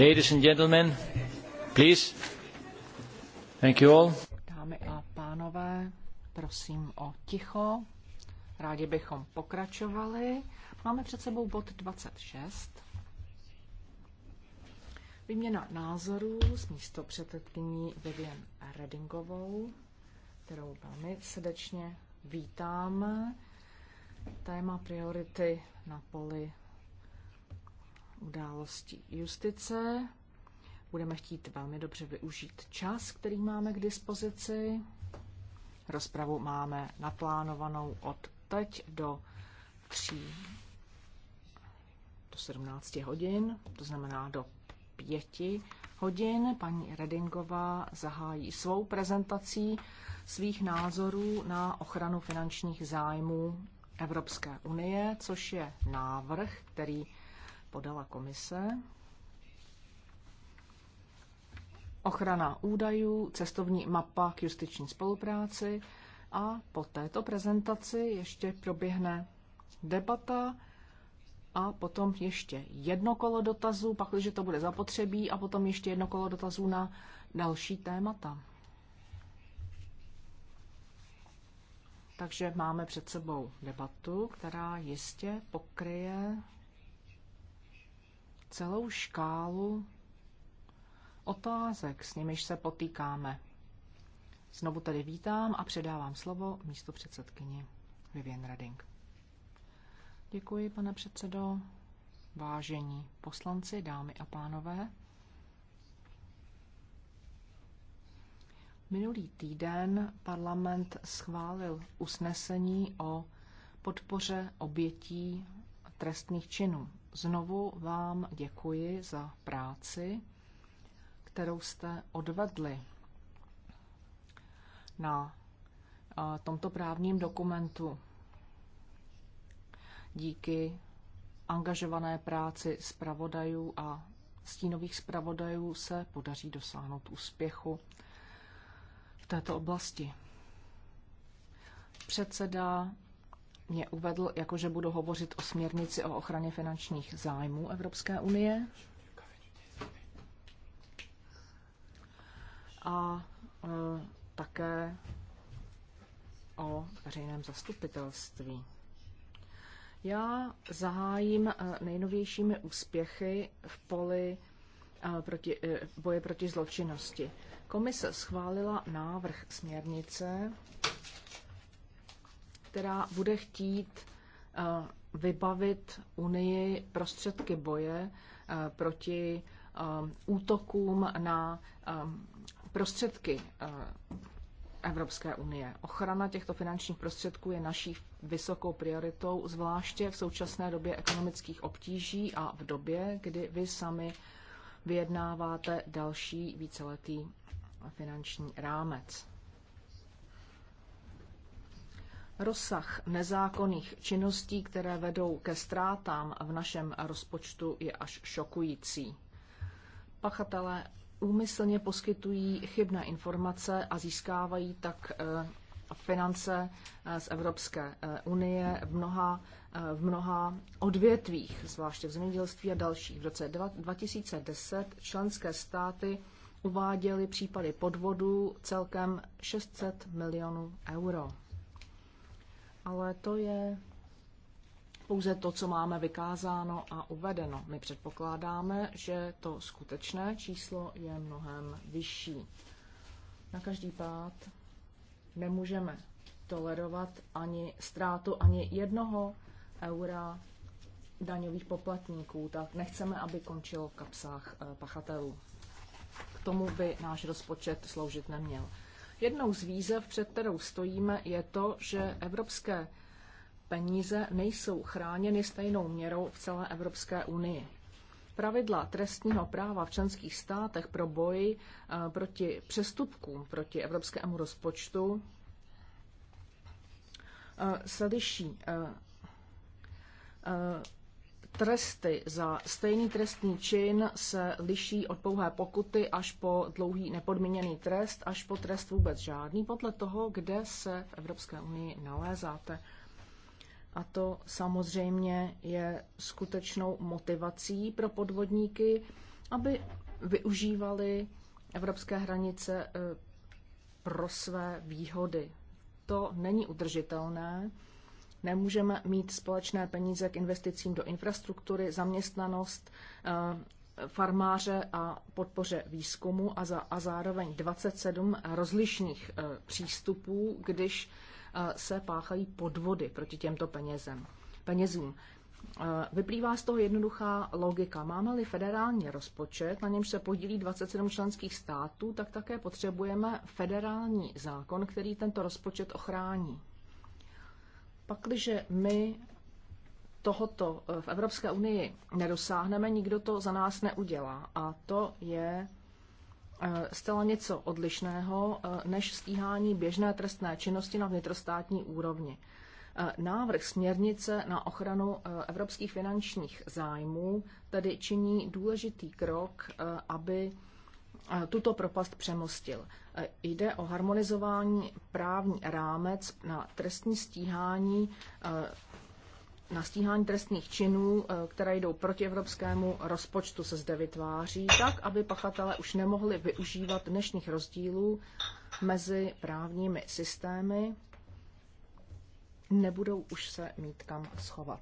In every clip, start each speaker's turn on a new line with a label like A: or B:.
A: Ladies and gentlemen, please.
B: Thank you all. Dámy
C: a pánové, prosím o ticho. Rádi bychom pokračovali. Máme před sebou bod 26. Výměna názorů s místo předsedkyní Vivian Redingovou, kterou velmi srdečně vítám. Téma priority na poli událostí justice. Budeme chtít velmi dobře využít čas, který máme k dispozici. Rozpravu máme naplánovanou od teď do 3 do 17 hodin, to znamená do 5 hodin. Paní Redingová zahájí svou prezentací svých názorů na ochranu finančních zájmů Evropské unie, což je návrh, který podala komise. Ochrana údajů, cestovní mapa k justiční spolupráci a po této prezentaci ještě proběhne debata a potom ještě jedno kolo dotazů, pak, když to bude zapotřebí, a potom ještě jedno kolo dotazů na další témata. Takže máme před sebou debatu, která jistě pokryje celou škálu otázek, s nimiž se potýkáme. Znovu tady vítám a předávám slovo místo předsedkyni Vivian Redding. Děkuji, pane předsedo. Vážení poslanci, dámy a pánové. Minulý týden parlament schválil usnesení o podpoře obětí trestných činů. Znovu vám děkuji za práci, kterou jste odvedli na tomto právním dokumentu. Díky angažované práci zpravodajů a stínových zpravodajů se podaří dosáhnout úspěchu v této oblasti. Předseda mě uvedl, jakože budu hovořit o směrnici o ochraně finančních zájmů Evropské unie. A e, také o veřejném zastupitelství. Já zahájím e, nejnovějšími úspěchy v poli e, proti, e, boje proti zločinnosti. Komise schválila návrh směrnice která bude chtít eh, vybavit Unii prostředky boje eh, proti eh, útokům na prostředky Evropské unie. Ochrana těchto finančních prostředků je naší vysokou prioritou, zvláště v současné době ekonomických obtíží a v době, kdy vy sami vyjednáváte další víceletý finanční rámec. Rozsah nezákonných činností, které vedou ke ztrátám v našem rozpočtu, je až šokující. Pachatelé úmyslně poskytují chybné informace a získávají tak eh, finance eh, z Evropské eh, unie v mnoha, v mnoha odvětvích, zvláště v zemědělství a dalších. V roce 2010 členské státy uváděly případy podvodu celkem 600 milionů euro ale to je pouze to, co máme vykázáno a uvedeno. My předpokládáme, že to skutečné číslo je mnohem vyšší. Na každý pád nemůžeme tolerovat ani ztrátu ani jednoho eura daňových poplatníků, tak nechceme, aby končilo v kapsách eh, pachatelů. K tomu by náš rozpočet sloužit neměl. Jednou z výzev, před kterou stojíme, je to, že evropské peníze nejsou chráněny stejnou měrou v celé Evropské unii. Pravidla trestního práva v členských státech pro boj eh, proti přestupkům proti evropskému rozpočtu eh, se liší eh, Tresty za stejný trestný čin se liší od pouhé pokuty až po dlouhý nepodmíněný trest, až po trest vůbec žádný, podle toho, kde se v Evropské unii nalézáte. A to samozřejmě je skutečnou motivací pro podvodníky, aby využívali evropské hranice eh, pro své výhody. To není udržitelné Nemůžeme mít společné peníze k investicím do infrastruktury, zaměstnanost, eh, farmáře a podpoře výzkumu a, za, a zároveň 27 rozlišných eh, přístupů, když eh, se páchají podvody proti těmto penězem, penězům. Vyplývá z toho jednoduchá logika. Máme-li federální rozpočet, na němž se podílí 27 členských států, tak také potřebujeme federální zákon, který tento rozpočet ochrání. Pakliže my tohoto eh, v Evropské unii nedosáhneme, nikdo to za nás neudělá. A to je eh, zcela něco odlišného eh, než stíhání běžné trestné činnosti na vnitrostátní úrovni. Návrh směrnice na ochranu evropských finančních zájmů tedy činí důležitý krok, aby tuto propast přemostil. E, jde o harmonizování právní rámec na trestní stíhání e, na stíhání trestných činů, e, které jdou proti evropskému rozpočtu, se zde vytváří tak, aby pachatele už nemohli využívat dnešních rozdílů mezi právními systémy, nebudou už se mít kam schovat.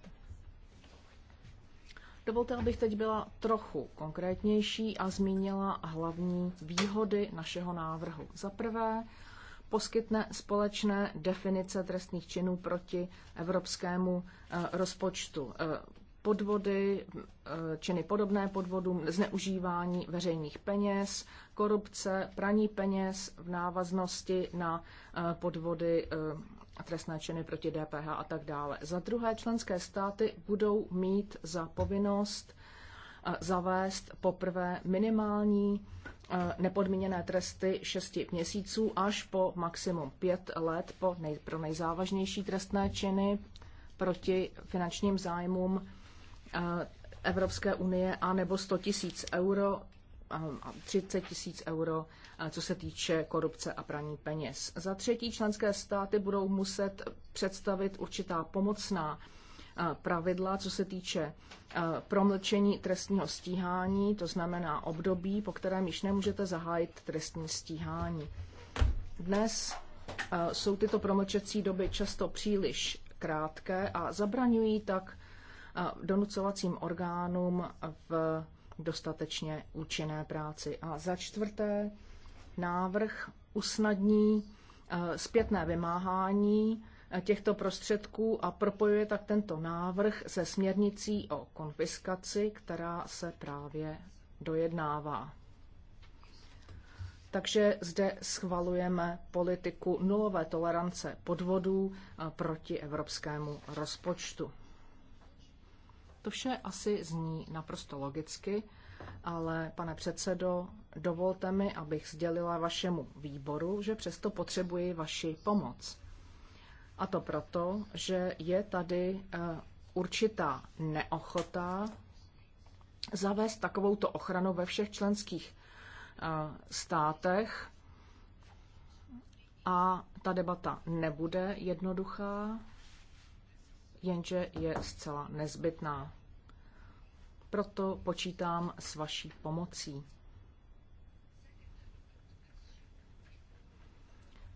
C: Dovolte, abych teď byla trochu konkrétnější a zmínila hlavní výhody našeho návrhu. Za prvé, poskytne společné definice trestných činů proti evropskému eh, rozpočtu. Eh, podvody, eh, činy podobné podvodům, zneužívání veřejných peněz, korupce, praní peněz v návaznosti na podvody trestné činy proti DPH a tak dále. Za druhé, členské státy budou mít za povinnost eh, zavést poprvé minimální eh, nepodmíněné tresty 6 měsíců až po maximum 5 let po nej, pro nejzávažnější trestné činy proti finančním zájmům eh, Evropské unie a nebo 100 tisíc euro 30 tisíc euro, eh, co se týče korupce a praní peněz. Za třetí členské státy budou muset představit určitá pomocná eh, pravidla, co se týče eh, promlčení trestního stíhání, to znamená období, po kterém již nemůžete zahájit trestní stíhání. Dnes jsou tyto promlčecí doby často příliš krátké a zabraňují tak donucovacím orgánům v dostatečně účinné práci. A za čtvrté, návrh usnadní eh, zpětné vymáhání eh, těchto prostředků a propojuje tak tento návrh se směrnicí o konfiskaci, která se právě dojednává. Takže zde schvalujeme politiku nulové tolerance podvodů eh, proti evropskému rozpočtu. To vše asi zní naprosto logicky, ale pane předsedo, dovolte mi, abych sdělila vašemu výboru, že přesto potřebuji vaši pomoc. A to proto, že je tady eh, určitá neochota zavést takovouto ochranu ve všech členských eh, státech. A ta debata nebude jednoduchá, jenže je zcela nezbytná. Proto počítám s vaší pomocí.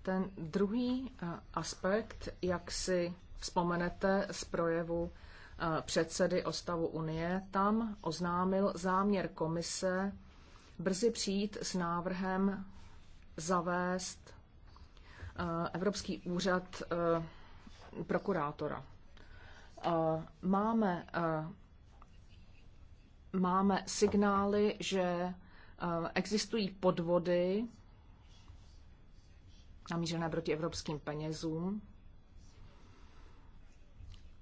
C: Ten druhý eh, aspekt, jak si vzpomenete z projevu eh, předsedy o stavu Unie, tam oznámil záměr komise brzy přijít s návrhem zavést eh, Evropský úřad prokurátora. Máme máme signály, že eh, existují podvody namířené proti evropským penězům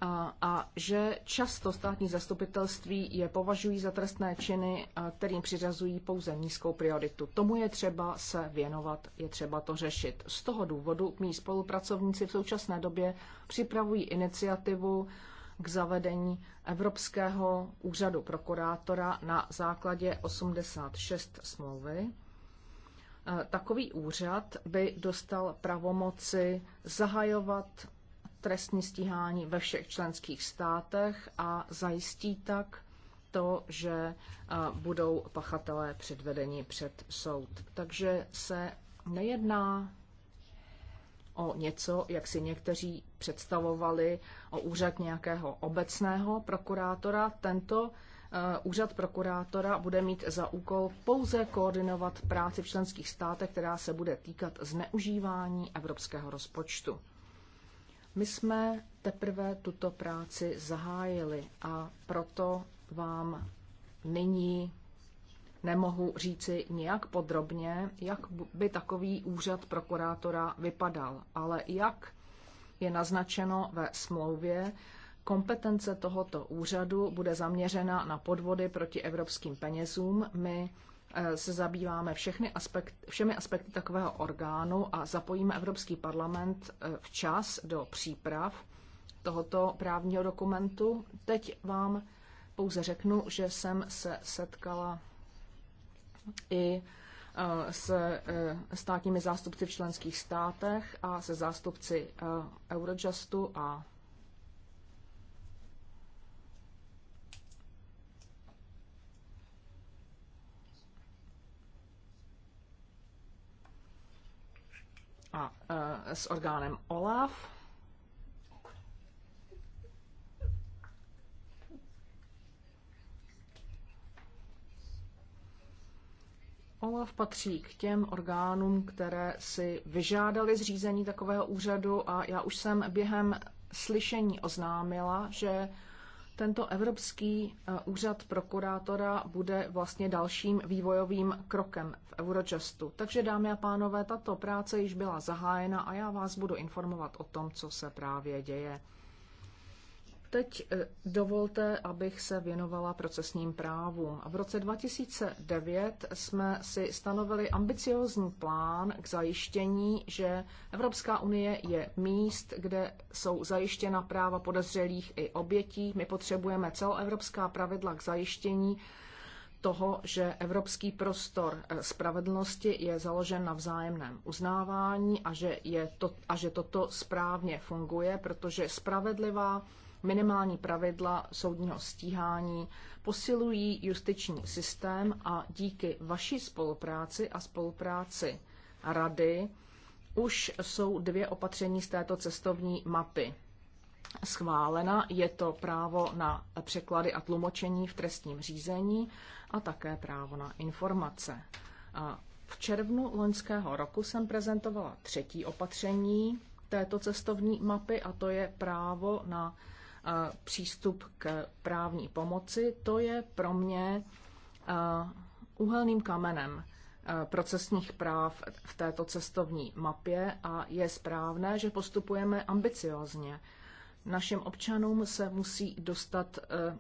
C: a, a že často státní zastupitelství je považují za trestné činy, eh, kterým přiřazují pouze nízkou prioritu. Tomu je třeba se věnovat, je třeba to řešit. Z toho důvodu mý spolupracovníci v současné době připravují iniciativu k zavedení Evropského úřadu prokurátora na základě 86 smlouvy. E, takový úřad by dostal pravomoci zahajovat trestní stíhání ve všech členských státech a zajistí tak to, že e, budou pachatelé předvedeni před soud. Takže se nejedná o něco, jak si někteří představovali o úřad nějakého obecného prokurátora. Tento eh, úřad prokurátora bude mít za úkol pouze koordinovat práci v členských státech, která se bude týkat zneužívání evropského rozpočtu. My jsme teprve tuto práci zahájili a proto vám nyní nemohu říci nijak podrobně, jak by takový úřad prokurátora vypadal, ale jak je naznačeno ve smlouvě, kompetence tohoto úřadu bude zaměřena na podvody proti evropským penězům. My eh, se zabýváme všechny aspekt, všemi aspekty takového orgánu a zapojíme Evropský parlament eh, včas do příprav tohoto právního dokumentu. Teď vám pouze řeknu, že jsem se setkala i se e, státními zástupci v členských státech a se zástupci e, Eurojustu a a e, s orgánem OLAF. OLAF patří k těm orgánům, které si vyžádali zřízení takového úřadu a já už jsem během slyšení oznámila, že tento Evropský eh, úřad prokurátora bude vlastně dalším vývojovým krokem v Eurojustu. Takže, dámy a pánové, tato práce již byla zahájena a já vás budu informovat o tom, co se právě děje. Teď eh, dovolte, abych se věnovala procesním právům. V roce 2009 jsme si stanovili ambiciózní plán k zajištění, že Evropská unie je míst, kde jsou zajištěna práva podezřelých i obětí. My potřebujeme celoevropská pravidla k zajištění toho, že evropský prostor eh, spravedlnosti je založen na vzájemném uznávání a že, je to, a že toto správně funguje, protože spravedlivá minimální pravidla soudního stíhání, posilují justiční systém a díky vaší spolupráci a spolupráci rady už jsou dvě opatření z této cestovní mapy schválena. Je to právo na překlady a tlumočení v trestním řízení a také právo na informace. V červnu loňského roku jsem prezentovala třetí opatření této cestovní mapy a to je právo na přístup k právní pomoci, to je pro mě uhelným kamenem procesních práv v této cestovní mapě a je správné, že postupujeme ambiciozně. Našim občanům se musí dostat e,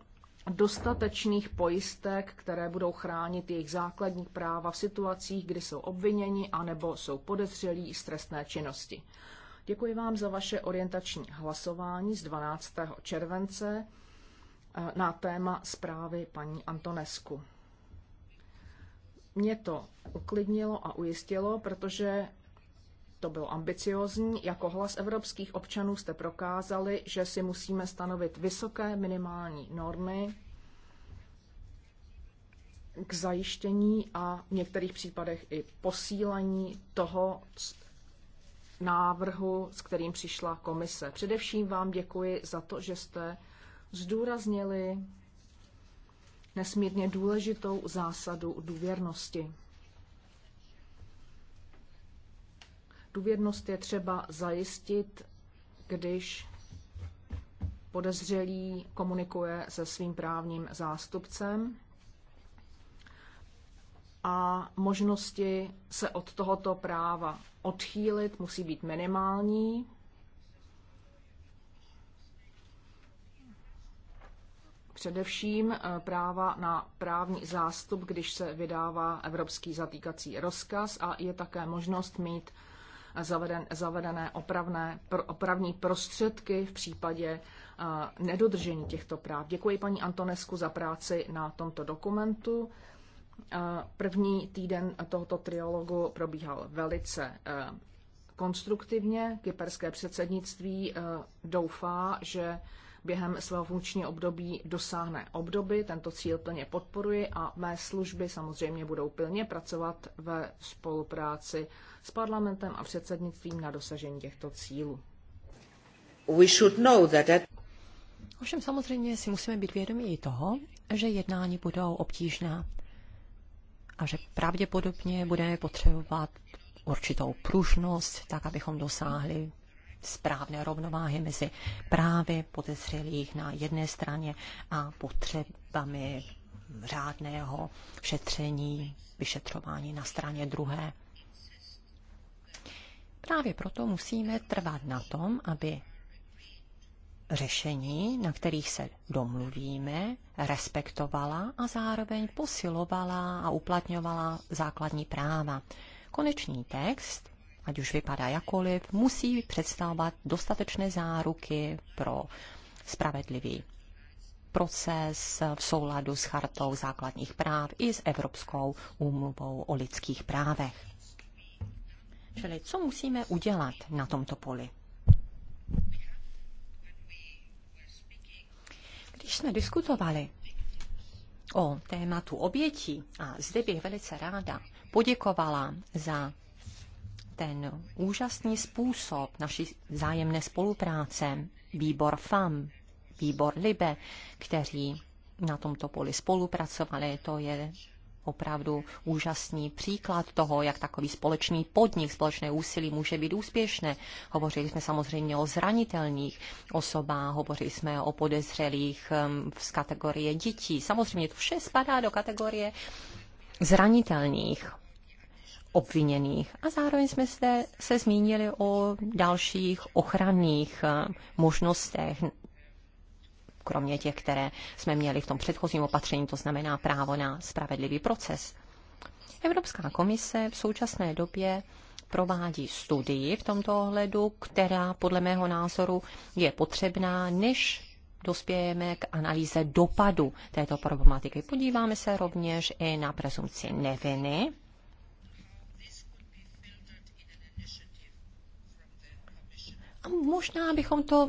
C: dostatečných pojistek, které budou chránit jejich základní práva v situacích, kdy jsou obviněni anebo jsou podezřelí z trestné činnosti. Děkuji vám za vaše orientační hlasování z 12. července eh, na téma zprávy paní Antonesku. Mě to uklidnilo a ujistilo, protože to bylo ambiciozní. Jako hlas evropských občanů jste prokázali, že si musíme stanovit vysoké minimální normy k zajištění a v některých případech i posílení toho, návrhu, s kterým přišla komise. Především vám děkuji za to, že jste zdůraznili nesmírně důležitou zásadu důvěrnosti. Důvěrnost je třeba zajistit, když podezřelý komunikuje se svým právním zástupcem a možnosti se od tohoto práva odchýlit musí být minimální. Především eh, práva na právní zástup, když se vydává evropský zatýkací rozkaz a je také možnost mít eh, zaveden, zavedené opravné, opravní prostředky v případě eh, nedodržení těchto práv. Děkuji paní Antonesku za práci na tomto dokumentu. První týden tohoto trialogu probíhal velice eh, konstruktivně. Kyperské předsednictví eh, doufá, že během svého funkčního období dosáhne obdoby. Tento cíl plně podporuji a mé služby samozřejmě budou plně pracovat ve spolupráci s parlamentem a předsednictvím na dosažení těchto cílů. We should know that that... Ovšem samozřejmě si musíme být
A: vědomi i toho, že jednání budou obtížná a že pravděpodobně budeme potřebovat určitou pružnost, tak abychom dosáhli správné rovnováhy mezi právy podezřelých na jedné straně a potřebami řádného šetření, vyšetřování na straně druhé. Právě proto musíme trvat na tom, aby řešení, na kterých se domluvíme, respektovala a zároveň posilovala a uplatňovala základní práva. Konečný text, ať už vypadá jakoliv, musí představovat dostatečné záruky pro spravedlivý proces v souladu s chartou základních práv i s Evropskou úmluvou o lidských právech. Čili co musíme udělat na tomto poli? Když jsme diskutovali o tématu obětí, a zde bych velice ráda poděkovala za ten úžasný způsob naší vzájemné spolupráce, výbor FAM, výbor LIBE, kteří na tomto poli spolupracovali. To je opravdu úžasný příklad toho, jak takový společný podnik, společné úsilí může být úspěšné. Hovořili jsme samozřejmě o zranitelných osobách, hovořili jsme o podezřelých um, z kategorie dětí. Samozřejmě to vše spadá do kategorie zranitelných obviněných. A zároveň jsme se, se zmínili o dalších ochranných um, možnostech kromě těch, které jsme měli v tom předchozím opatření, to znamená právo na spravedlivý proces. Evropská komise v současné době provádí studii v tomto ohledu, která podle mého názoru je potřebná, než dospějeme k analýze dopadu této problematiky. Podíváme se rovněž i na prezumci neviny možná bychom to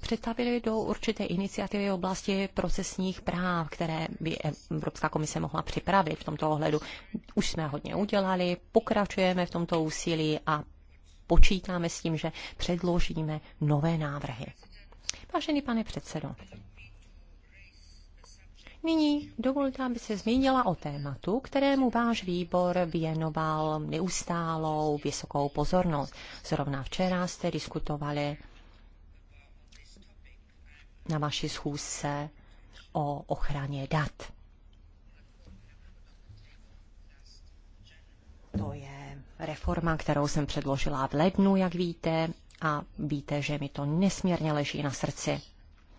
A: představili do určité iniciativy v oblasti procesních práv, které by Evropská komise mohla připravit v tomto ohledu. Už jsme hodně udělali, pokračujeme v tomto úsilí a počítáme s tím, že předložíme nové návrhy. Vážený pane předsedo, Nyní dovolte, aby se zmínila o tématu, kterému váš výbor věnoval neustálou vysokou pozornost. Zrovna včera jste diskutovali na vaší schůzce o ochraně dat. To je reforma, kterou jsem předložila v lednu, jak víte, a víte, že mi to nesmírně leží na srdci.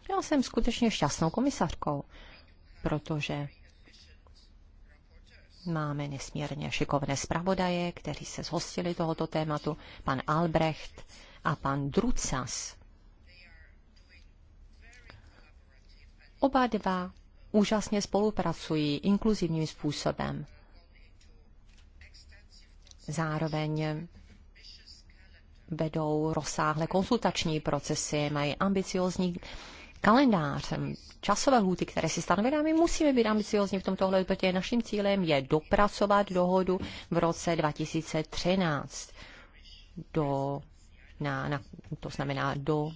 A: Já jsem skutečně šťastnou komisařkou protože máme nesmírně šikovné zpravodaje, kteří se zhostili tohoto tématu, pan Albrecht a pan Drucas. Oba dva úžasně spolupracují inkluzivním způsobem. Zároveň vedou rozsáhlé konsultační procesy, mají ambiciozní kalendář, časové lhůty, které si stanovíme, my musíme být ambiciozní v tomto ohledu, protože naším cílem je dopracovat dohodu v roce 2013 do, na, na, to znamená do um,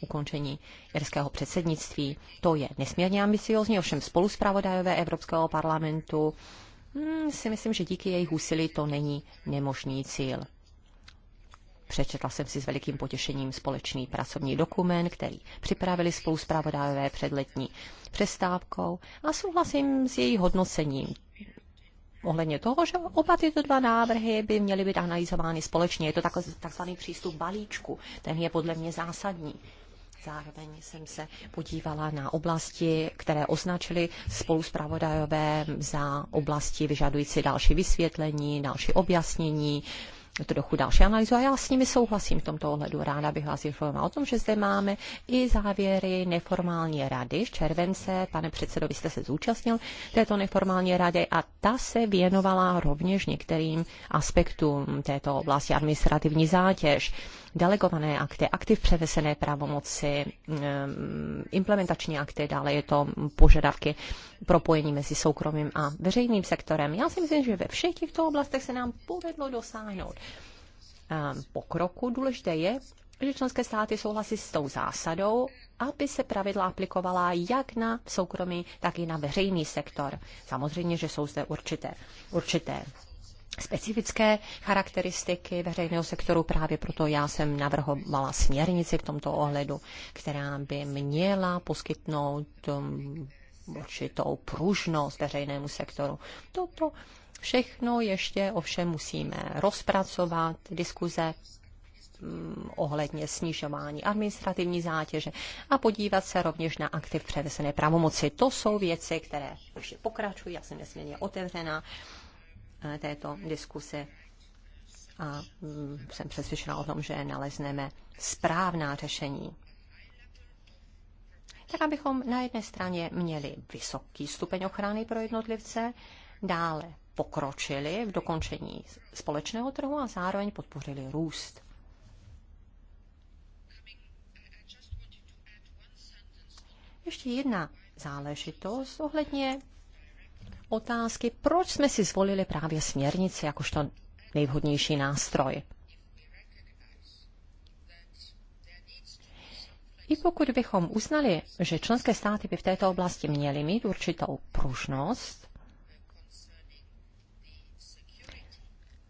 A: ukončení irského předsednictví. To je nesmírně ambiciozní, ovšem spoluspravodajové Evropského parlamentu hmm, si myslím, že díky jejich úsilí to není nemožný cíl. Přečetla jsem si s velikým potěšením společný pracovní dokument, který připravili spolu zpravodajové před letní přestávkou a souhlasím s její hodnocením ohledně toho, že oba tyto dva návrhy by měly být analyzovány společně. Je to takzvaný přístup balíčku, ten je podle mě zásadní. Zároveň jsem se podívala na oblasti, které označili spoluzpravodajové za oblasti vyžadující další vysvětlení, další objasnění. Uh, to trochu další analýzu a já s nimi souhlasím v tomto ohledu. Ráda bych vás informovala o tom, že zde máme i závěry neformální rady z července. Pane předsedo, vy jste se zúčastnil této neformální rady a ta se věnovala rovněž některým aspektům této oblasti administrativní zátěž delegované akty, akty v převesené právomoci, implementační akty, dále je to požadavky propojení mezi soukromým a veřejným sektorem. Já si myslím, že ve všech těchto oblastech se nám povedlo dosáhnout pokroku. Důležité je, že členské státy souhlasí s tou zásadou, aby se pravidla aplikovala jak na soukromý, tak i na veřejný sektor. Samozřejmě, že jsou zde určité, určité specifické charakteristiky veřejného sektoru. Právě proto já jsem navrhovala směrnici v tomto ohledu, která by měla poskytnout um, určitou pružnost veřejnému sektoru. Toto všechno ještě ovšem musíme rozpracovat, diskuze mm, ohledně snižování administrativní zátěže a podívat se rovněž na aktiv převesené pravomoci. To jsou věci, které ještě pokračují, já jsem nesmírně otevřená Eh, této diskuse a mm, jsem přesvědčena o tom, že nalezneme správná řešení. Tak abychom na jedné straně měli vysoký stupeň ochrany pro jednotlivce, dále pokročili v dokončení společného trhu a zároveň podpořili růst. Ještě jedna záležitost ohledně otázky, proč jsme si zvolili právě směrnici jakožto nejvhodnější nástroj. I pokud bychom uznali, že členské státy by v této oblasti měly mít určitou pružnost,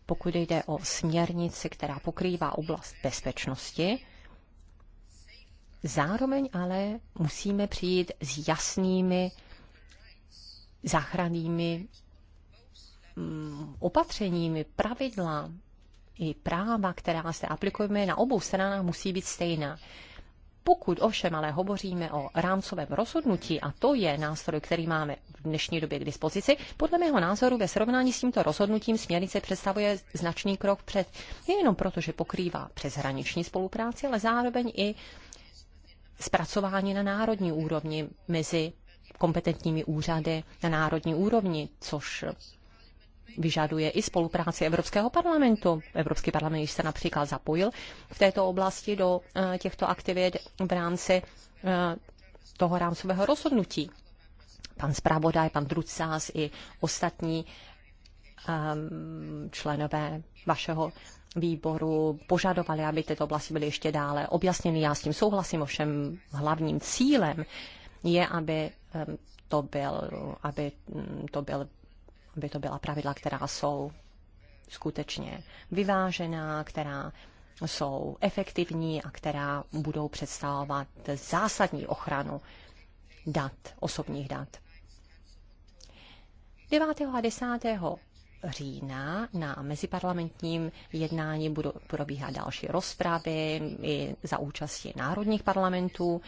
A: pokud jde o směrnici, která pokrývá oblast bezpečnosti, zároveň ale musíme přijít s jasnými záchrannými mm, opatřeními, pravidla i práva, která se aplikujeme na obou stranách, musí být stejná. Pokud ovšem ale hovoříme o rámcovém rozhodnutí, a to je nástroj, který máme v dnešní době k dispozici, podle mého názoru ve srovnání s tímto rozhodnutím směrnice představuje značný krok před nejenom proto, že pokrývá přeshraniční spolupráci, ale zároveň i zpracování na národní úrovni mezi kompetentními úřady na národní úrovni, což vyžaduje i spolupráci Evropského parlamentu. Evropský parlament již se například zapojil v této oblasti do eh, těchto aktivit v rámci eh, toho rámcového rozhodnutí. Pan zpravodaj, pan Drucás i ostatní ehm, členové vašeho výboru požadovali, aby tyto oblasti byly ještě dále objasněny. Já s tím souhlasím, ovšem hlavním cílem je, aby Ehm, to byl, aby mm, to, byl, aby to byla pravidla, která jsou skutečně vyvážená, která jsou efektivní a která budou představovat zásadní ochranu dat, osobních dat. 9. a 10. října na meziparlamentním jednání budou probíhat další rozpravy i za účasti národních parlamentů.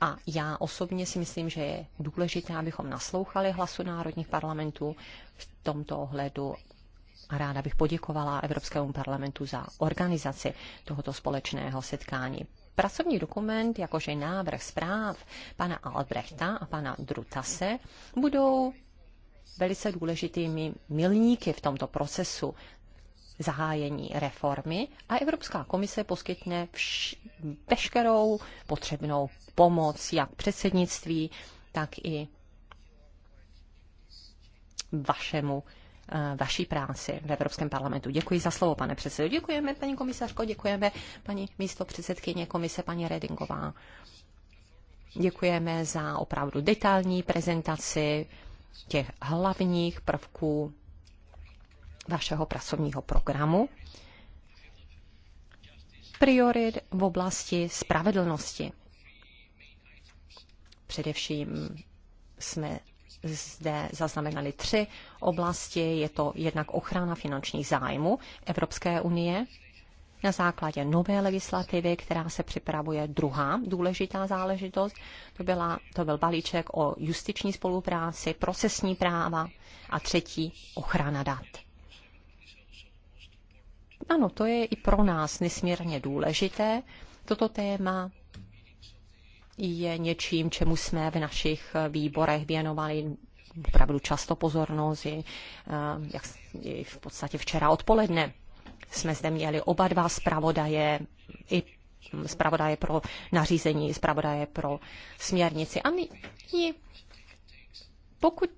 A: A já osobně si myslím, že je důležité, abychom naslouchali hlasu národních parlamentů v tomto ohledu. A ráda bych poděkovala Evropskému parlamentu za organizaci tohoto společného setkání. Pracovní dokument, jakože návrh zpráv pana Albrechta a pana Drutase, budou velice důležitými milníky v tomto procesu zahájení reformy a Evropská komise poskytne vš- veškerou potřebnou pomoc jak předsednictví, tak i vašemu eh, vaší práci v Evropském parlamentu. Děkuji za slovo, pane předsedo. Děkujeme, paní komisařko, děkujeme, paní místo předsedkyně komise, paní Redingová. Děkujeme za opravdu detailní prezentaci těch hlavních prvků vašeho pracovního programu priorit v oblasti spravedlnosti. Především jsme zde zaznamenali tři oblasti. Je to jednak ochrana finančních zájmů Evropské unie, na základě nové legislativy, která se připravuje druhá důležitá záležitost. To, byla, to byl balíček o justiční spolupráci, procesní práva a třetí ochrana dat. Ano, to je i pro nás nesmírně důležité. Toto téma je něčím, čemu jsme v našich výborech věnovali opravdu často pozornost, i, eh, jak, i v podstatě včera odpoledne jsme zde měli oba dva zpravodaje, i zpravodaje pro nařízení, zpravodaje pro směrnici. A my, pokud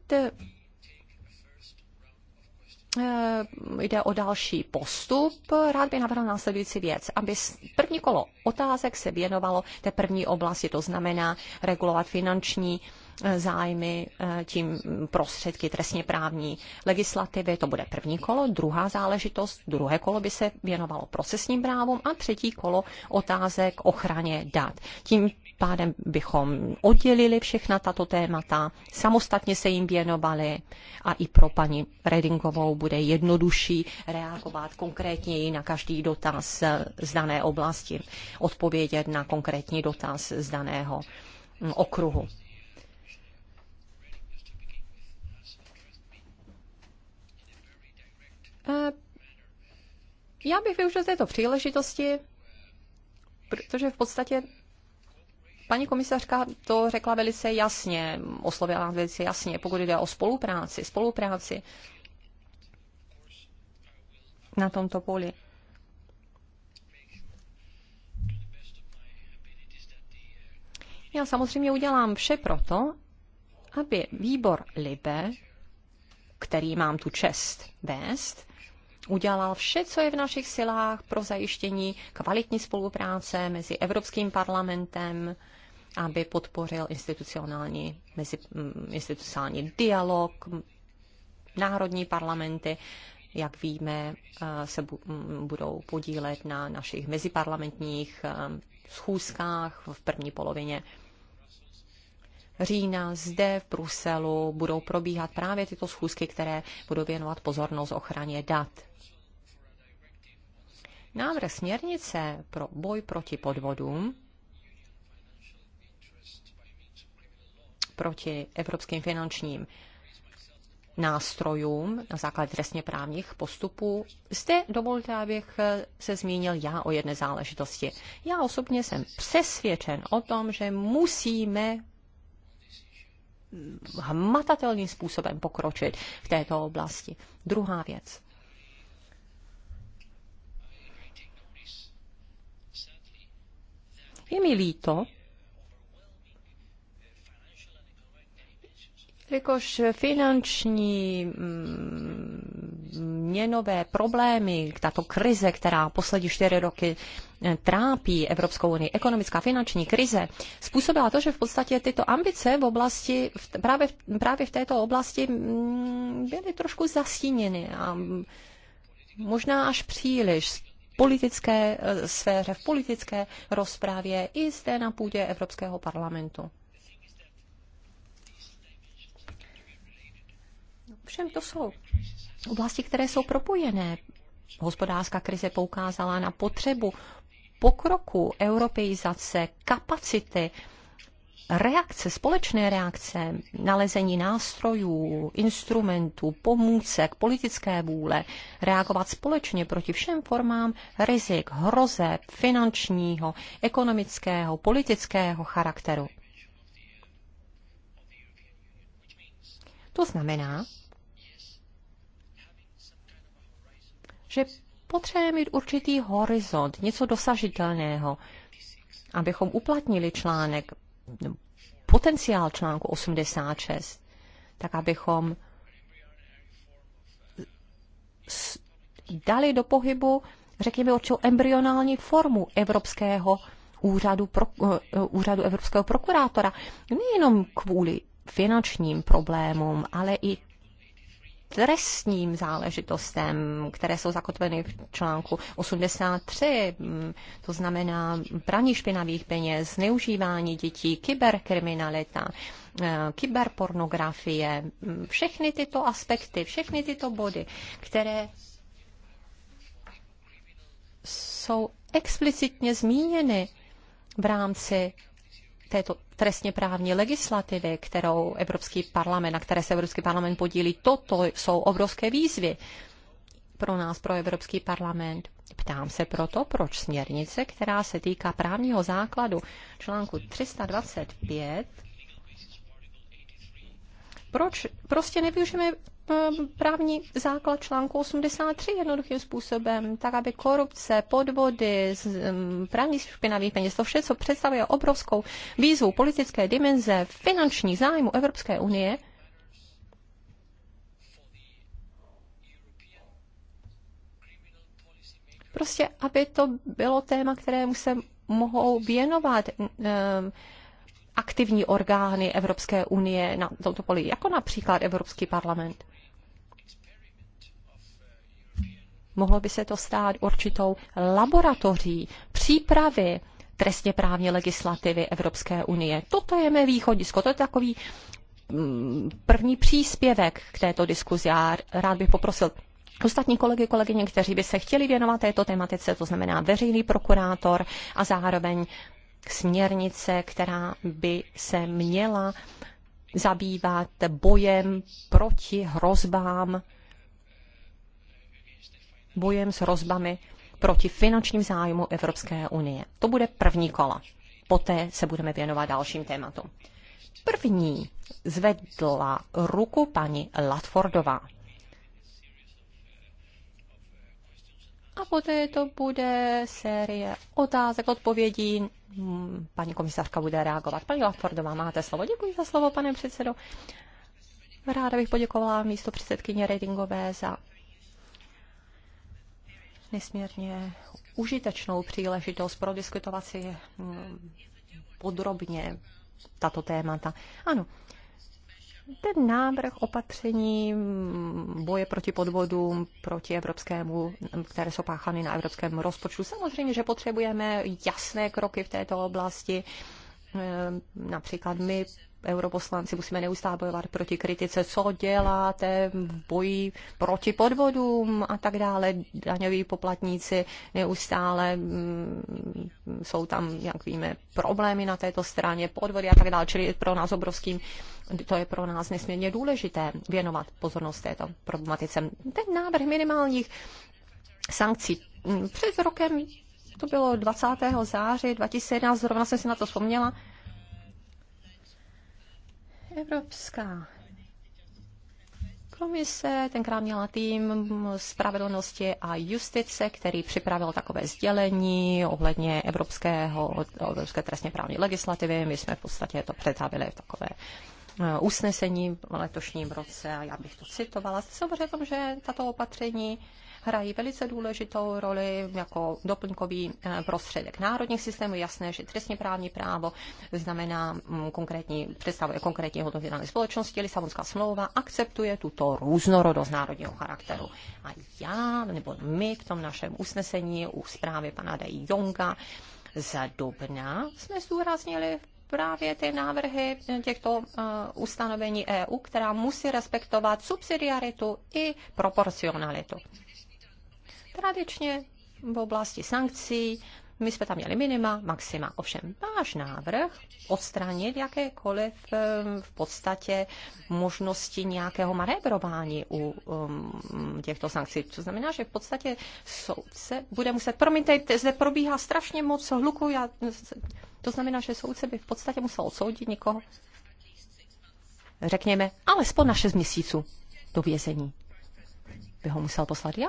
A: Eh, jde o další postup, rád bych navrhl následující věc, aby první kolo otázek se věnovalo té první oblasti, to znamená regulovat finanční eh, zájmy eh, tím prostředky trestně právní legislativy. To bude první kolo, druhá záležitost, druhé kolo by se věnovalo procesním právům a třetí kolo otázek ochraně dat. Tím pádem bychom oddělili všechna tato témata, samostatně se jim věnovali a i pro paní Redingovou bude jednodušší reagovat konkrétněji na každý dotaz z dané oblasti, odpovědět na konkrétní dotaz z daného mm, okruhu. Eh, já bych využil této příležitosti, protože v podstatě Paní komisařka to řekla velice jasně, oslovila velice jasně, pokud jde o spolupráci, spolupráci na tomto poli. Já samozřejmě udělám vše proto, aby výbor Libe, který mám tu čest vést, udělal vše, co je v našich silách pro zajištění kvalitní spolupráce mezi Evropským parlamentem, aby podpořil institucionální, mezi, mm, institucionální dialog, národní parlamenty, jak víme, eh, se mm, budou podílet na našich meziparlamentních eh, schůzkách v první polovině října zde v Bruselu budou probíhat právě tyto schůzky, které budou věnovat pozornost ochraně dat. Návrh směrnice pro boj proti podvodům proti evropským finančním nástrojům na základě trestně právních postupů. Zde dovolte, abych se zmínil já o jedné záležitosti. Já osobně jsem přesvědčen o tom, že musíme hmatatelným způsobem pokročit v této oblasti. Druhá věc. Je mi líto, Jelikož finanční mm, měnové problémy, tato krize, která poslední čtyři roky eh, trápí Evropskou unii, ekonomická finanční krize, způsobila to, že v podstatě tyto ambice v oblasti, v, právě, právě v této oblasti mm, byly trošku zastíněny a mm, možná až příliš politické eh, sféře, v politické rozprávě i zde na půdě Evropského parlamentu. Všem to jsou oblasti, které jsou propojené. Hospodářská krize poukázala na potřebu pokroku, europeizace, kapacity, reakce, společné reakce, nalezení nástrojů, instrumentů, pomůcek, politické vůle, reagovat společně proti všem formám rizik, hrozeb finančního, ekonomického, politického charakteru. To znamená, že potřebujeme mít určitý horizont, něco dosažitelného, abychom uplatnili článek, potenciál článku 86, tak abychom dali do pohybu, řekněme, určitou embryonální formu evropského úřadu, pro, uh, úřadu evropského prokurátora. Nejenom kvůli finančním problémům, ale i trestním záležitostem, které jsou zakotveny v článku 83, mm, to znamená praní špinavých peněz, zneužívání dětí, kyberkriminalita, eh, kyberpornografie, mm, všechny tyto aspekty, všechny tyto body, které jsou explicitně zmíněny v rámci této trestně právní legislativy, kterou Evropský parlament, na které se Evropský parlament podílí, toto jsou obrovské výzvy pro nás, pro Evropský parlament. Ptám se proto, proč směrnice, která se týká právního základu článku 325, proč prostě nevyužijeme Ehm, právní základ článku 83 jednoduchým způsobem, tak aby korupce, podvody, ehm, právní špinavých peněz, to vše, co představuje obrovskou výzvu politické dimenze, finanční zájmu Evropské unie, prostě, aby to bylo téma, kterému se mohou věnovat ehm, aktivní orgány Evropské unie na tomto poli, jako například Evropský parlament. mohlo by se to stát určitou laboratoří přípravy trestně právní legislativy Evropské unie. Toto je mé východisko, to je takový
C: mm,
A: první příspěvek k této diskuzi. Já rád bych poprosil ostatní kolegy, kolegyně, kteří by se chtěli věnovat této tematice, to znamená veřejný prokurátor a zároveň směrnice, která by se měla zabývat bojem proti hrozbám bojem s rozbami proti finančním zájmu Evropské unie. To bude první kola. Poté se budeme věnovat dalším tématům. První zvedla ruku paní Latfordová. A poté to bude série otázek, odpovědí. Paní komisařka bude reagovat. Paní Latfordová, máte slovo. Děkuji za slovo, pane předsedo. Ráda bych poděkovala místo předsedkyně Redingové za nesmírně užitečnou příležitost prodiskutovat si mm, podrobně tato témata. Ano, ten návrh opatření mm, boje proti podvodům, proti evropskému, které jsou páchány na evropském rozpočtu. Samozřejmě, že potřebujeme jasné kroky v této oblasti. Ehm, například my europoslanci musíme neustále bojovat proti kritice, co děláte v boji proti podvodům a tak dále. Daňoví poplatníci neustále mm, jsou tam, jak víme, problémy na této straně, podvody a tak dále. Čili je pro nás obrovským, to je pro nás nesmírně důležité věnovat pozornost této problematice. Ten návrh minimálních sankcí mm, před rokem to bylo 20. září 2011, zrovna jsem si na to vzpomněla, Evropská komise tenkrát měla tým spravedlnosti a justice, který připravil takové sdělení ohledně evropského, evropské trestně právní legislativy. My jsme v podstatě to přetavili v takové eh, usnesení v letošním roce a já bych to citovala. Samozřejmě tom, že tato opatření hrají velice důležitou roli jako doplňkový eh, prostředek národních systémů. Jasné, že trestně právní právo znamená mm, konkrétní, představuje konkrétní hodnoty dané společnosti. Lisabonská smlouva akceptuje tuto různorodost národního charakteru. A já, nebo my v tom našem usnesení u zprávy pana De Jonga z Dubna jsme zdůraznili právě ty návrhy eh, těchto uh, ustanovení EU, která musí respektovat subsidiaritu i proporcionalitu. Tradičně v oblasti sankcí my jsme tam měli minima, maxima. Ovšem váš návrh odstranit jakékoliv eh, v podstatě možnosti nějakého manévrování u um, těchto sankcí. To znamená, že v podstatě soudce bude muset, promiňte, zde probíhá strašně moc hluku, já, to znamená, že soudce by v podstatě musel odsoudit někoho, řekněme, alespoň na 6 měsíců do vězení by ho musel poslat. Já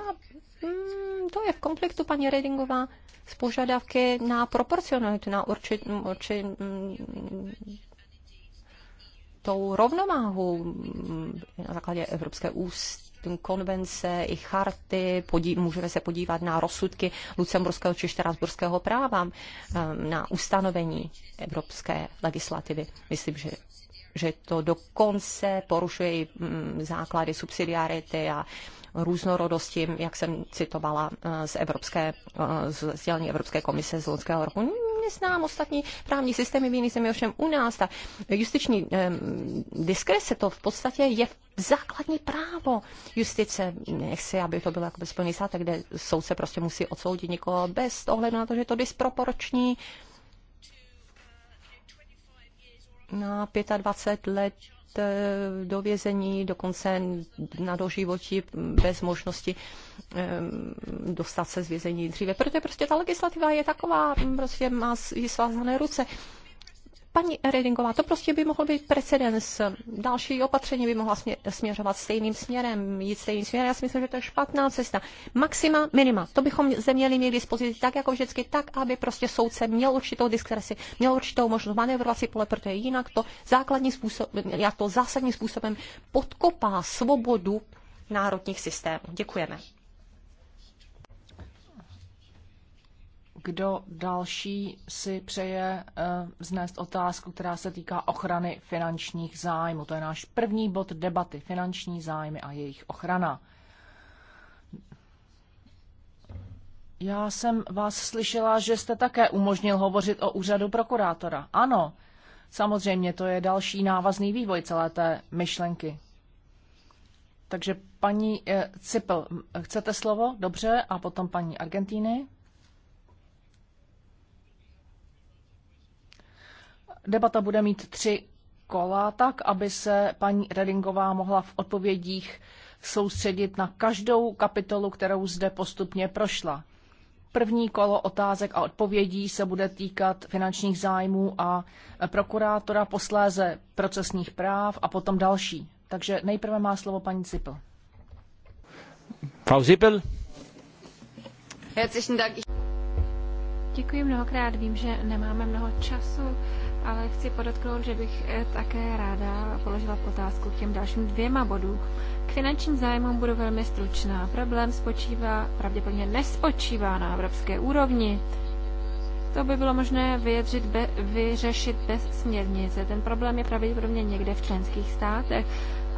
A: Hmm, to je v konfliktu, paní Redingová, s požadavky na proporcionalitu, na určitou určit, mm, tou rovnováhu mm, na základě Evropské úst, konvence i charty, podí, můžeme se podívat na rozsudky lucemburského či štrasburského práva, mm, na ustanovení evropské legislativy. Myslím, že že to dokonce porušuje i základy subsidiarity a různorodosti, jak jsem citovala eh, z Evropské, eh, z sdělení Evropské komise z loňského roku. Neznám ostatní právní systémy v jiných zemích, ovšem u nás ta justiční eh, diskrese to v podstatě je základní právo justice. Nechci, aby to bylo jako Spojený stát, kde soudce prostě musí odsoudit někoho bez ohledu na to, že je to disproporční na 25 let Eh, do vězení, dokonce na doživotí bez možnosti eh, dostat se z vězení dříve. Protože prostě ta legislativa je taková, prostě má svázané ruce. Paní Redingová, to prostě by mohl být precedens. Další opatření by mohla směřovat stejným směrem, jít stejným směrem. Já si myslím, že to je špatná cesta. Maxima, minima. To bychom zde měli mít dispozici tak jako vždycky, tak, aby prostě soudce měl určitou diskresi, měl určitou možnost si pole, protože jinak to základní způsob, jak to zásadním způsobem podkopá svobodu národních systémů. Děkujeme.
C: kdo další si přeje eh, vznést otázku, která se týká ochrany finančních zájmů. To je náš první bod debaty. Finanční zájmy a jejich ochrana. Já jsem vás slyšela, že jste také umožnil hovořit o úřadu prokurátora. Ano, samozřejmě to je další návazný vývoj celé té myšlenky. Takže paní eh, Cipel, chcete slovo? Dobře, a potom paní Argentíny. Debata bude mít tři kola, tak aby se paní Redingová mohla v odpovědích soustředit na každou kapitolu, kterou zde postupně prošla. První kolo otázek a odpovědí se bude týkat finančních zájmů a prokurátora, posléze procesních práv a potom další. Takže nejprve má slovo paní Cipl. Frau Zippel. Herzlichen Dank. Děkuji mnohokrát, vím,
B: že nemáme mnoho času ale chci podotknout, že bych eh, také ráda položila otázku k těm dalším dvěma bodům. K finančním zájmům budu velmi stručná. Problém spočívá, pravděpodobně nespočívá na evropské úrovni. To by bylo možné vyjadřit, be, vyřešit bez směrnice. Ten problém je pravděpodobně někde v členských státech.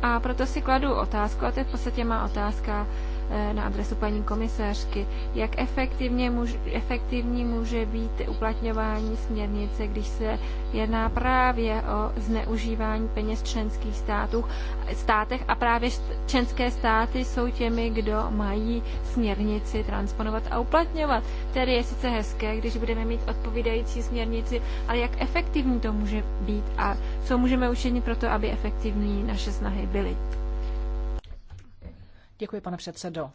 B: A proto si kladu otázku, a to je v podstatě má otázka, Eh, na adresu paní komisařky. Jak efektivně muž, efektivní může být uplatňování směrnice, když se jedná právě o zneužívání peněz členských států, státech a právě členské státy jsou těmi, kdo mají směrnici transponovat a uplatňovat. Tedy je sice hezké, když budeme mít odpovídající směrnici, ale jak efektivní to může být a co můžeme učinit pro to, aby efektivní
C: naše snahy byly. Děkuji, pane předsedo.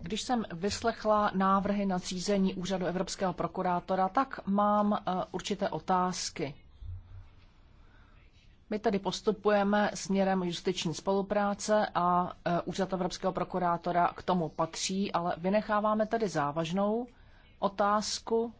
C: Když jsem vyslechla návrhy na zřízení úřadu Evropského prokurátora, tak mám eh, určité otázky. My tedy postupujeme směrem justiční spolupráce a eh, úřad Evropského prokurátora k tomu patří, ale vynecháváme tedy závažnou otázku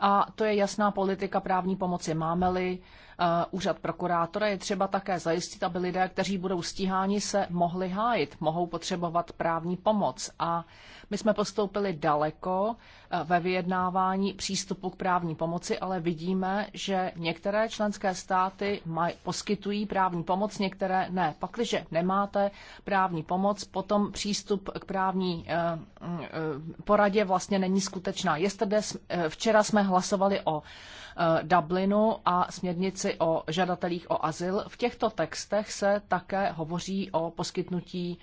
C: a to je jasná politika právní pomoci. Máme-li Eh, úřad prokurátora, je třeba také zajistit, aby lidé, kteří budou stíháni, se mohli hájit, mohou potřebovat právní pomoc. A my jsme postoupili daleko eh, ve vyjednávání přístupu k právní pomoci, ale vidíme, že některé členské státy maj, poskytují právní pomoc, některé ne. Pakliže nemáte právní pomoc, potom přístup k právní eh, mm, poradě vlastně není skutečná. Jestli včera jsme hlasovali o Eh, Dublinu a směrnici o žadatelích o azyl. V těchto textech se také hovoří o poskytnutí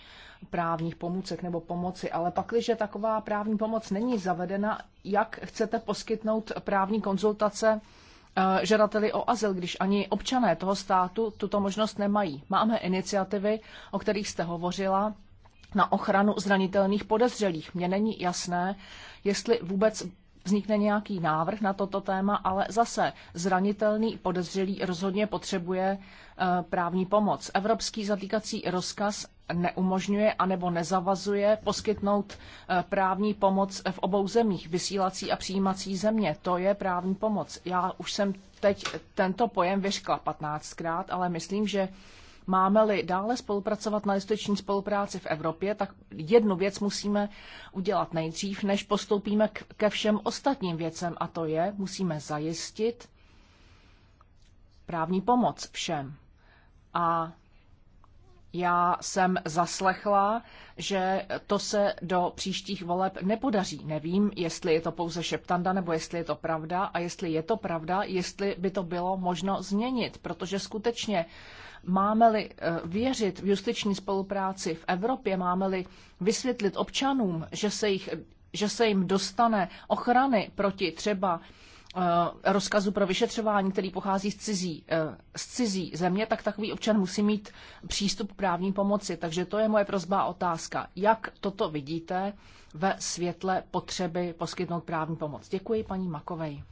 C: právních pomůcek nebo pomoci, ale pakliže taková právní pomoc není zavedena, jak chcete poskytnout právní konzultace eh, žadateli o azyl, když ani občané toho státu tuto možnost nemají. Máme iniciativy, o kterých jste hovořila, na ochranu zranitelných podezřelých. Mně není jasné, jestli vůbec vznikne nějaký návrh na toto téma, ale zase zranitelný podezřelý rozhodně potřebuje eh, právní pomoc. Evropský zatýkací rozkaz neumožňuje anebo nezavazuje poskytnout eh, právní pomoc v obou zemích, vysílací a přijímací země. To je právní pomoc. Já už jsem teď tento pojem vyřkla 15krát, ale myslím, že Máme-li dále spolupracovat na justiční spolupráci v Evropě, tak jednu věc musíme udělat nejdřív, než postoupíme ke všem ostatním věcem, a to je, musíme zajistit právní pomoc všem. A já jsem zaslechla, že to se do příštích voleb nepodaří. Nevím, jestli je to pouze šeptanda, nebo jestli je to pravda. A jestli je to pravda, jestli by to bylo možno změnit. Protože skutečně Máme-li eh, věřit v justiční spolupráci v Evropě, máme-li vysvětlit občanům, že se, jich, že se jim dostane ochrany proti třeba eh, rozkazu pro vyšetřování, který pochází z cizí, eh, z cizí země, tak takový občan musí mít přístup k právní pomoci. Takže to je moje prozba otázka. Jak toto vidíte ve světle potřeby poskytnout právní pomoc? Děkuji paní Makovej.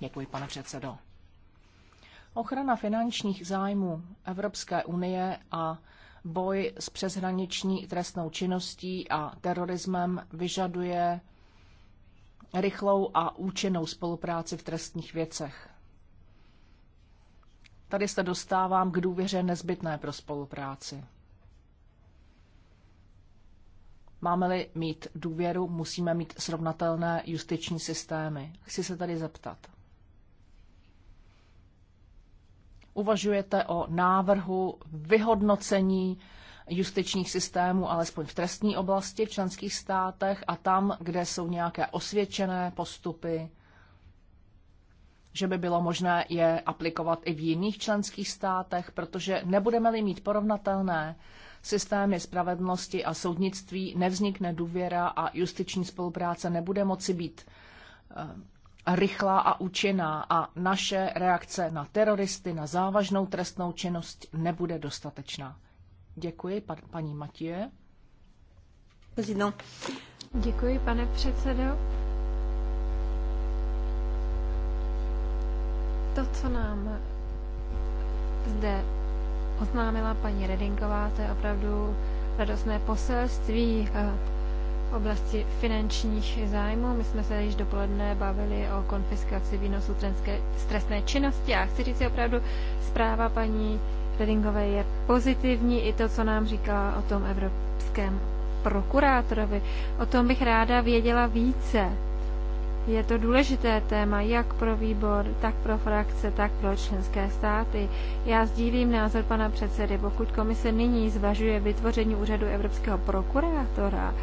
C: Děkuji, pane předsedo. Ochrana finančních zájmů Evropské unie a boj s přeshraniční trestnou činností a terorismem vyžaduje rychlou a účinnou spolupráci v trestních věcech. Tady se dostávám k důvěře nezbytné pro spolupráci. Máme-li mít důvěru, musíme mít srovnatelné justiční systémy. Chci se tady zeptat. uvažujete o návrhu vyhodnocení justičních systémů, alespoň v trestní oblasti v členských státech a tam, kde jsou nějaké osvědčené postupy, že by bylo možné je aplikovat i v jiných členských státech, protože nebudeme-li mít porovnatelné systémy spravedlnosti a soudnictví, nevznikne důvěra a justiční spolupráce nebude moci být eh, rychlá a účinná a naše reakce na teroristy, na závažnou trestnou činnost nebude dostatečná. Děkuji, pa- paní Matěje. Děkuji, pane předsedo.
B: To, co nám zde oznámila paní Redinková, to je opravdu radostné poselství oblasti finančních zájmů. My jsme se již dopoledne bavili o konfiskaci výnosů stresné činnosti a chci říct opravdu, zpráva paní Redingové je pozitivní, i to, co nám říkala o tom evropském prokurátorovi. O tom bych ráda věděla více. Je to důležité téma jak pro výbor, tak pro frakce, tak pro členské státy. Já sdílím názor pana předsedy, pokud komise nyní zvažuje vytvoření úřadu evropského prokurátora,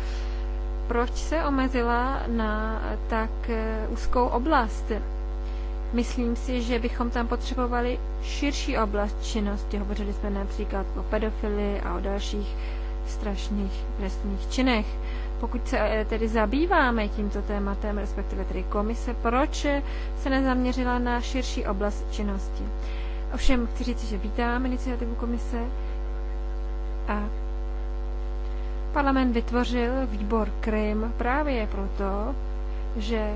B: proč se omezila na tak eh, úzkou oblast. Myslím si, že bychom tam potřebovali širší oblast činnosti. Hovořili jsme například o pedofily a o dalších strašných trestných činech. Pokud se eh, tedy zabýváme tímto tématem, respektive tedy komise, proč se nezaměřila na širší oblast činnosti? Ovšem chci říct, že vítám iniciativu komise, Parlament vytvořil výbor Krym právě proto, že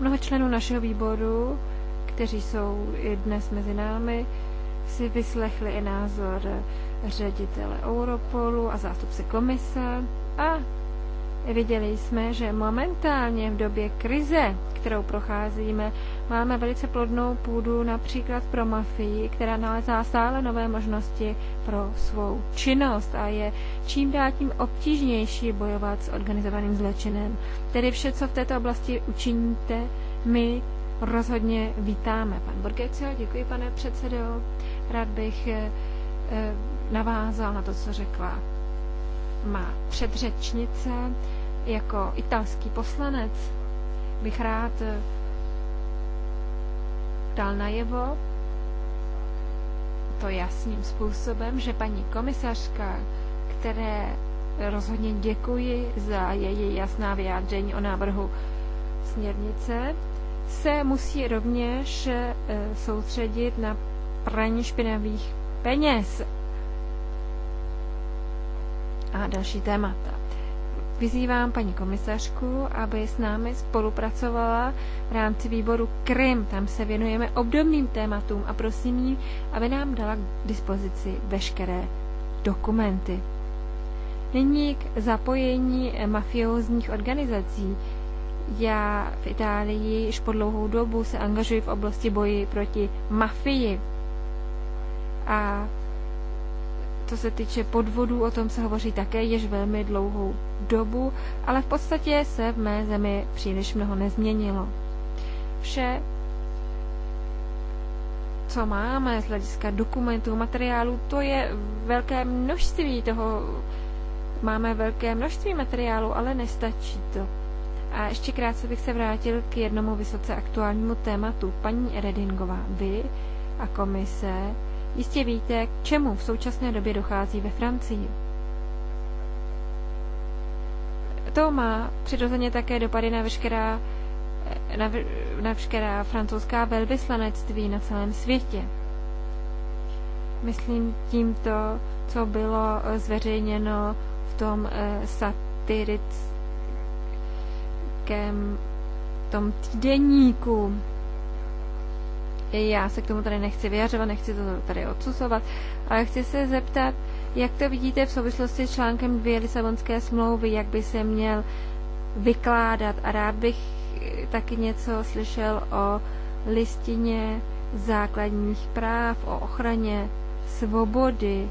B: mnoho členů našeho výboru, kteří jsou i dnes mezi námi, si vyslechli i názor ředitele Europolu a zástupce komise a Viděli jsme, že momentálně v době krize, kterou procházíme, máme velice plodnou půdu například pro mafii, která nalezá stále nové možnosti pro svou činnost a je čím dál tím obtížnější bojovat s organizovaným zločinem. Tedy vše, co v této oblasti učiníte, my rozhodně vítáme. Pan Borgecio, děkuji pane předsedo. Rád bych eh, eh, navázal na to, co řekla má předřečnice. Jako italský poslanec bych rád eh, dal najevo to jasným způsobem, že paní komisařka, které rozhodně děkuji za její jasná vyjádření o návrhu směrnice, se musí rovněž eh, soustředit na praní špinavých peněz a další témata. Vyzývám paní komisařku, aby s námi spolupracovala v rámci výboru Krym. Tam se věnujeme obdobným tématům a prosím ji, aby nám dala k dispozici veškeré dokumenty. Nyní k zapojení mafiózních organizací. Já v Itálii již po dlouhou dobu se angažuji v oblasti boji proti mafii. A co se týče podvodů, o tom se hovoří také již velmi dlouhou dobu, ale v podstatě se v mé zemi příliš mnoho nezměnilo. Vše, co máme z hlediska dokumentů, materiálů, to je velké množství toho, máme velké množství materiálu, ale nestačí to. A ještě krátce bych se vrátil k jednomu vysoce aktuálnímu tématu. Paní Redingová, vy a komise jistě víte, k čemu v současné době dochází ve Francii. To má přirozeně také dopady na veškerá, na, na veškerá francouzská velvyslanectví na celém světě. Myslím tímto, co bylo eh, zveřejněno v tom eh, satirickém tom týdenníku. Já se k tomu tady nechci vyjařovat, nechci to tady odsusovat, ale chci se zeptat, jak to vidíte v souvislosti s článkem 2 Lisabonské smlouvy, jak by se měl vykládat? A rád bych eh, taky něco slyšel o listině základních práv, o ochraně svobody,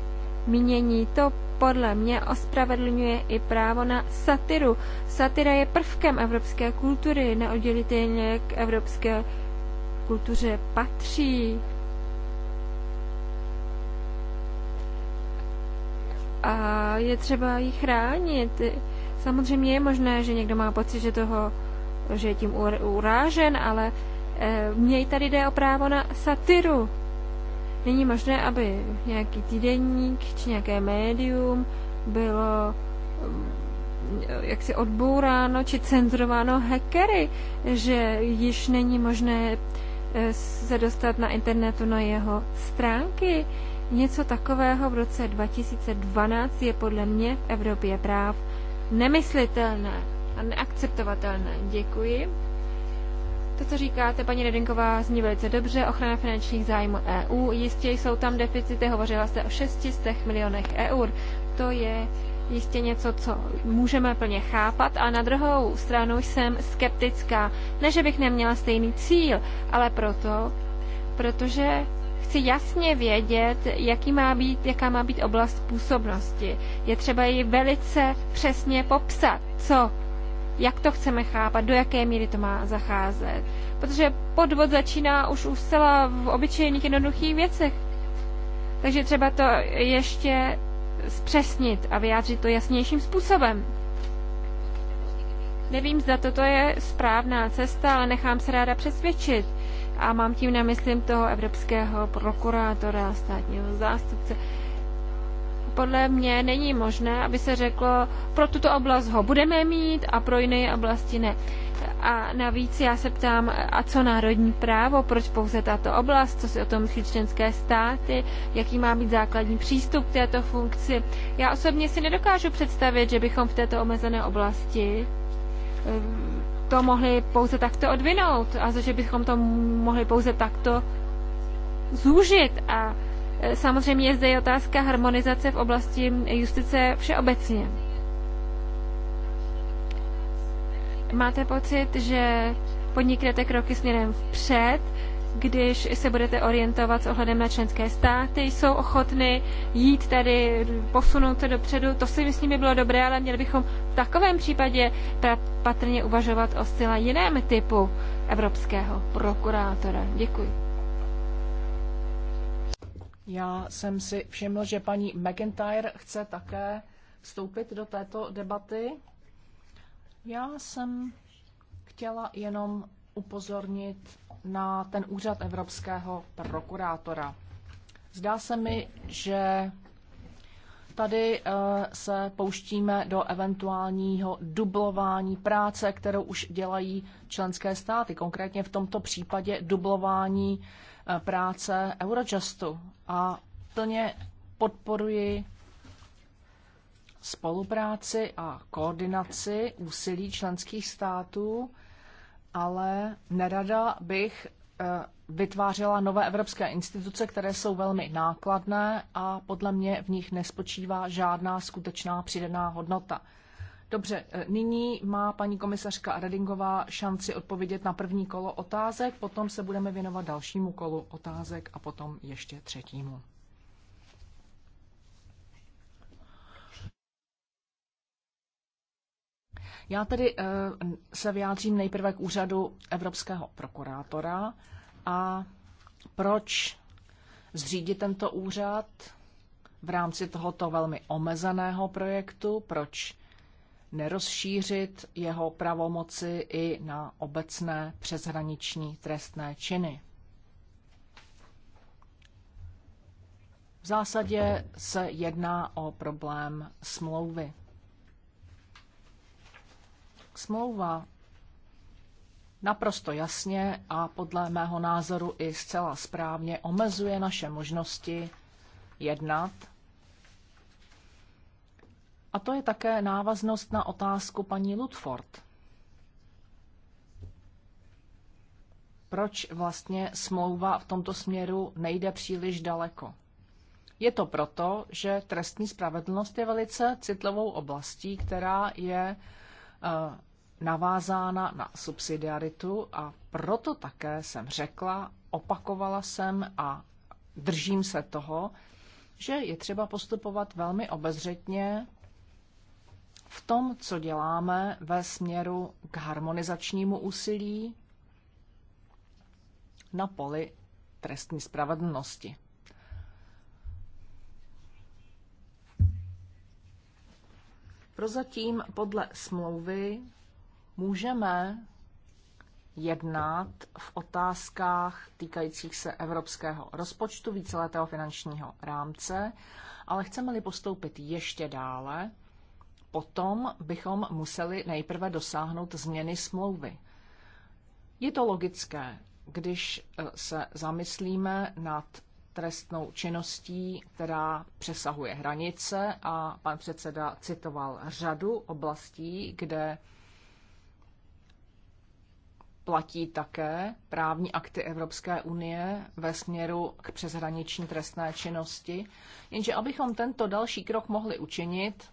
B: mínění. To podle mě ospravedlňuje i právo na satiru. Satira je prvkem evropské kultury, neoddělitelně k evropské kultuře patří. a je třeba ji chránit. Samozřejmě je možné, že někdo má pocit, že, toho, že je tím urážen, ale eh, měj tady jde o právo na satiru. Není možné, aby nějaký týdenník či nějaké médium bylo eh, jaksi odbouráno či cenzurováno hackery, že již není možné eh, se dostat na internetu na jeho stránky. Něco takového v roce 2012 je podle mě v Evropě práv nemyslitelné a neakceptovatelné. Děkuji. To, co říkáte, paní Redinková, zní velice dobře. Ochrana finančních zájmů EU. Jistě jsou tam deficity, hovořila jste o 600 milionech eur. To je jistě něco, co můžeme plně chápat a na druhou stranu jsem skeptická. Ne, že bych neměla stejný cíl, ale proto, protože Chci jasně vědět, jaký má být, jaká má být oblast působnosti. Je třeba ji velice přesně popsat, co, jak to chceme chápat, do jaké míry to má zacházet. Protože podvod začíná už u zcela v obyčejných jednoduchých věcech. Takže třeba to ještě zpřesnit a vyjádřit to jasnějším způsobem. Nevím, zda toto je správná cesta, ale nechám se ráda přesvědčit a mám tím na myslím toho evropského prokurátora, státního zástupce. Podle mě není možné, aby se řeklo, pro tuto oblast ho budeme mít a pro jiné oblasti ne. A navíc já se ptám, a co národní právo, proč pouze tato oblast, co si o tom myslí členské státy, jaký má být základní přístup k této funkci. Já osobně si nedokážu představit, že bychom v této omezené oblasti to mohli pouze takto odvinout a že bychom to mohli pouze takto zúžit. A e, samozřejmě je zde i otázka harmonizace v oblasti justice všeobecně. Máte pocit, že podniknete kroky směrem vpřed, když se budete orientovat s ohledem na členské státy, jsou ochotny jít tady, posunout se dopředu. To si myslím by bylo dobré, ale měli bychom v takovém případě patrně uvažovat o zcela
C: jiném typu evropského prokurátora. Děkuji. Já jsem si všiml, že paní McIntyre chce také vstoupit do této debaty. Já jsem chtěla jenom upozornit na ten úřad evropského prokurátora. Zdá se mi, že tady eh, se pouštíme do eventuálního dublování práce, kterou už dělají členské státy. Konkrétně v tomto případě dublování eh, práce Eurojustu. A plně podporuji spolupráci a koordinaci úsilí členských států ale nerada bych eh, vytvářela nové evropské instituce, které jsou velmi nákladné a podle mě v nich nespočívá žádná skutečná přidaná hodnota. Dobře, eh, nyní má paní komisařka Redingová šanci odpovědět na první kolo otázek, potom se budeme věnovat dalšímu kolu otázek a potom ještě třetímu. Já tedy eh, se vyjádřím nejprve k úřadu evropského prokurátora a proč zřídit tento úřad v rámci tohoto velmi omezeného projektu, proč nerozšířit jeho pravomoci i na obecné přeshraniční trestné činy. V zásadě se jedná o problém smlouvy. Smlouva naprosto jasně a podle mého názoru i zcela správně omezuje naše možnosti jednat. A to je také návaznost na otázku paní Ludford. Proč vlastně smlouva v tomto směru nejde příliš daleko? Je to proto, že trestní spravedlnost je velice citlivou oblastí, která je eh, navázána na subsidiaritu a proto také jsem řekla, opakovala jsem a držím se toho, že je třeba postupovat velmi obezřetně v tom, co děláme ve směru k harmonizačnímu úsilí na poli trestní spravedlnosti. Prozatím podle smlouvy Můžeme jednat v otázkách týkajících se evropského rozpočtu víceletého finančního rámce, ale chceme-li postoupit ještě dále, potom bychom museli nejprve dosáhnout změny smlouvy. Je to logické, když e, se zamyslíme nad trestnou činností, která přesahuje hranice a pan předseda citoval řadu oblastí, kde platí také právní akty Evropské unie ve směru k přeshraniční trestné činnosti. Jenže abychom tento další krok mohli učinit,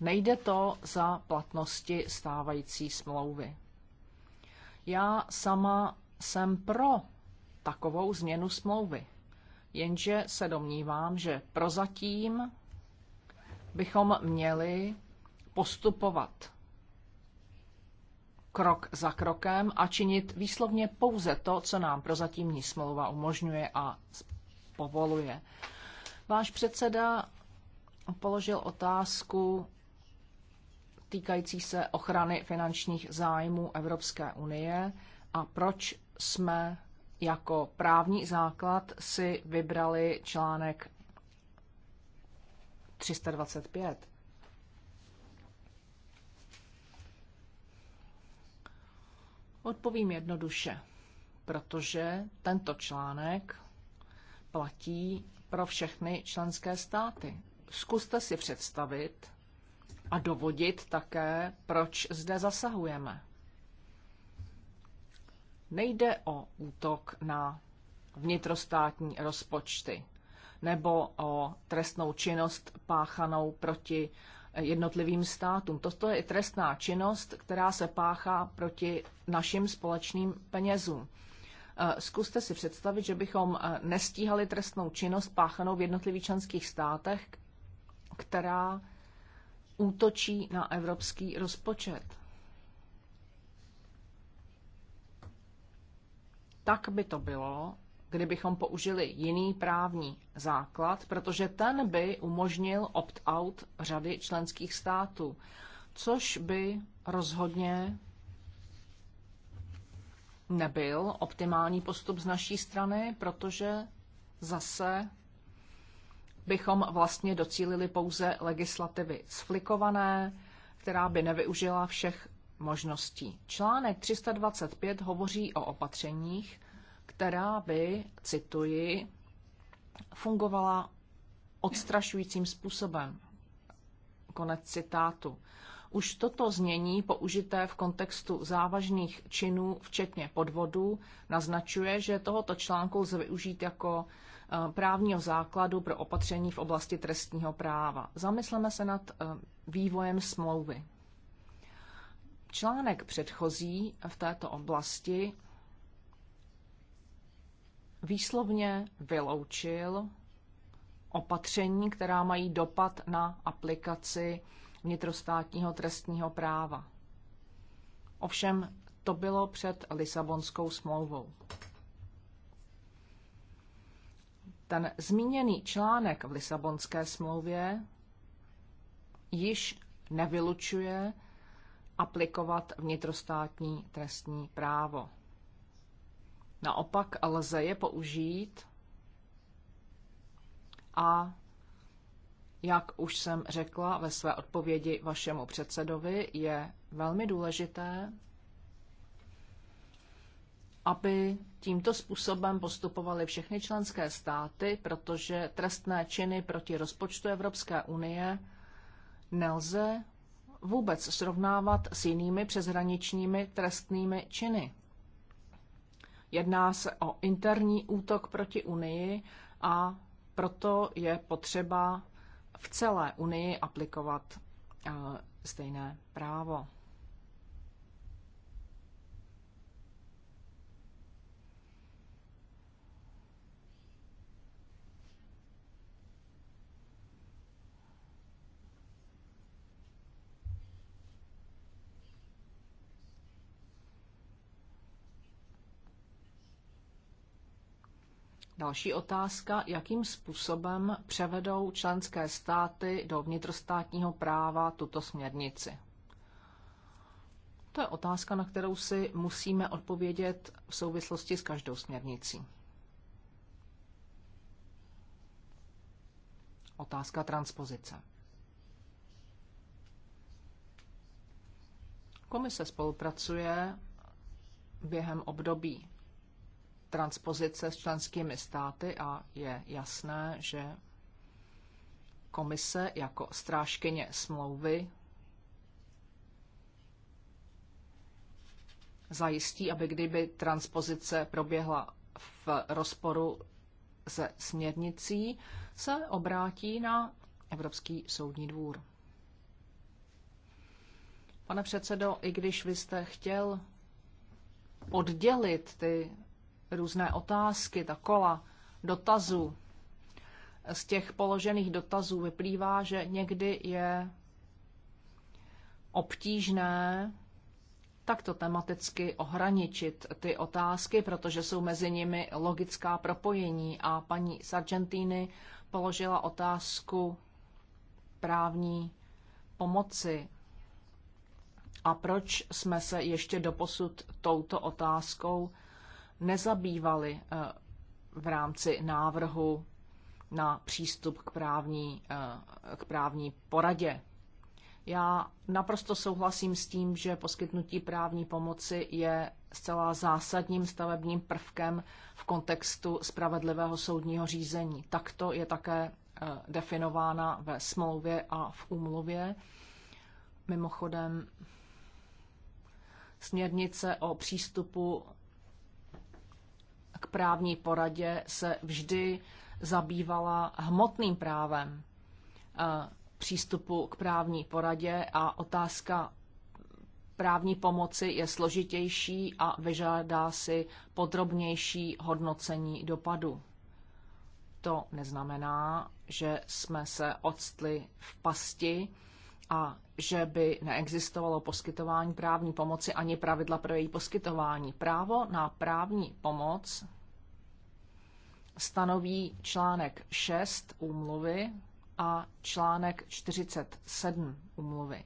C: nejde to za platnosti stávající smlouvy. Já sama jsem pro takovou změnu smlouvy, jenže se domnívám, že prozatím bychom měli postupovat krok za krokem a činit výslovně pouze to, co nám prozatímní smlouva umožňuje a povoluje. Váš předseda položil otázku týkající se ochrany finančních zájmů Evropské unie a proč jsme jako právní základ si vybrali článek 325. Odpovím jednoduše, protože tento článek platí pro všechny členské státy. Zkuste si představit a dovodit také, proč zde zasahujeme. Nejde o útok na vnitrostátní rozpočty nebo o trestnou činnost páchanou proti jednotlivým státům. Toto je trestná činnost, která se páchá proti našim společným penězům. Eh, zkuste si představit, že bychom eh, nestíhali trestnou činnost páchanou v jednotlivých členských státech, která útočí na evropský rozpočet. Tak by to bylo, kdybychom použili jiný právní základ, protože ten by umožnil opt-out řady členských států, což by rozhodně nebyl optimální postup z naší strany, protože zase bychom vlastně docílili pouze legislativy sflikované, která by nevyužila všech možností. Článek 325 hovoří o opatřeních, která by, cituji, fungovala odstrašujícím způsobem. Konec citátu. Už toto znění, použité v kontextu závažných činů, včetně podvodu, naznačuje, že tohoto článku lze využít jako eh, právního základu pro opatření v oblasti trestního práva. Zamysleme se nad eh, vývojem smlouvy. Článek předchozí v této oblasti výslovně vyloučil opatření, která mají dopad na aplikaci vnitrostátního trestního práva. Ovšem to bylo před Lisabonskou smlouvou. Ten zmíněný článek v Lisabonské smlouvě již nevylučuje aplikovat vnitrostátní trestní právo. Naopak lze je použít a jak už jsem řekla ve své odpovědi vašemu předsedovi, je velmi důležité, aby tímto způsobem postupovaly všechny členské státy, protože trestné činy proti rozpočtu Evropské unie nelze vůbec srovnávat s jinými přeshraničními trestnými činy. Jedná se o interní útok proti Unii a proto je potřeba v celé Unii aplikovat eh, stejné právo. Další otázka, jakým způsobem převedou členské státy do vnitrostátního práva tuto směrnici? To je otázka, na kterou si musíme odpovědět v souvislosti s každou směrnicí. Otázka transpozice. Komise spolupracuje během období transpozice s členskými státy a je jasné, že komise jako strážkyně smlouvy zajistí, aby kdyby transpozice proběhla v rozporu se směrnicí, se obrátí na Evropský soudní dvůr. Pane předsedo, i když vy jste chtěl oddělit ty různé otázky, ta kola dotazů. Z těch položených dotazů vyplývá, že někdy je obtížné takto tematicky ohraničit ty otázky, protože jsou mezi nimi logická propojení. A paní Sargentini položila otázku právní pomoci. A proč jsme se ještě doposud touto otázkou nezabývali eh, v rámci návrhu na přístup k právní, eh, k právní poradě. Já naprosto souhlasím s tím, že poskytnutí právní pomoci je zcela zásadním stavebním prvkem v kontextu spravedlivého soudního řízení. Takto je také eh, definována ve smlouvě a v úmluvě. Mimochodem, směrnice o přístupu k právní poradě se vždy zabývala hmotným právem eh, přístupu k právní poradě a otázka právní pomoci je složitější a vyžádá si podrobnější hodnocení dopadu. To neznamená, že jsme se odstli v pasti, a že by neexistovalo poskytování právní pomoci ani pravidla pro její poskytování. Právo na právní pomoc stanoví článek 6 úmluvy a článek 47 úmluvy.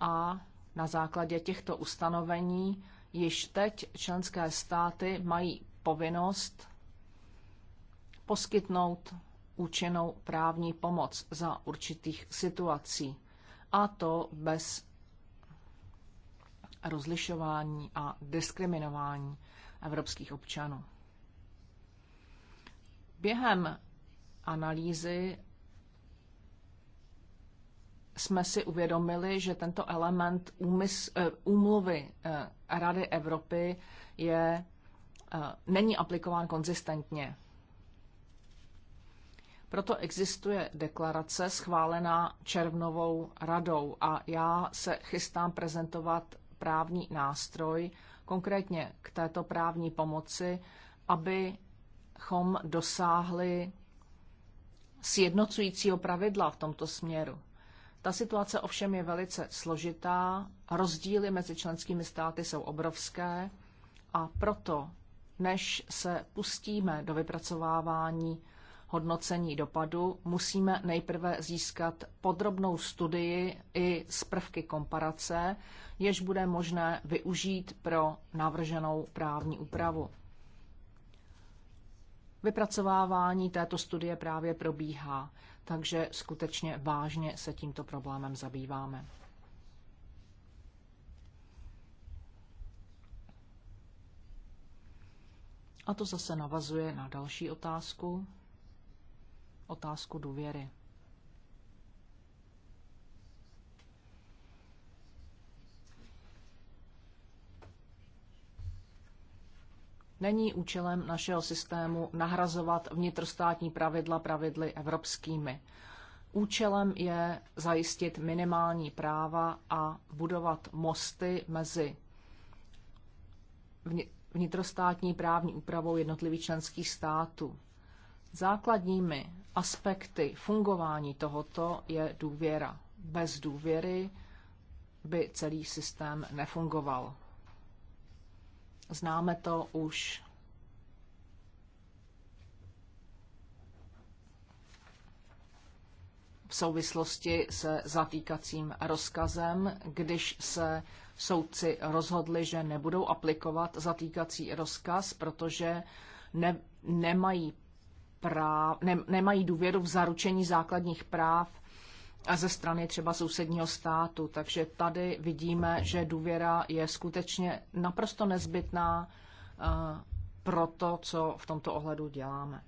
C: A na základě těchto ustanovení již teď členské státy mají povinnost poskytnout účinnou právní pomoc za určitých situací. A to bez rozlišování a diskriminování evropských občanů. Během analýzy jsme si uvědomili, že tento element eh, úmluvy eh, Rady Evropy je, eh, není aplikován konzistentně. Proto existuje deklarace schválená červnovou radou a já se chystám prezentovat právní nástroj, konkrétně k této právní pomoci, abychom dosáhli sjednocujícího pravidla v tomto směru. Ta situace ovšem je velice složitá, rozdíly mezi členskými státy jsou obrovské a proto, než se pustíme do vypracovávání hodnocení dopadu musíme nejprve získat podrobnou studii i z prvky komparace, jež bude možné využít pro navrženou právní úpravu. Vypracovávání této studie právě probíhá, takže skutečně vážně se tímto problémem zabýváme. A to zase navazuje na další otázku otázku důvěry. Není účelem našeho systému nahrazovat vnitrostátní pravidla pravidly evropskými. Účelem je zajistit minimální práva a budovat mosty mezi vnitrostátní právní úpravou jednotlivých členských států. Základními aspekty fungování tohoto je důvěra. Bez důvěry by celý systém nefungoval. Známe to už v souvislosti se zatýkacím rozkazem, když se soudci rozhodli, že nebudou aplikovat zatýkací rozkaz, protože ne, nemají práv, ne, nemají důvěru v zaručení základních práv a ze strany třeba sousedního státu. Takže tady vidíme, že důvěra je skutečně naprosto nezbytná eh, pro to, co v tomto ohledu děláme.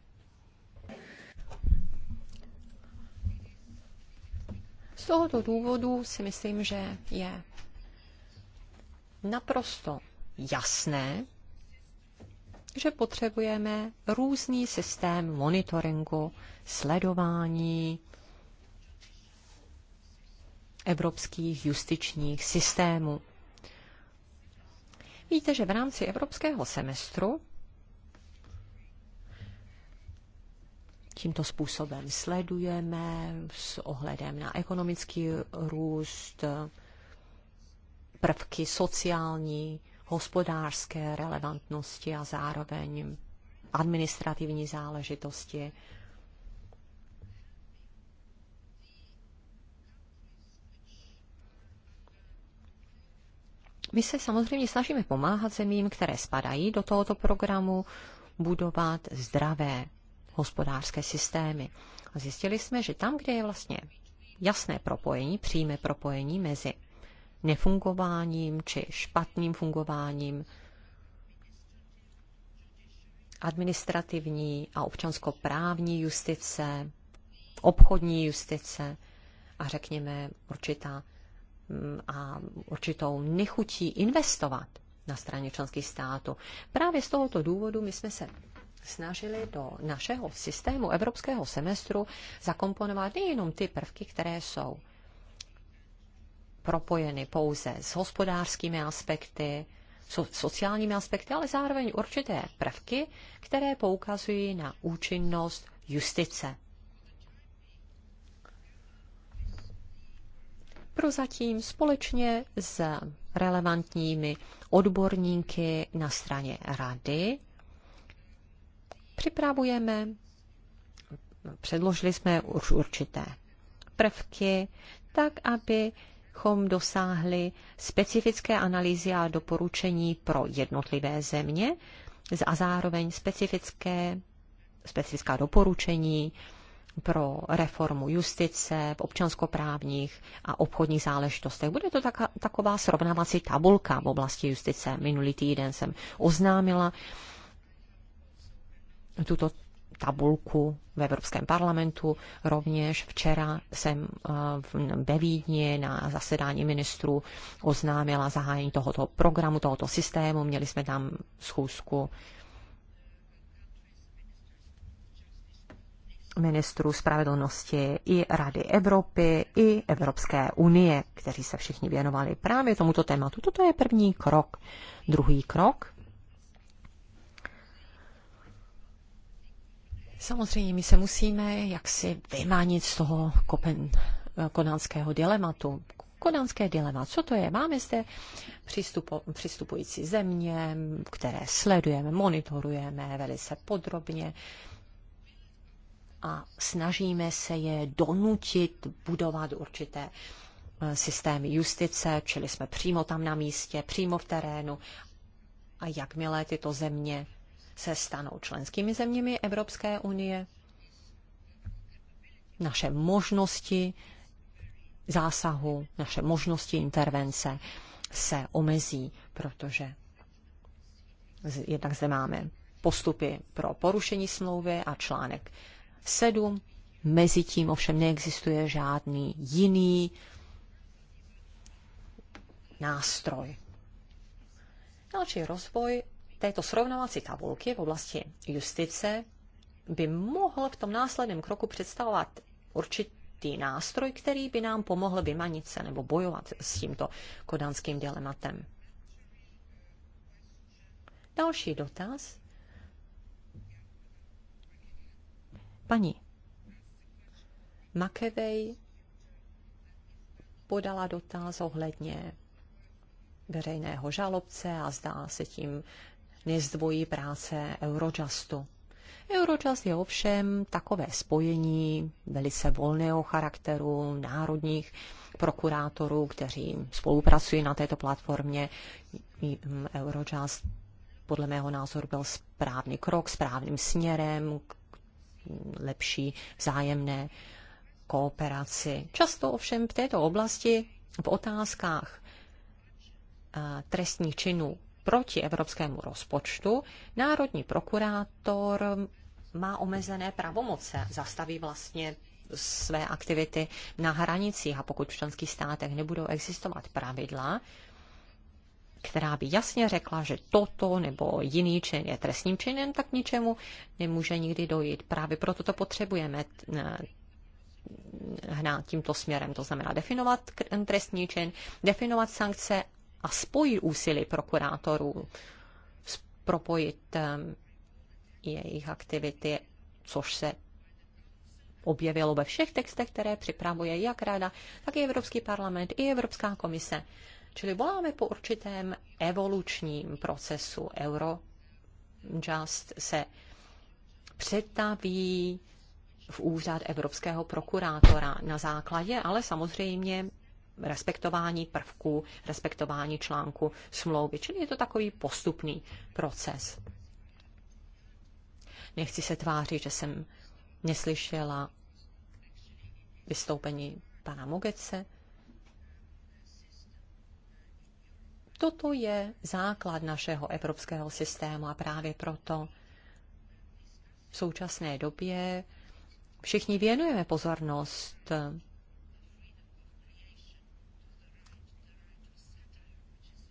A: Z tohoto důvodu si myslím, že je naprosto jasné, že potřebujeme různý systém monitoringu, sledování evropských justičních systémů. Víte, že v rámci evropského semestru tímto způsobem sledujeme s ohledem na ekonomický růst, prvky sociální hospodářské relevantnosti a zároveň administrativní záležitosti. My se samozřejmě snažíme pomáhat zemím, které spadají do tohoto programu, budovat zdravé hospodářské systémy. Zjistili jsme, že tam, kde je vlastně jasné propojení, přímé propojení mezi nefungováním či špatným fungováním administrativní a občanskoprávní justice, obchodní justice a řekněme určitá mm, a určitou nechutí investovat na straně členských států. Právě z tohoto důvodu my jsme se snažili do našeho systému evropského semestru zakomponovat nejenom ty prvky, které jsou propojeny pouze s hospodářskými aspekty, so, sociálními aspekty, ale zároveň určité prvky, které poukazují na účinnost justice. Prozatím společně s relevantními odborníky na straně rady připravujeme, předložili jsme už určité prvky, tak aby abychom dosáhli specifické analýzy a doporučení pro jednotlivé země a zároveň specifické, specifická doporučení pro reformu justice, v občanskoprávních a obchodních záležitostech. Bude to taková srovnávací tabulka v oblasti justice. Minulý týden jsem oznámila tuto tabulku v Evropském parlamentu. Rovněž včera jsem eh, ve Vídni na zasedání ministrů oznámila zahájení tohoto programu, tohoto systému. Měli jsme tam schůzku ministrů spravedlnosti i Rady Evropy, i Evropské unie, kteří se všichni věnovali právě tomuto tématu. Toto je první krok. Druhý krok Samozřejmě my se musíme jaksi vymánit z toho kopen, konánského dilematu. Konánské dilema, co to je? Máme zde přistupo, přistupující země, které sledujeme, monitorujeme velice podrobně a snažíme se je donutit budovat určité e, systémy justice, čili jsme přímo tam na místě, přímo v terénu. A jakmile tyto země se stanou členskými zeměmi Evropské unie. Naše možnosti zásahu, naše možnosti intervence se omezí, protože jednak zde máme postupy pro porušení smlouvy a článek 7. Mezitím ovšem neexistuje žádný jiný nástroj. Další rozvoj této srovnávací tabulky v oblasti justice by mohl v tom následném kroku představovat určitý nástroj, který by nám pomohl vymanit se nebo bojovat s tímto kodanským dilematem. Další dotaz. Paní Makevej podala dotaz ohledně veřejného žalobce a zdá se tím než dvojí práce Eurojustu. Eurojust je ovšem takové spojení velice volného charakteru národních prokurátorů, kteří spolupracují na této platformě. Eurojust podle mého názoru byl správný krok, správným směrem, lepší vzájemné kooperaci. Často ovšem v této oblasti v otázkách trestních činů proti evropskému rozpočtu, národní prokurátor má omezené pravomoce, zastaví vlastně své aktivity na hranicích a pokud v členských státech nebudou existovat pravidla, která by jasně řekla, že toto nebo jiný čin je trestním činem, tak ničemu nemůže nikdy dojít. Právě proto to potřebujeme eh, hnát tímto směrem, to znamená definovat trestní čin, definovat sankce a spojí úsilí prokurátorů propojit ehm, jejich aktivity, což se objevilo ve všech textech, které připravuje jak Rada, tak i Evropský parlament, i Evropská komise. Čili voláme po určitém evolučním procesu. Eurojust se přetaví v úřad evropského prokurátora na základě, ale samozřejmě respektování prvků, respektování článku smlouvy. Čili je to takový postupný proces. Nechci se tvářit, že jsem neslyšela vystoupení pana Mogece. Toto je základ našeho evropského systému a právě proto v současné době všichni věnujeme pozornost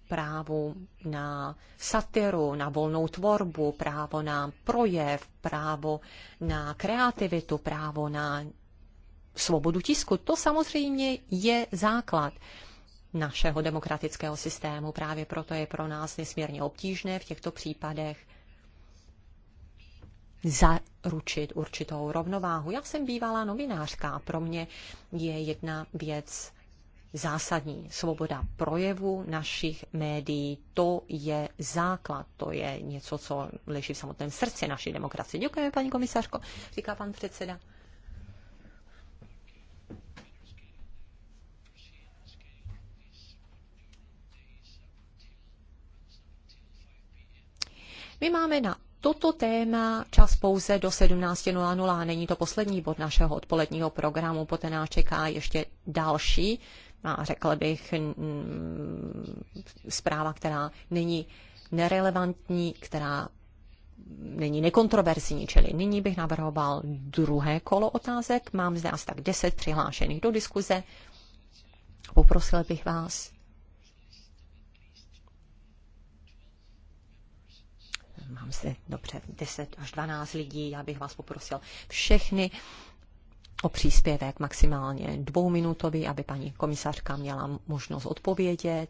A: právu na satiru, na volnou tvorbu, právo na projev, právo na kreativitu, právo na svobodu tisku. To samozřejmě je základ našeho demokratického systému. Právě proto je pro nás nesmírně obtížné v těchto případech zaručit určitou rovnováhu. Já jsem bývalá novinářka a pro mě je jedna věc zásadní. Svoboda projevu našich médií, to je základ, to je něco, co leží v samotném srdci naší demokracie. Děkujeme, paní komisařko, říká pan předseda. My máme na toto téma čas pouze do 17.00. Není to poslední bod našeho odpoledního programu. Poté nás čeká ještě další a řekla bych, zpráva, která není nerelevantní, která není nekontroverzní, čili nyní bych navrhoval druhé kolo otázek. Mám zde asi tak 10 přihlášených do diskuze. Poprosil bych vás, mám zde dobře 10 až 12 lidí, já bych vás poprosil všechny o příspěvek maximálně dvouminutový, aby paní komisařka měla možnost odpovědět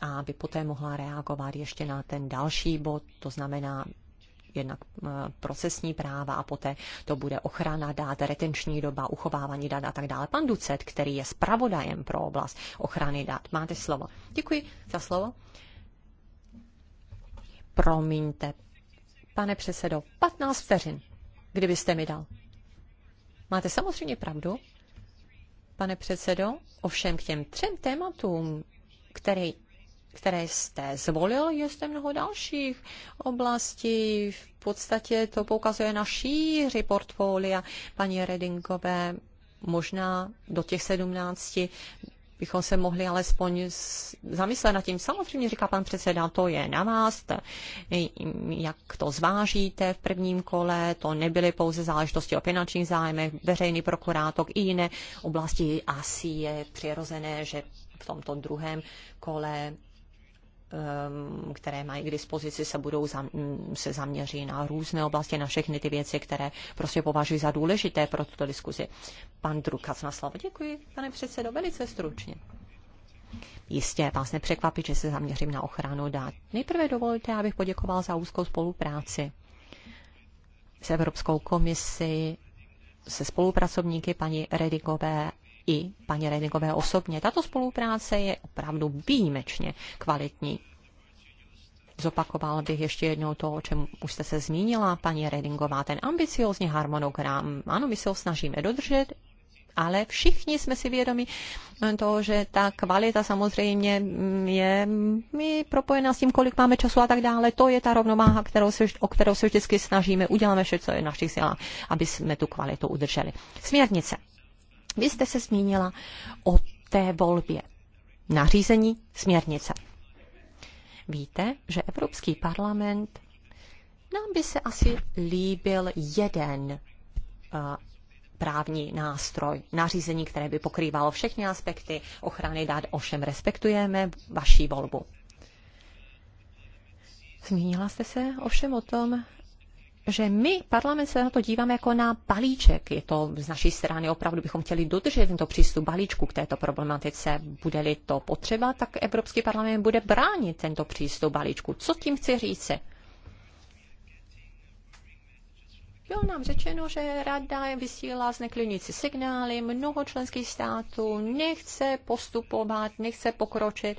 A: a aby poté mohla reagovat ještě na ten další bod, to znamená jednak eh, procesní práva a poté to bude ochrana dát, retenční doba, uchovávání dat a tak dále. Pan Ducet, který je zpravodajem pro oblast ochrany dat. Máte slovo. Děkuji za slovo. Promiňte, pane předsedo, 15 vteřin, kdybyste mi dal. Máte samozřejmě pravdu, pane předsedo, ovšem k těm třem tématům, které, které jste zvolil, je zde mnoho dalších oblastí. V podstatě to poukazuje na šíři portfolia paní Redingové, možná do těch sedmnácti bychom se mohli alespoň zamyslet nad tím. Samozřejmě, říká pan předseda, to je na vás, jak to zvážíte v prvním kole, to nebyly pouze záležitosti o finančních zájmech, veřejný prokurátor i jiné oblasti. Asi je přirozené, že v tomto druhém kole Ehm, které mají k dispozici, se budou zam, se zaměří na různé oblasti, na všechny ty věci, které prostě považuji za důležité pro tuto diskuzi. Pan Drukac na slovo. Děkuji, pane předsedo, velice stručně. Jistě vás nepřekvapí, že se zaměřím na ochranu dát. Nejprve dovolte, abych poděkoval za úzkou spolupráci s Evropskou komisi, se spolupracovníky paní Redigové i paní Redingové osobně. Tato spolupráce je opravdu výjimečně kvalitní. Zopakoval bych ještě jednou to, o čem už jste se zmínila, paní Redingová, ten ambiciozní harmonogram. Ano, my se ho snažíme dodržet, ale všichni jsme si vědomi toho, že ta kvalita samozřejmě je mi propojena s tím, kolik máme času a tak dále. To je ta rovnováha, kterou se, o kterou se vždycky snažíme. Uděláme vše, co je v našich silách, aby jsme tu kvalitu udrželi. Směrnice. Vy jste se zmínila o té volbě nařízení směrnice. Víte, že Evropský parlament nám by se asi líbil jeden uh, právní nástroj, nařízení, které by pokrývalo všechny aspekty ochrany dát, ovšem respektujeme vaší volbu. Zmínila jste se ovšem o tom, že my, parlament, se na to díváme jako na balíček. Je to z naší strany opravdu bychom chtěli dodržet tento přístup balíčku k této problematice. Bude-li to potřeba, tak Evropský parlament bude bránit tento přístup balíčku. Co tím chci se? Bylo nám řečeno, že rada vysílá zneklidňující signály, mnoho členských států nechce postupovat, nechce pokročit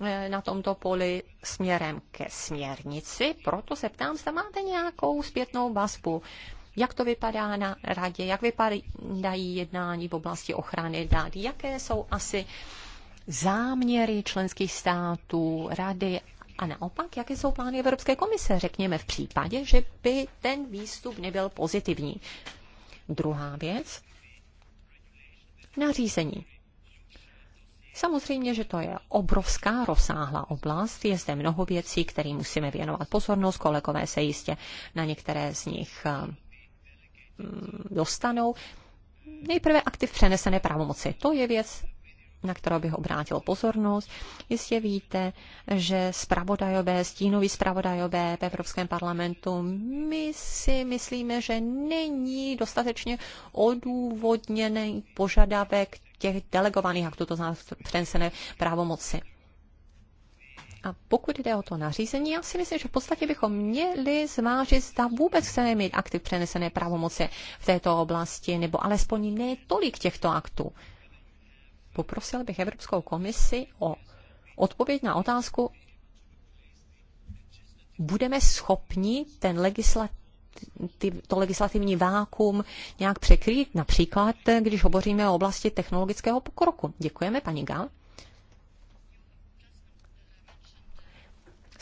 A: E, na tomto poli směrem ke směrnici, proto se ptám, zda máte nějakou zpětnou vazbu, jak to vypadá na radě, jak vypadají jednání v oblasti ochrany dát, jaké jsou asi záměry členských států, rady a naopak, jaké jsou plány Evropské komise, řekněme v případě, že by ten výstup nebyl pozitivní. Druhá věc, nařízení. Samozřejmě, že to je obrovská rozsáhlá oblast, je zde mnoho věcí, kterým musíme věnovat pozornost, kolegové se jistě na některé z nich eh, mm, dostanou. Nejprve aktiv přenesené pravomoci. To je věc, na kterou bych obrátil pozornost. Jistě víte, že spravodajové, stínoví spravodajové v Evropském parlamentu, my si myslíme, že není dostatečně odůvodněný požadavek těch delegovaných jak to znamená přenesené právomoci. A pokud jde o to nařízení, já si myslím, že v podstatě bychom měli zvážit, zda vůbec chceme mít aktiv přenesené pravomoci v této oblasti, nebo alespoň ne tolik těchto aktů. Poprosil bych Evropskou komisi o odpověď na otázku, budeme schopni ten legislativní ty, to legislativní vákum nějak překrýt, například když hovoříme o oblasti technologického pokroku. Děkujeme, paní Gal.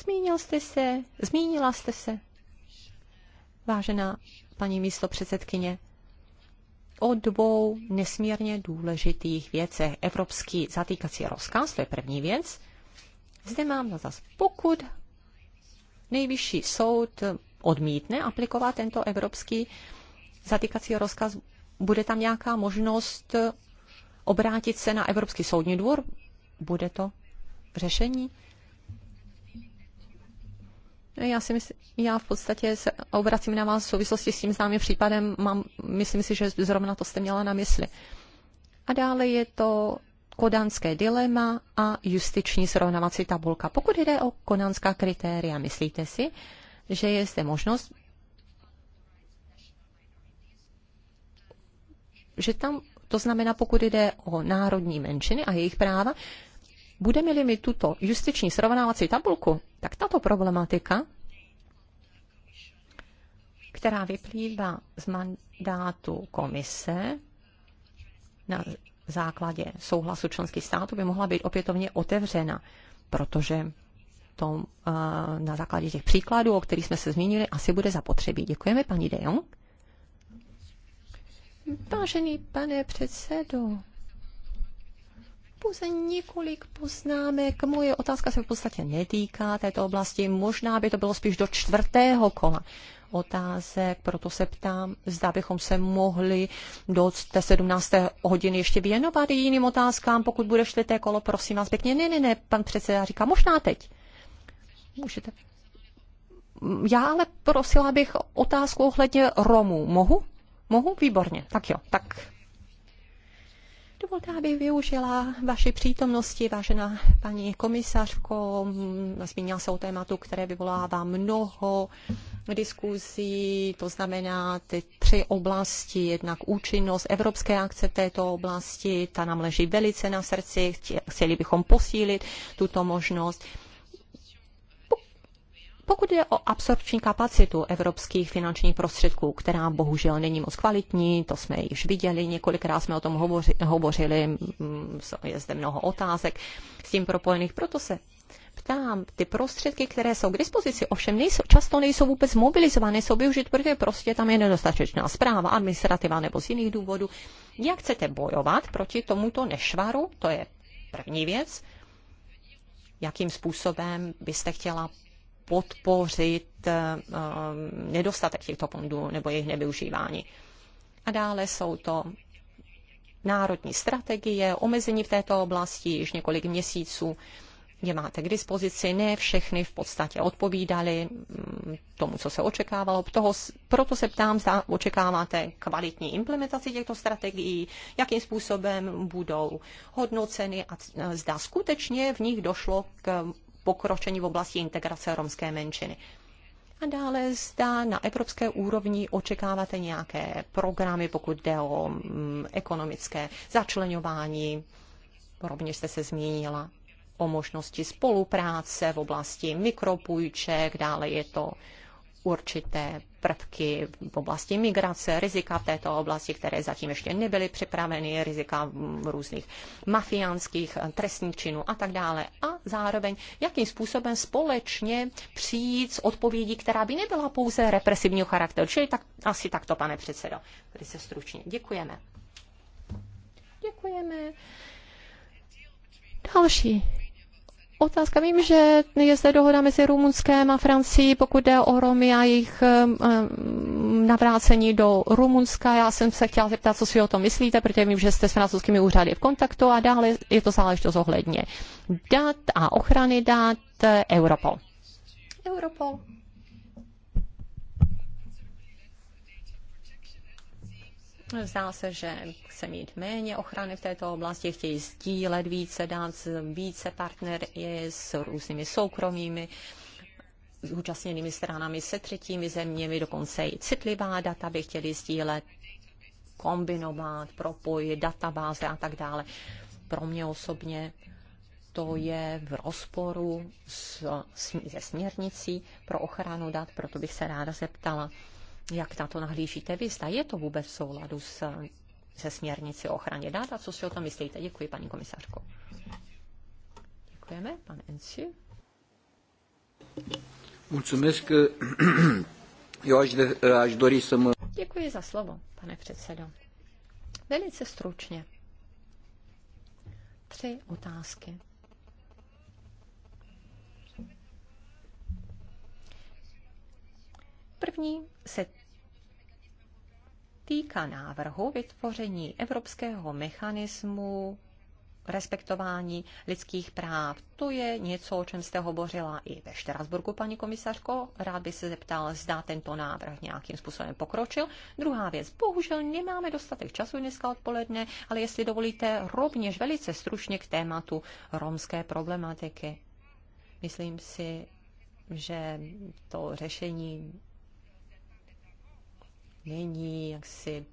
A: Zmínil jste se, zmínila jste se, vážená paní místo předsedkyně, o dvou nesmírně důležitých věcech. Evropský zatýkací rozkaz, to je první věc. Zde mám zase, Pokud nejvyšší soud odmítne aplikovat tento evropský zatýkací rozkaz, bude tam nějaká možnost obrátit se na Evropský soudní dvůr? Bude to řešení? Já, si mysl, já v podstatě se obracím na vás v souvislosti s tím známým případem. Mám, myslím si, že zrovna to jste měla na mysli. A dále je to kodanské dilema a justiční srovnavací tabulka. Pokud jde o kodanská kritéria, myslíte si, že je zde možnost, že tam, to znamená, pokud jde o národní menšiny a jejich práva, budeme-li mít tuto justiční srovnávací tabulku, tak tato problematika, která vyplývá z mandátu komise na základě souhlasu členských států, by mohla být opětovně otevřena, protože tom, eh, na základě těch příkladů, o kterých jsme se zmínili, asi bude zapotřebí. Děkujeme, paní De Jong. Vážený pane předsedo, pouze několik poznámek. Moje otázka se v podstatě netýká této oblasti. Možná by to bylo spíš do čtvrtého kola otázek, proto se ptám, zda bychom se mohli do té 17. hodiny ještě věnovat jiným otázkám, pokud bude čtvrté kolo, prosím vás pěkně. Ne, ne, ne, pan předseda říká, možná teď. Můžete. Já ale prosila bych otázku ohledně Romů. Mohu? Mohu? Výborně. Tak jo, tak Dovolte, abych využila vaši přítomnosti, vážená paní komisařko. Zmínila se o tématu, které vyvolává mnoho diskuzí, to znamená ty tři oblasti, jednak účinnost evropské akce v této oblasti, ta nám leží velice na srdci, chtěli bychom posílit tuto možnost. Pokud je o absorpční kapacitu evropských finančních prostředků, která bohužel není moc kvalitní, to jsme již viděli, několikrát jsme o tom hovořili, je zde mnoho otázek s tím propojených, proto se ptám, ty prostředky, které jsou k dispozici, ovšem nejsou, často nejsou vůbec mobilizované, jsou využit, protože prostě tam je nedostatečná zpráva, administrativa nebo z jiných důvodů. Jak chcete bojovat proti tomuto nešvaru? To je první věc. Jakým způsobem byste chtěla podpořit eh, eh, nedostatek těchto fondů nebo jejich nevyužívání. A dále jsou to národní strategie, omezení v této oblasti již několik měsíců je máte k dispozici. Ne všechny v podstatě odpovídaly mm, tomu, co se očekávalo. Toho, proto se ptám, zda očekáváte kvalitní implementaci těchto strategií, jakým způsobem budou hodnoceny a zda skutečně v nich došlo k pokročení v oblasti integrace romské menšiny. A dále zda na evropské úrovni očekáváte nějaké programy, pokud jde o mm, ekonomické začlenování. Rovněž jste se zmínila o možnosti spolupráce v oblasti mikropůjček, dále je to určité prvky v oblasti migrace, rizika v této oblasti, které zatím ještě nebyly připraveny, rizika různých mafiánských trestních činů a tak dále. A zároveň, jakým způsobem společně přijít s odpovědí, která by nebyla pouze represivního charakteru. Čili tak, asi takto, pane předsedo. Tady se stručně. Děkujeme. Děkujeme. Další otázka. Vím, že je zde dohoda mezi Rumunskem a Francií, pokud jde o Romy a jejich ehm, navrácení do Rumunska. Já jsem se chtěla zeptat, co si o tom myslíte, protože vím, že jste s francouzskými úřady v kontaktu a dále je to záležitost ohledně dat a ochrany dat eh, Europol. Europol. Zdá se, že chce mít méně ochrany v této oblasti, chtějí sdílet více, dát více partnery s různými soukromými zúčastněnými stranami se třetími zeměmi, dokonce i citlivá data by chtěli sdílet, kombinovat, propojit databáze a tak dále. Pro mě osobně to je v rozporu s, se směrnicí pro ochranu dat, proto bych se ráda zeptala, jak na to nahlížíte vy? Zda je to vůbec v souladu s, se směrnici o ochraně dat a co si o tom myslíte? Děkuji, paní komisařko. Děkujeme, pan Enci.
B: Mulțumesc. Eu aș, de, aș dori să mă...
A: Děkuji za slovo, pane předsedo. Velice stručně. Tři otázky. První se týká návrhu vytvoření evropského mechanismu respektování lidských práv. To je něco, o čem jste hovořila i ve Štrasburku, paní komisařko. Rád bych se zeptal, zda tento návrh nějakým způsobem pokročil. Druhá věc, bohužel nemáme dostatek času dneska odpoledne, ale jestli dovolíte, rovněž velice stručně k tématu romské problematiky. Myslím si, že to řešení není jaksi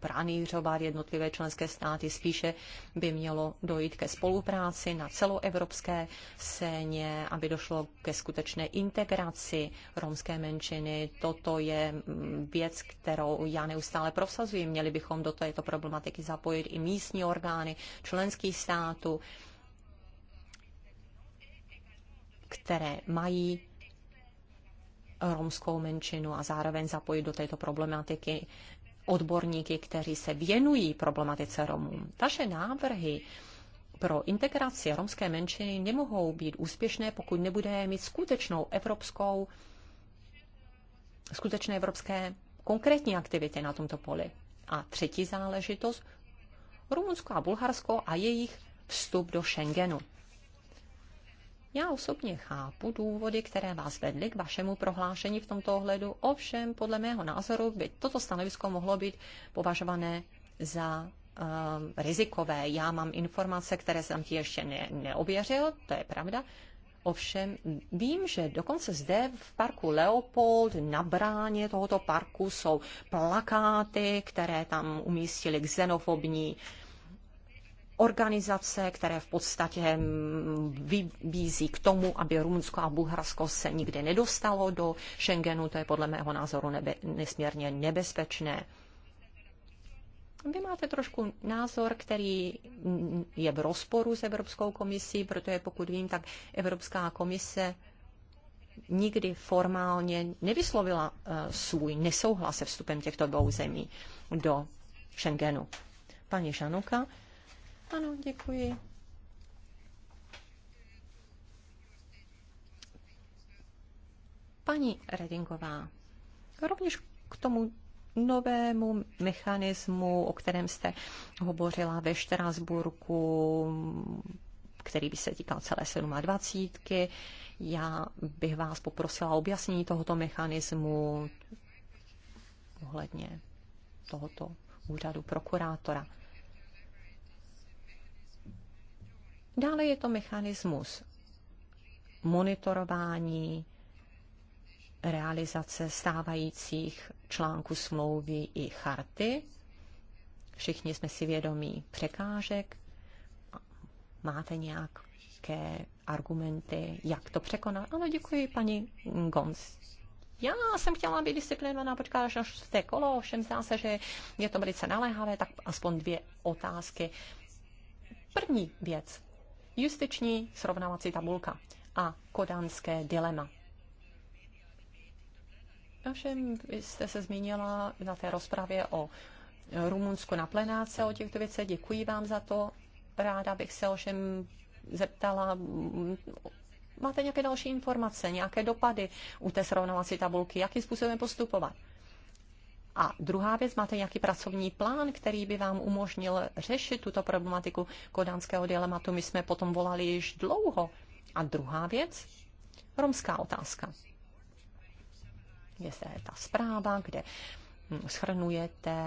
A: pranířovat jednotlivé členské státy, spíše by mělo dojít ke spolupráci na celoevropské scéně, aby došlo ke skutečné integraci romské menšiny. Toto je mm, věc, kterou já neustále prosazuji. Měli bychom do této problematiky zapojit i místní orgány členských států, které mají romskou menšinu a zároveň zapojit do této problematiky odborníky, kteří se věnují problematice Romů. Taše návrhy pro integraci romské menšiny nemohou být úspěšné, pokud nebude mít skutečnou evropskou, skutečné evropské konkrétní aktivity na tomto poli. A třetí záležitost, Rumunsko a Bulharsko a jejich vstup do Schengenu. Já osobně chápu důvody, které vás vedly k vašemu prohlášení v tomto ohledu, ovšem podle mého názoru by toto stanovisko mohlo být považované za um, rizikové. Já mám informace, které jsem ti ještě ne, neověřil, to je pravda. Ovšem vím, že dokonce zde v parku Leopold na bráně tohoto parku jsou plakáty, které tam umístili xenofobní uh, organizace, které v podstatě hm, vybízí k tomu, aby Rumunsko a Bulharsko se nikdy nedostalo do Schengenu. To je podle mého názoru nebe, nesmírně nebezpečné. Vy máte trošku názor, který je v rozporu s Evropskou komisí, protože pokud vím, tak Evropská komise nikdy formálně nevyslovila eh, svůj nesouhlas se vstupem těchto dvou zemí do Schengenu. Paní Žanuka, ano, děkuji. Paní Redingová, rovněž k tomu novému mechanismu, o kterém jste hovořila ve Štrasburku, který by se týkal celé 27. Já bych vás poprosila o objasnění tohoto mechanismu ohledně tohoto úřadu prokurátora. Dále je to mechanismus monitorování realizace stávajících článků smlouvy i charty. Všichni jsme si vědomí překážek. Máte nějaké argumenty, jak to překonat? Ano, děkuji, paní Gons. Já jsem chtěla být disciplinovaná, počkat až na šesté kolo, všem zdá se, že je to velice naléhavé, tak aspoň dvě otázky. První věc, Justiční srovnávací tabulka a kodanské dilema. Ovšem, vy jste se zmínila na té rozpravě o Rumunsku na plenáce o těchto věcech. Děkuji vám za to. Ráda bych se ovšem zeptala, máte nějaké další informace, nějaké dopady u té srovnávací tabulky, jakým způsobem postupovat? A druhá věc, máte nějaký pracovní plán, který by vám umožnil řešit tuto problematiku kodánského dilematu? My jsme potom volali již dlouho. A druhá věc, romská otázka. Je zde ta zpráva, kde hm, schrnujete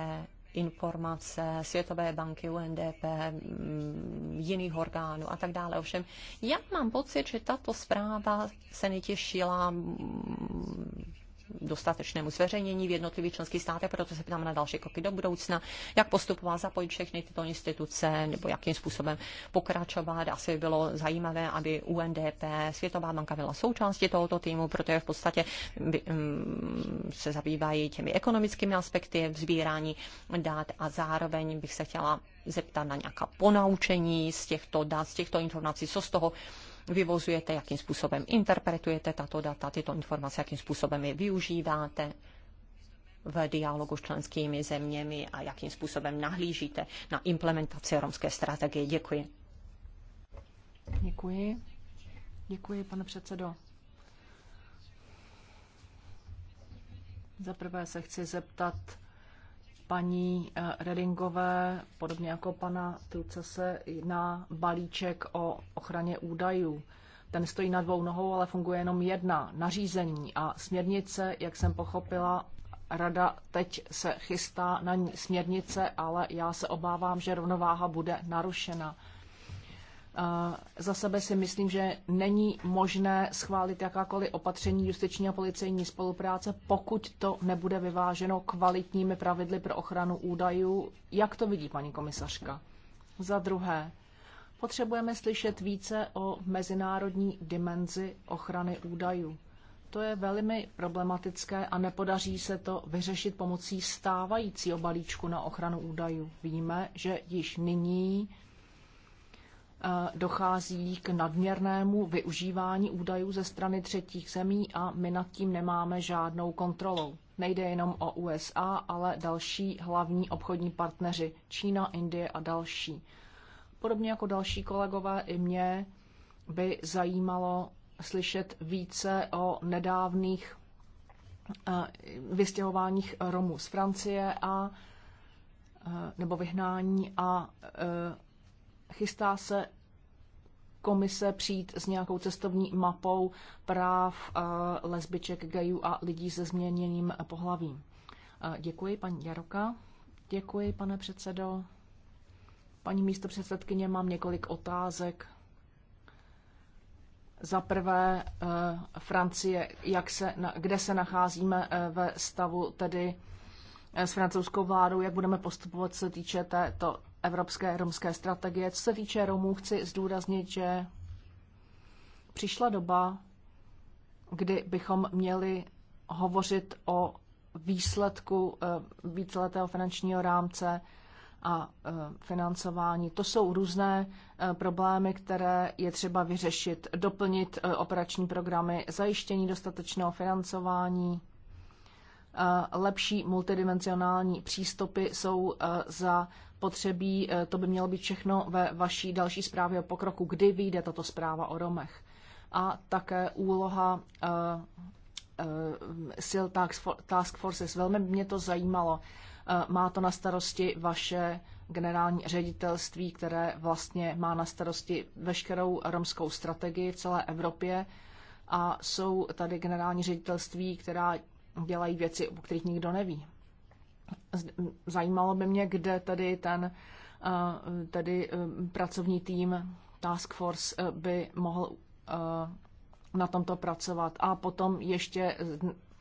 A: informace Světové banky, UNDP, hm, jiných orgánů a tak dále. Ovšem, já mám pocit, že tato zpráva se netěšila hm, dostatečnému zveřejnění v jednotlivých členských státech, proto se ptám na další kroky do budoucna, jak postupovat, zapojit všechny tyto instituce nebo jakým způsobem pokračovat. Asi by bylo zajímavé, aby UNDP, Světová banka byla součástí tohoto týmu, protože v podstatě mm, se zabývají těmi ekonomickými aspekty vzbírání dát a zároveň bych se chtěla zeptat na nějaká ponaučení z těchto dat, z těchto informací, co z toho vyvozujete, jakým způsobem interpretujete tato data, tyto informace, jakým způsobem je využíváte v dialogu s členskými zeměmi a jakým způsobem nahlížíte na implementaci romské strategie.
C: Děkuji. Děkuji. Děkuji, pane předsedo. Za prvé se chci zeptat paní eh, Redingové, podobně jako pana Tilce, se jedná balíček o ochraně údajů. Ten stojí na dvou nohou, ale funguje jenom jedna, nařízení a směrnice, jak jsem pochopila, rada teď se chystá na směrnice, ale já se obávám, že rovnováha bude narušena. Za sebe si myslím, že není možné schválit jakákoliv opatření justiční a policejní spolupráce, pokud to nebude vyváženo kvalitními pravidly pro ochranu údajů. Jak to vidí paní komisařka? Za druhé, potřebujeme slyšet více o mezinárodní dimenzi ochrany údajů. To je velmi problematické a nepodaří se to vyřešit pomocí stávajícího balíčku na ochranu údajů. Víme, že již nyní dochází k nadměrnému využívání údajů ze strany třetích zemí a my nad tím nemáme žádnou kontrolou. Nejde jenom o USA, ale další hlavní obchodní partneři Čína, Indie a další. Podobně jako další kolegové, i mě by zajímalo slyšet více o nedávných vystěhováních Romů z Francie a nebo vyhnání a Chystá se komise přijít s nějakou cestovní mapou práv eh, lesbiček, gayů a lidí se změněným pohlavím. Eh, děkuji, paní Jaroka. Děkuji, pane předsedo. Paní místo předsedkyně, mám několik otázek. Za prvé, eh, Francie, jak se, kde se nacházíme ve stavu tedy s francouzskou vládou, jak budeme postupovat, co se týče této evropské romské strategie. Co se týče Romů, chci zdůraznit, že přišla doba, kdy bychom měli hovořit o výsledku eh, víceletého finančního rámce a eh, financování. To jsou různé eh, problémy, které je třeba vyřešit, doplnit operační programy, zajištění dostatečného financování. Lepší multidimenzionální přístupy jsou za potřebí. Eh, to by mělo být všechno ve vaší další zprávě o pokroku, kdy vyjde tato zpráva o Romech. A také úloha eh, eh, sil Task Forces. Velmi mě to zajímalo. Má to na starosti vaše generální ředitelství, které vlastně má na starosti veškerou romskou strategii v celé Evropě. A jsou tady generální ředitelství, která dělají věci, o kterých nikdo neví. Zajímalo by mě, kde tady ten eh, tady eh, pracovní tým Task Force eh, by mohl na tomto pracovat. A potom ještě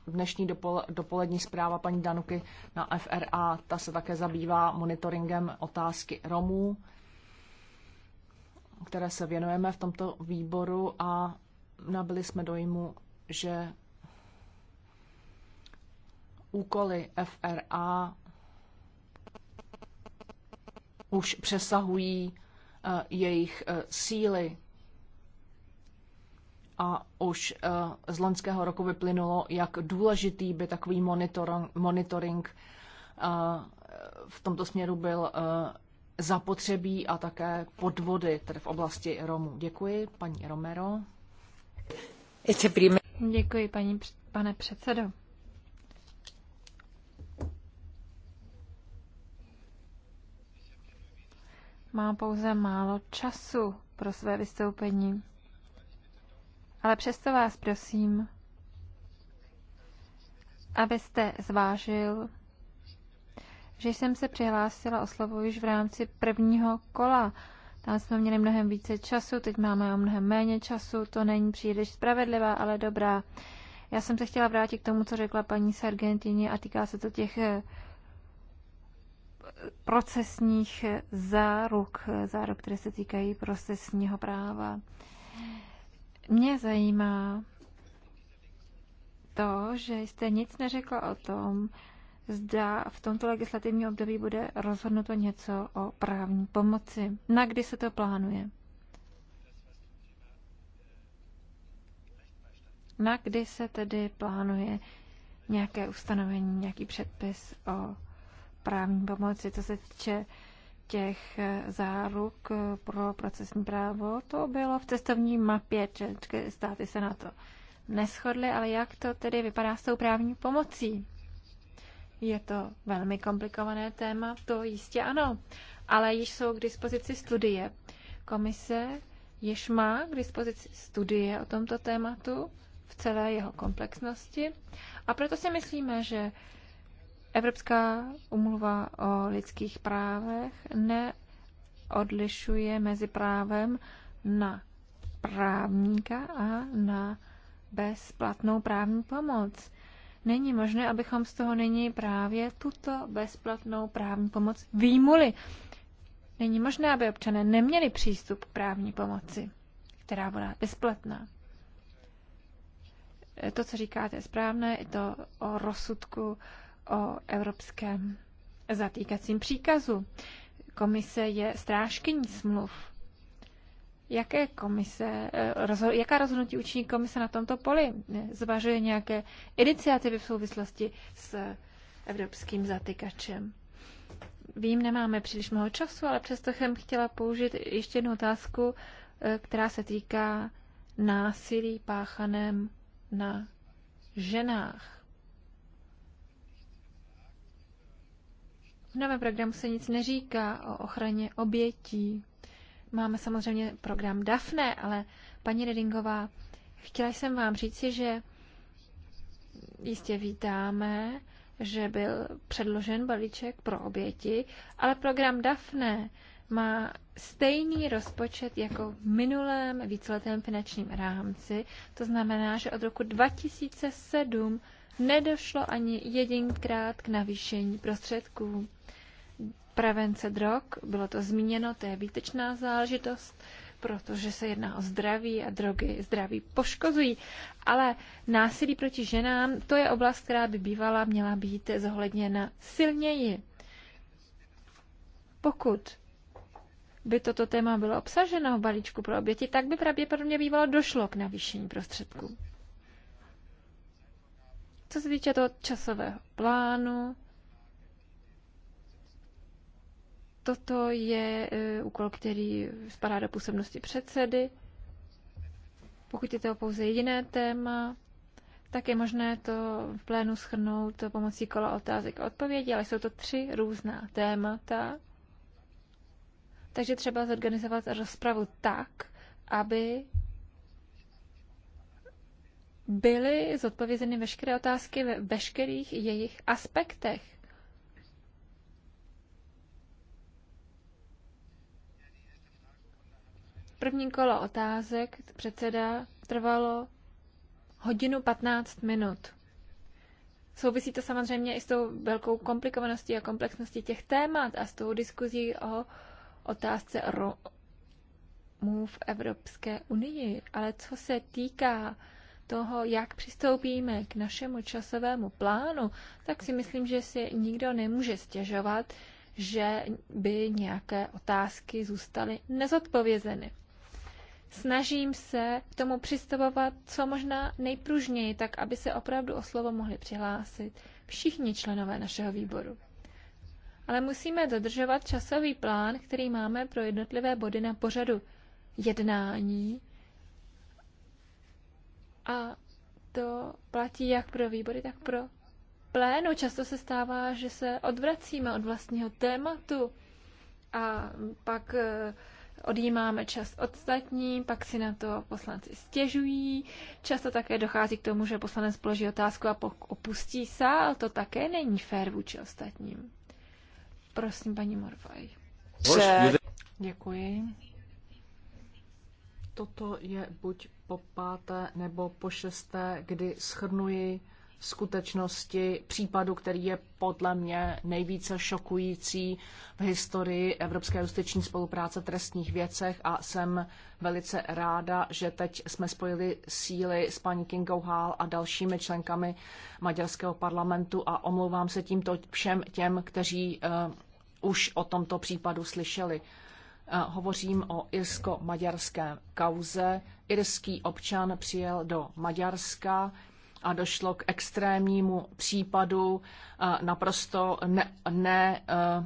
C: dnešní dopolední zpráva paní Danuky na FRA, ta se také zabývá monitoringem otázky Romů, které se věnujeme v tomto výboru a nabili jsme dojmu, že úkoly FRA už přesahují eh, jejich eh, síly. A už eh, z loňského roku vyplynulo, jak důležitý by takový monitoring v tomto směru byl zapotřebí a také podvody tedy v oblasti Romů. Děkuji, paní Romero.
B: Děkuji, paní, pane předsedo. mám pouze málo času pro své vystoupení. Ale přesto vás prosím, abyste zvážil, že jsem se přihlásila o slovo již v rámci prvního kola. Tam jsme měli mnohem více času, teď máme o mnohem méně času, to není příliš spravedlivá, ale dobrá. Já jsem se chtěla vrátit k tomu, co řekla paní Sargentini a týká se to těch eh, procesních záruk, záruk, které se týkají procesního práva. Mě zajímá to, že jste nic neřekla o tom, zda v tomto legislativním období bude rozhodnuto něco o právní pomoci. Na kdy se to plánuje? Na kdy se tedy plánuje nějaké ustanovení, nějaký předpis o právní pomoci, co se týče těch eh, záruk eh, pro procesní právo, to bylo v cestovní mapě, členské státy se na to neschodly, ale jak to tedy vypadá s tou právní pomocí? Je to velmi komplikované téma, to jistě ano, ale již jsou k dispozici studie. Komise již má k dispozici studie o tomto tématu v celé jeho komplexnosti a proto si myslíme, že Evropská umluva o lidských právech neodlišuje mezi právem na právníka a na bezplatnou právní pomoc. Není možné, abychom z toho nyní právě tuto bezplatnou právní pomoc výmuli. Není možné, aby občané neměli přístup k právní pomoci, která byla bezplatná. To, co říkáte, je správné, i to o rozsudku uh, o evropském zatýkacím příkazu. Komise je strážkyní smluv. Jaké komise, eh, rozho- jaká rozhodnutí učiní komise na tomto poli? Zvažuje nějaké iniciativy v souvislosti s evropským zatýkačem? Vím, nemáme příliš mnoho času, ale přesto jsem chtěla použít ještě jednu otázku, eh, která se týká násilí páchaném na ženách. V novém programu se nic neříká o ochraně obětí. Máme samozřejmě program DAFNE, ale paní Redingová, chtěla jsem vám říci, že jistě vítáme, že byl předložen balíček pro oběti, ale program DAFNE má stejný rozpočet jako v minulém víceletém finančním rámci. To znamená, že od roku 2007 nedošlo ani jedinkrát k navýšení prostředků prevence drog, bylo to zmíněno, to je výtečná záležitost, protože se jedná o zdraví a drogy zdraví poškozují. Ale násilí proti ženám, to je oblast, která by bývala měla být zohledněna silněji. Pokud by toto téma bylo obsaženo v balíčku pro oběti, tak by pravděpodobně bývalo došlo k navýšení prostředků. Co se týče toho časového plánu, Toto je e, úkol, který spadá do působnosti předsedy. Pokud je to pouze jediné téma, tak je možné to v plénu schrnout pomocí kola otázek a odpovědi, ale jsou to tři různá témata. Takže třeba zorganizovat rozpravu tak, aby byly zodpovězeny veškeré otázky ve veškerých jejich aspektech. První kolo otázek předseda trvalo hodinu 15 minut. Souvisí to samozřejmě i s tou velkou komplikovaností a komplexností těch témat a s tou diskuzí o otázce Romů v Evropské unii. Ale co se týká toho, jak přistoupíme k našemu časovému plánu, tak si myslím, že si nikdo nemůže stěžovat, že by nějaké otázky zůstaly nezodpovězeny snažím se k tomu přistupovat co možná nejpružněji, tak aby se opravdu o slovo mohli přihlásit všichni členové našeho výboru. Ale musíme dodržovat časový plán, který máme pro jednotlivé body na pořadu jednání. A to platí jak pro výbory, tak pro plénu. Často se stává, že se odvracíme od vlastního tématu a pak eh, odjímáme čas ostatní, pak si na to poslanci stěžují. Často také dochází k tomu, že poslanec položí otázku a opustí sál. To také není fér vůči ostatním.
C: Prosím, paní Morvaj. Děkuji. Toto je buď po páté nebo po šesté, kdy schrnuji skutečnosti případu, který je podle mě nejvíce šokující v historii Evropské justiční spolupráce v trestních věcech a jsem velice ráda, že teď jsme spojili síly s paní Kingou Hall a dalšími členkami maďarského parlamentu a omlouvám se tímto všem těm, kteří uh, už o tomto případu slyšeli eh, hovořím o irsko-maďarské kauze. Irský občan přijel do Maďarska, a došlo k extrémnímu případu eh, naprosto ne, ne, eh,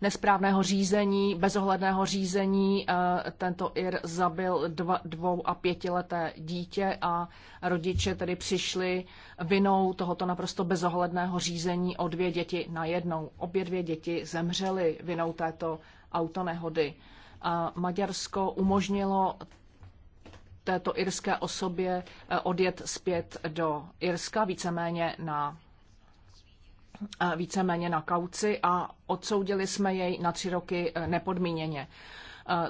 C: nesprávného řízení, bezohledného řízení. Eh, tento Ir zabil dva, dvou a pětileté dítě a rodiče tedy přišli vinou tohoto naprosto bezohledného řízení o dvě děti na jednou. Obě dvě děti zemřely vinou této autonehody. A Maďarsko umožnilo této irské osobě eh, odjet zpět do Irska, víceméně na eh, víceméně na kauci a odsoudili jsme jej na tři roky eh, nepodmíněně.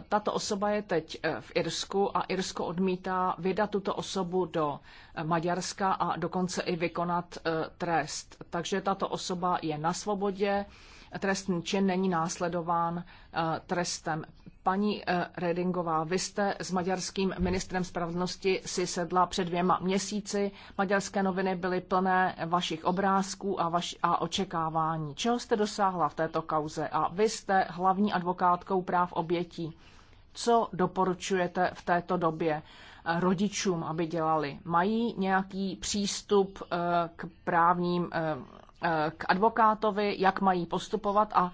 C: Tato osoba je teď v Irsku a Irsko odmítá vydat tuto osobu do Maďarska a dokonce i vykonat trest. Takže tato osoba je na svobodě, trestný čin není následován trestem Paní eh, Redingová, vy jste s maďarským ministrem spravedlnosti si sedla před dvěma měsíci. Maďarské noviny byly plné vašich obrázků a, vaš, a očekávání. Čeho jste dosáhla v této kauze? A vy jste hlavní advokátkou práv obětí. Co doporučujete v této době eh, rodičům, aby dělali? Mají nějaký přístup eh, k právním, k advokátovi, jak mají postupovat a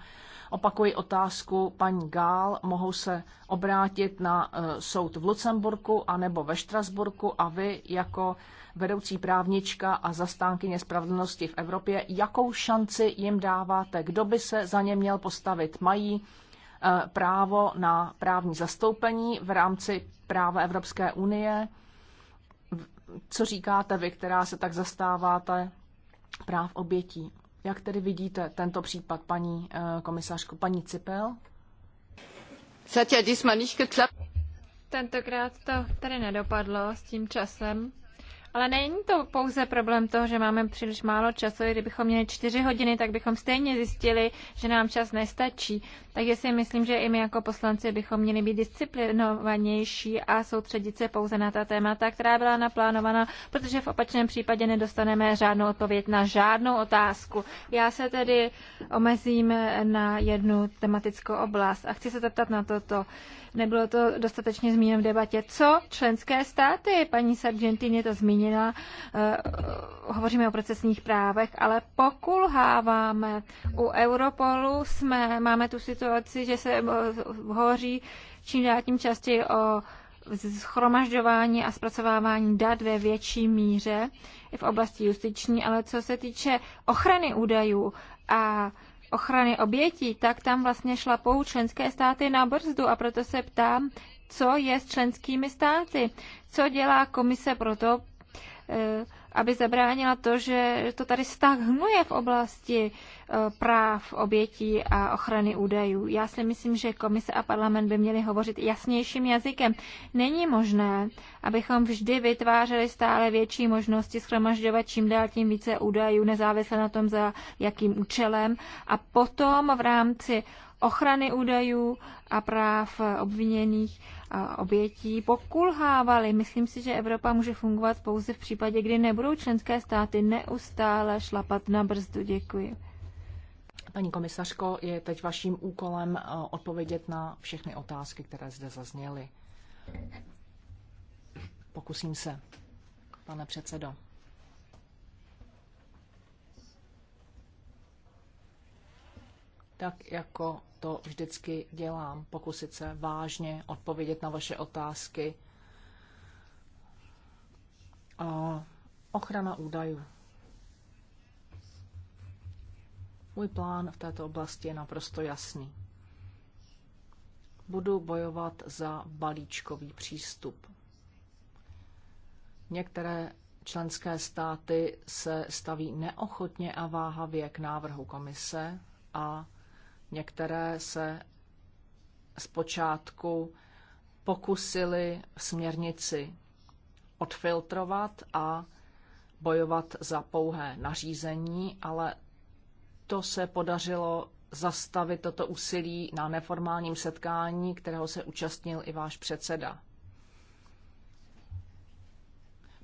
C: Opakuji otázku paní Gál. Mohou se obrátit na eh, soud v Lucemburku anebo ve Štrasburku a vy jako vedoucí právnička a zastánkyně spravedlnosti v Evropě, jakou šanci jim dáváte? Kdo by se za ně měl postavit? Mají eh, právo na právní zastoupení v rámci práva Evropské unie? Co říkáte vy, která se tak zastáváte práv obětí? Jak tedy vidíte tento případ, paní eh, komisařko, paní Cipel? Tentokrát to tady nedopadlo s tím
B: časem. Ale není to pouze problém toho, že máme příliš málo času. Kdybychom měli čtyři hodiny, tak bychom stejně zjistili, že nám čas nestačí. Takže si myslím, že i my jako poslanci bychom měli být disciplinovanější a soustředit se pouze na ta témata, která byla naplánovaná, protože v opačném případě nedostaneme žádnou odpověď na žádnou otázku. Já se tedy omezím na jednu tematickou oblast a chci se zeptat na toto nebylo to dostatečně zmíněno v debatě. Co členské státy? Paní je to zmínila, eh, hovoříme o procesních právech, ale pokulháváme. U Europolu jsme, máme tu situaci, že se eh, hovoří čím dál tím častěji o schromažďování a zpracovávání dat ve větší míře i v oblasti justiční, ale co se týče ochrany údajů a ochrany obětí, tak tam vlastně šlapou členské státy na brzdu a proto se ptám, co je s členskými státy, co dělá komise pro to, e, aby zabránila to, že to tady stáh hnuje v oblasti e, práv obětí a ochrany údajů. Já si myslím, že komise a parlament by měli hovořit jasnějším jazykem. Není možné, abychom vždy vytvářeli stále větší možnosti schromažďovat čím dál tím více údajů, nezávisle na tom, za jakým účelem. A potom v rámci ochrany údajů a práv obviněných a obětí pokulhávaly. Myslím si, že Evropa může fungovat pouze v případě, kdy nebudou členské státy neustále šlapat na brzdu.
C: Děkuji. Paní komisařko, je teď vaším úkolem eh, odpovědět na všechny otázky, které zde zazněly. Pokusím se, pane předsedo. Tak jako to vždycky dělám, pokusit se vážně odpovědět na vaše otázky. A ochrana údajů. Můj plán v této oblasti je naprosto jasný. Budu bojovat za balíčkový přístup. Některé členské státy se staví neochotně a váhavě k návrhu komise a Některé se zpočátku pokusili směrnici odfiltrovat a bojovat za pouhé nařízení, ale to se podařilo zastavit toto úsilí na neformálním setkání, kterého se účastnil i váš předseda.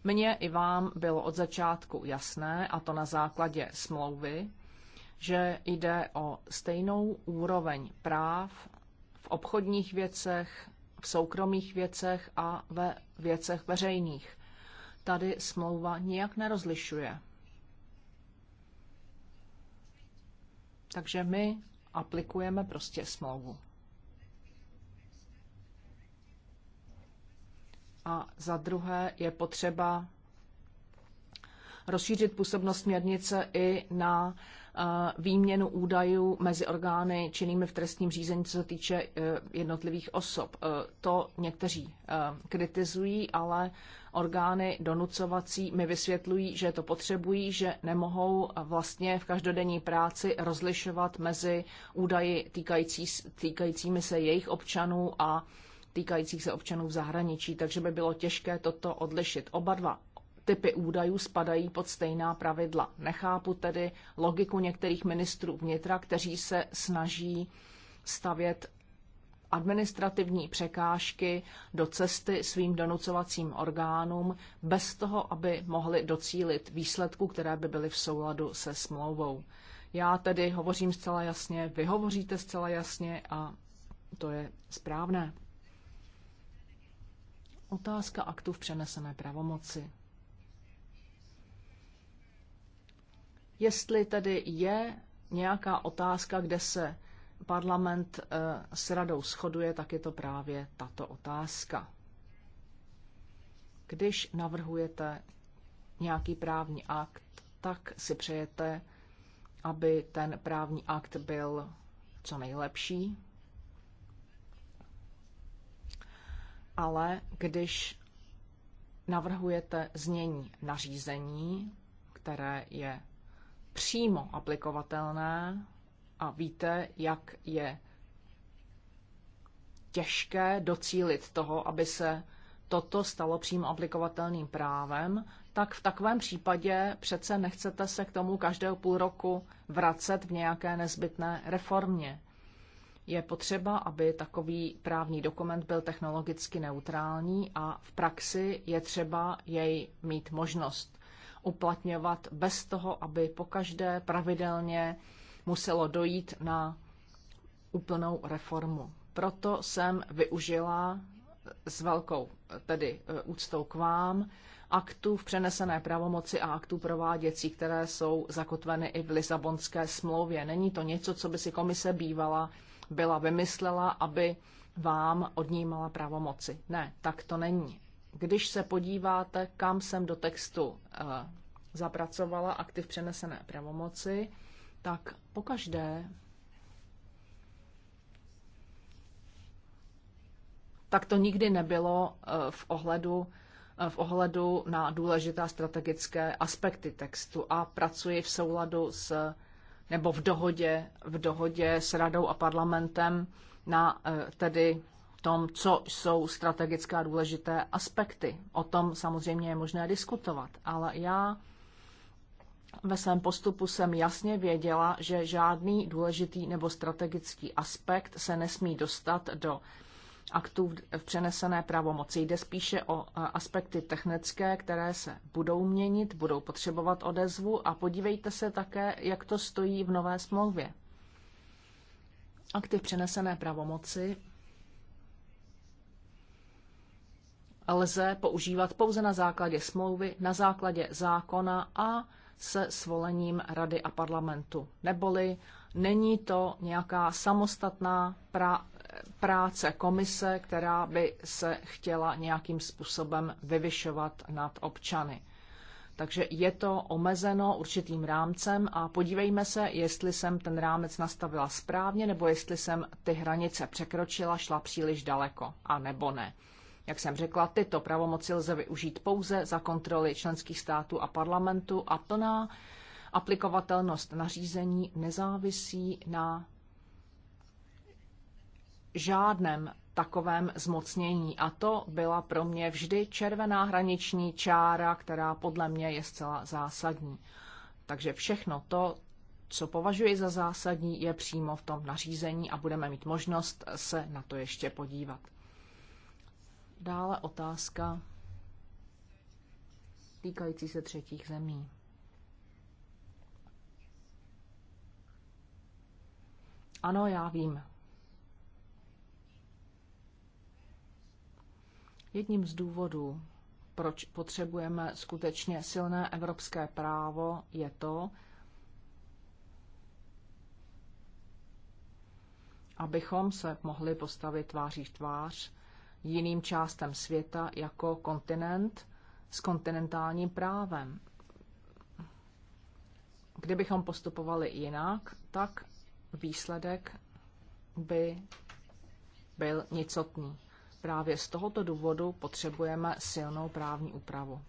C: Mně i vám bylo od začátku jasné, a to na základě smlouvy, že jde o stejnou úroveň práv v obchodních věcech, v soukromých věcech a ve věcech veřejných. Tady smlouva nijak nerozlišuje. Takže my aplikujeme prostě smlouvu. A za druhé je potřeba rozšířit působnost směrnice i na výměnu údajů mezi orgány činnými v trestním řízení, co se týče e, jednotlivých osob. E, to někteří e, kritizují, ale orgány donucovací mi vysvětlují, že to potřebují, že nemohou vlastně v každodenní práci rozlišovat mezi údaji týkající, týkajícími se jejich občanů a týkajících se občanů v zahraničí, takže by bylo těžké toto odlišit. Oba dva typy údajů spadají pod stejná pravidla. Nechápu tedy logiku některých ministrů vnitra, kteří se snaží stavět administrativní překážky do cesty svým donucovacím orgánům bez toho, aby mohli docílit výsledku, které by byly v souladu se smlouvou. Já tedy hovořím zcela jasně, vy hovoříte zcela jasně a to je správné. Otázka aktu v přenesené pravomoci. jestli tedy je nějaká otázka, kde se parlament eh, s radou shoduje, tak je to právě tato otázka. Když navrhujete nějaký právní akt, tak si přejete, aby ten právní akt byl co nejlepší. Ale když navrhujete znění nařízení, které je přímo aplikovatelné a víte, jak je těžké docílit toho, aby se toto stalo přímo aplikovatelným právem, tak v takovém případě přece nechcete se k tomu každého půl roku vracet v nějaké nezbytné reformě. Je potřeba, aby takový právní dokument byl technologicky neutrální a v praxi je třeba jej mít možnost uplatňovat bez toho, aby pokaždé pravidelně muselo dojít na úplnou reformu. Proto jsem využila s velkou tedy e, úctou k vám aktů v přenesené pravomoci a aktů prováděcí, které jsou zakotveny i v Lisabonské smlouvě. Není to něco, co by si komise bývala byla vymyslela, aby vám odnímala pravomoci. Ne, tak to není. Když se podíváte, kam jsem do textu eh, zapracovala aktiv přenesené pravomoci, tak pokaždé tak to nikdy nebylo eh, v ohledu, eh, v ohledu na důležité strategické aspekty textu a pracuji v souladu s nebo v dohodě, v dohodě s radou a parlamentem na tedy tom, co jsou strategické a důležité aspekty. O tom samozřejmě je možné diskutovat, ale já ve svém postupu jsem jasně věděla, že žádný důležitý nebo strategický aspekt se nesmí dostat do aktů v přenesené pravomoci. Jde spíše o e, aspekty technické, které se budou měnit, budou potřebovat odezvu a podívejte se také, jak to stojí v nové smlouvě. Akty v přenesené pravomoci lze používat pouze na základě smlouvy, na základě zákona a se svolením Rady a parlamentu. Neboli není to nějaká samostatná pra- práce komise, která by se chtěla nějakým způsobem vyvyšovat nad občany. Takže je to omezeno určitým rámcem a podívejme se, jestli jsem ten rámec nastavila správně, nebo jestli jsem ty hranice překročila, šla příliš daleko, a nebo ne. Jak jsem řekla, tyto pravomoci lze využít pouze za kontroly členských států a parlamentu a plná aplikovatelnost nařízení nezávisí na žádném takovém zmocnění. A to byla pro mě vždy červená hraniční čára, která podle mě je zcela zásadní. Takže všechno to, co považuji za zásadní, je přímo v tom nařízení a budeme mít možnost se na to ještě podívat. Dále otázka týkající se třetích zemí. Ano, já vím. Jedním z důvodů, proč potřebujeme skutečně silné evropské právo, je to, abychom se mohli postavit tváří v tvář jiným částem světa jako kontinent s kontinentálním právem. Kdybychom postupovali jinak, tak výsledek by byl nicotný. Právě z tohoto důvodu potřebujeme silnou právní úpravu.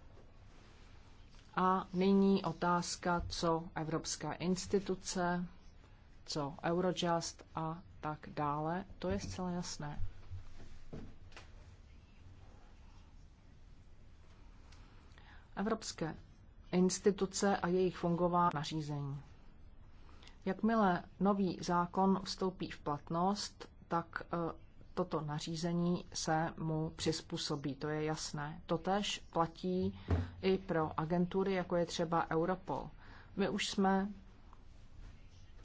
C: A nyní otázka, co evropské instituce, co Eurojust a tak dále, to je zcela jasné. Evropské instituce a jejich fungování nařízení. Jakmile nový zákon vstoupí v platnost, tak e, toto nařízení se mu přizpůsobí, to je jasné. Totež platí i pro agentury, jako je třeba Europol. My už jsme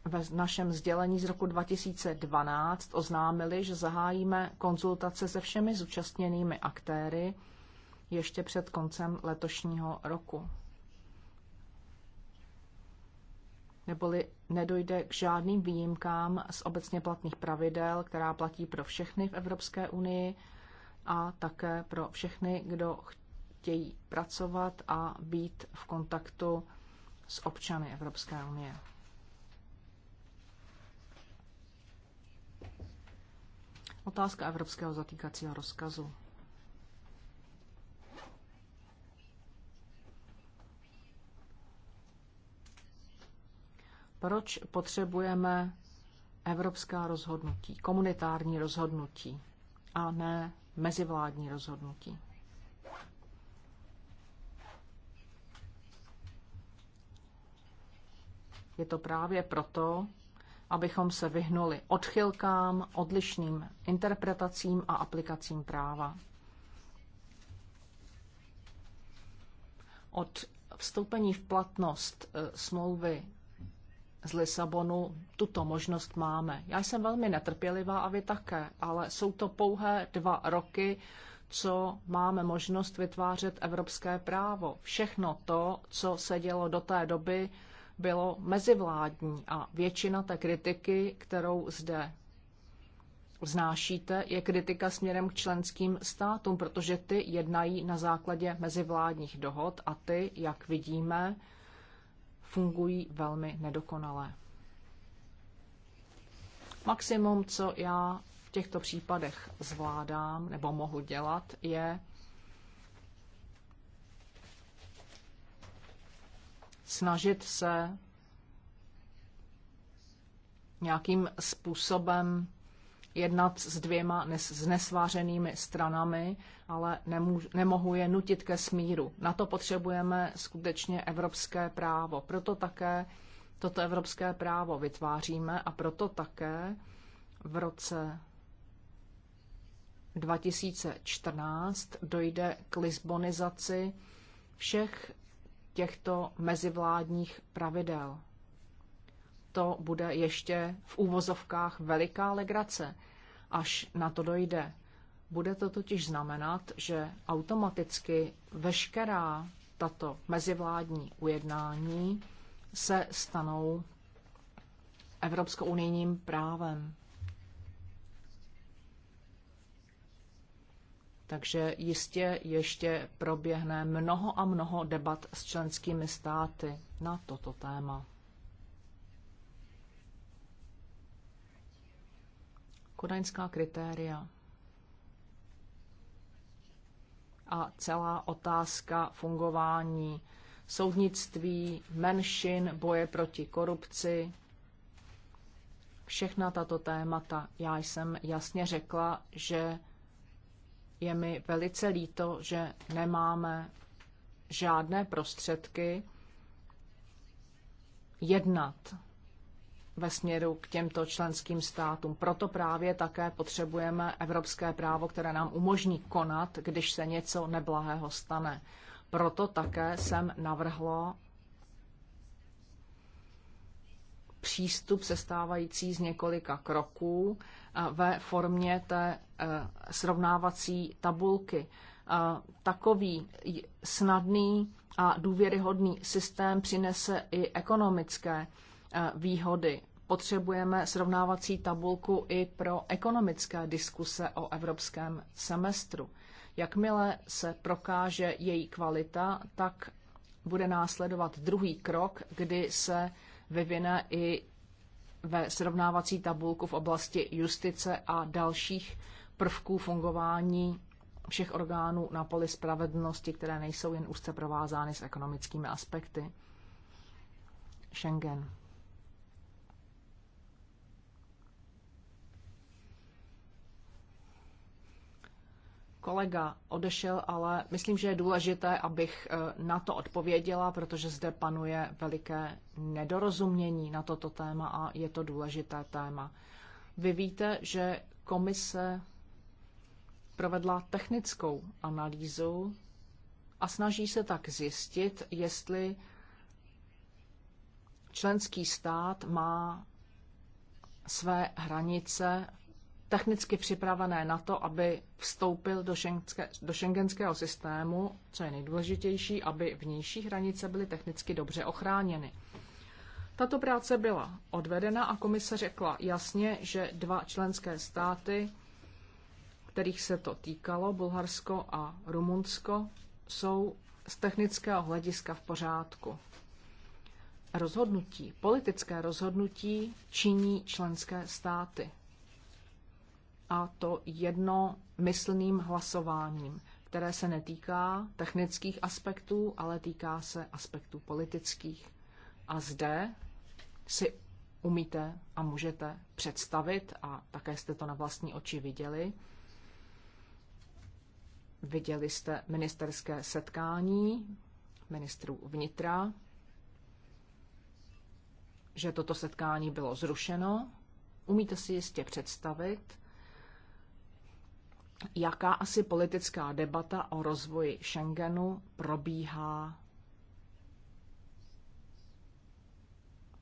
C: ve našem sdělení z roku 2012 oznámili, že zahájíme konzultace se všemi zúčastněnými aktéry, ještě před koncem letošního roku. Neboli nedojde k žádným výjimkám z obecně platných pravidel, která platí pro všechny v Evropské unii a také pro všechny, kdo chtějí pracovat a být v kontaktu s občany Evropské unie. Otázka evropského zatýkacího rozkazu. Proč potřebujeme evropská rozhodnutí, komunitární rozhodnutí a ne mezivládní rozhodnutí? Je to právě proto, abychom se vyhnuli odchylkám, odlišným interpretacím a aplikacím práva. Od vstoupení v platnost eh, smlouvy z Lisabonu tuto možnost máme. Já jsem velmi netrpělivá a vy také, ale jsou to pouhé dva roky, co máme možnost vytvářet evropské právo. Všechno to, co se dělo do té doby, bylo mezivládní a většina té kritiky, kterou zde vznášíte, je kritika směrem k členským státům, protože ty jednají na základě mezivládních dohod a ty, jak vidíme, fungují velmi nedokonale. Maximum, co já v těchto případech zvládám nebo mohu dělat, je snažit se nějakým způsobem jednat s dvěma znesvářenými stranami, ale nemůžu, nemohu je nutit ke smíru. Na to potřebujeme skutečně evropské právo. Proto také toto evropské právo vytváříme a proto také v roce 2014 dojde k lisbonizaci všech těchto mezivládních pravidel to bude ještě v úvozovkách veliká legrace, až na to dojde. Bude to totiž znamenat, že automaticky veškerá tato mezivládní ujednání se stanou Evropskou unijním právem. Takže jistě ještě proběhne mnoho a mnoho debat s členskými státy na toto téma. kodaňská kritéria a celá otázka fungování soudnictví, menšin, boje proti korupci. Všechna tato témata. Já jsem jasně řekla, že je mi velice líto, že nemáme žádné prostředky jednat ve směru k těmto členským státům. Proto právě také potřebujeme evropské právo, které nám umožní konat, když se něco neblahého stane. Proto také jsem navrhla přístup sestávající z několika kroků eh, ve formě té eh, srovnávací tabulky. Eh, takový snadný a důvěryhodný systém přinese i ekonomické výhody. Potřebujeme srovnávací tabulku i pro ekonomické diskuse o evropském semestru. Jakmile se prokáže její kvalita, tak bude následovat druhý krok, kdy se vyvine i ve srovnávací tabulku v oblasti justice a dalších prvků fungování všech orgánů na poli spravedlnosti, které nejsou jen úzce provázány s ekonomickými aspekty. Schengen. kolega odešel, ale myslím, že je důležité, abych eh, na to odpověděla, protože zde panuje veliké nedorozumění na toto téma a je to důležité téma. Vy víte, že komise provedla technickou analýzu a snaží se tak zjistit, jestli členský stát má své hranice v technicky připravené na to, aby vstoupil do, šengenské, do šengenského systému, co je nejdůležitější, aby vnější hranice byly technicky dobře ochráněny. Tato práce byla odvedena a komise řekla jasně, že dva členské státy, kterých se to týkalo, Bulharsko a Rumunsko, jsou z technického hlediska v pořádku. Rozhodnutí, politické rozhodnutí činí členské státy a to jednomyslným hlasováním, které se netýká technických aspektů, ale týká se aspektů politických. A zde si umíte a můžete představit, a také jste to na vlastní oči viděli, viděli jste ministerské setkání ministrů vnitra, že toto setkání bylo zrušeno. Umíte si jistě představit, jaká asi politická debata o rozvoji Schengenu probíhá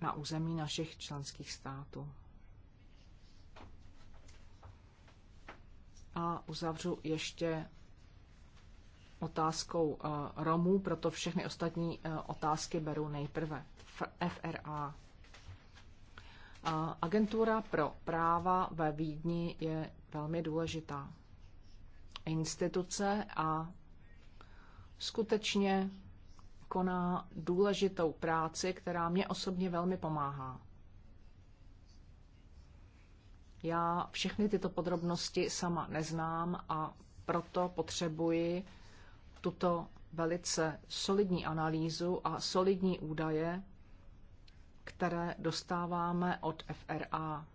C: na území našich členských států. A uzavřu ještě otázkou eh, Romů, proto všechny ostatní eh, otázky beru nejprve. FRA. Eh, agentura pro práva ve Vídni je velmi důležitá instituce a skutečně koná důležitou práci, která mě osobně velmi pomáhá. Já všechny tyto podrobnosti sama neznám a proto potřebuji tuto velice solidní analýzu a solidní údaje, které dostáváme od FRA.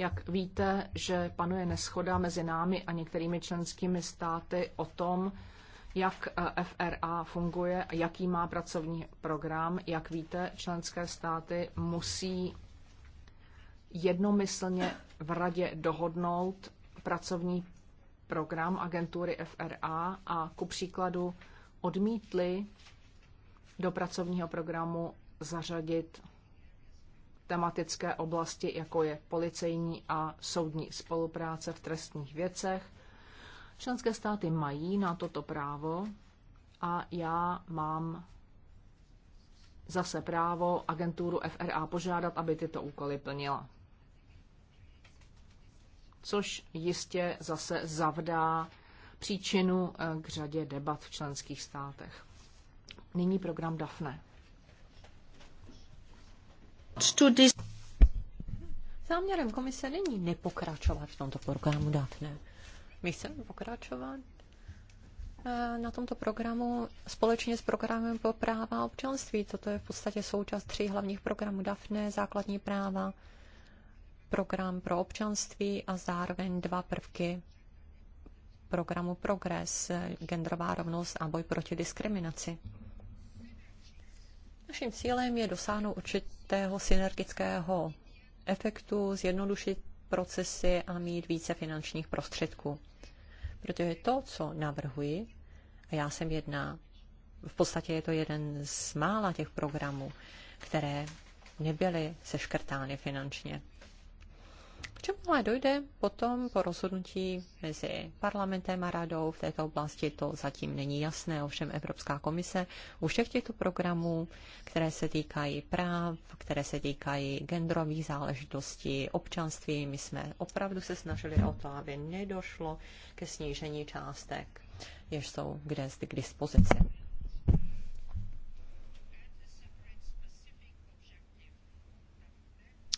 C: Jak víte, že panuje neschoda mezi námi a některými členskými státy o tom, jak eh, FRA funguje a jaký má pracovní program. Jak víte, členské státy musí jednomyslně v radě dohodnout pracovní program agentury FRA a ku příkladu odmítli do pracovního programu zařadit tematické oblasti, jako je policejní a soudní spolupráce v trestních věcech. Členské státy mají na toto právo a já mám zase právo agenturu FRA požádat, aby tyto úkoly plnila. Což jistě zase zavdá příčinu eh, k řadě debat v členských státech. Nyní program DAFNE.
A: Záměrem komise není nepokračovat v tomto programu Daphne. My chceme pokračovat eh, na tomto programu společně s programem pro práva a občanství. Toto je v podstatě součást tří hlavních programů DAFNE, základní práva, program pro občanství a zároveň dva prvky programu Progres, eh, genderová rovnost a boj proti diskriminaci. Naším cílem je dosáhnout určitého synergického efektu, zjednodušit procesy a mít více finančních prostředků. Protože to, co navrhuji, a já jsem jedna, v podstatě je to jeden z mála těch programů, které nebyly seškrtány finančně. K čemu ale dojde potom po rozhodnutí mezi parlamentem a radou v této oblasti, to zatím není jasné, ovšem Evropská komise u všech těchto programů, které se týkají práv, které se týkají genderových záležitostí, občanství, my jsme opravdu se snažili o to, aby nedošlo ke snížení částek, jež jsou kde k dispozici.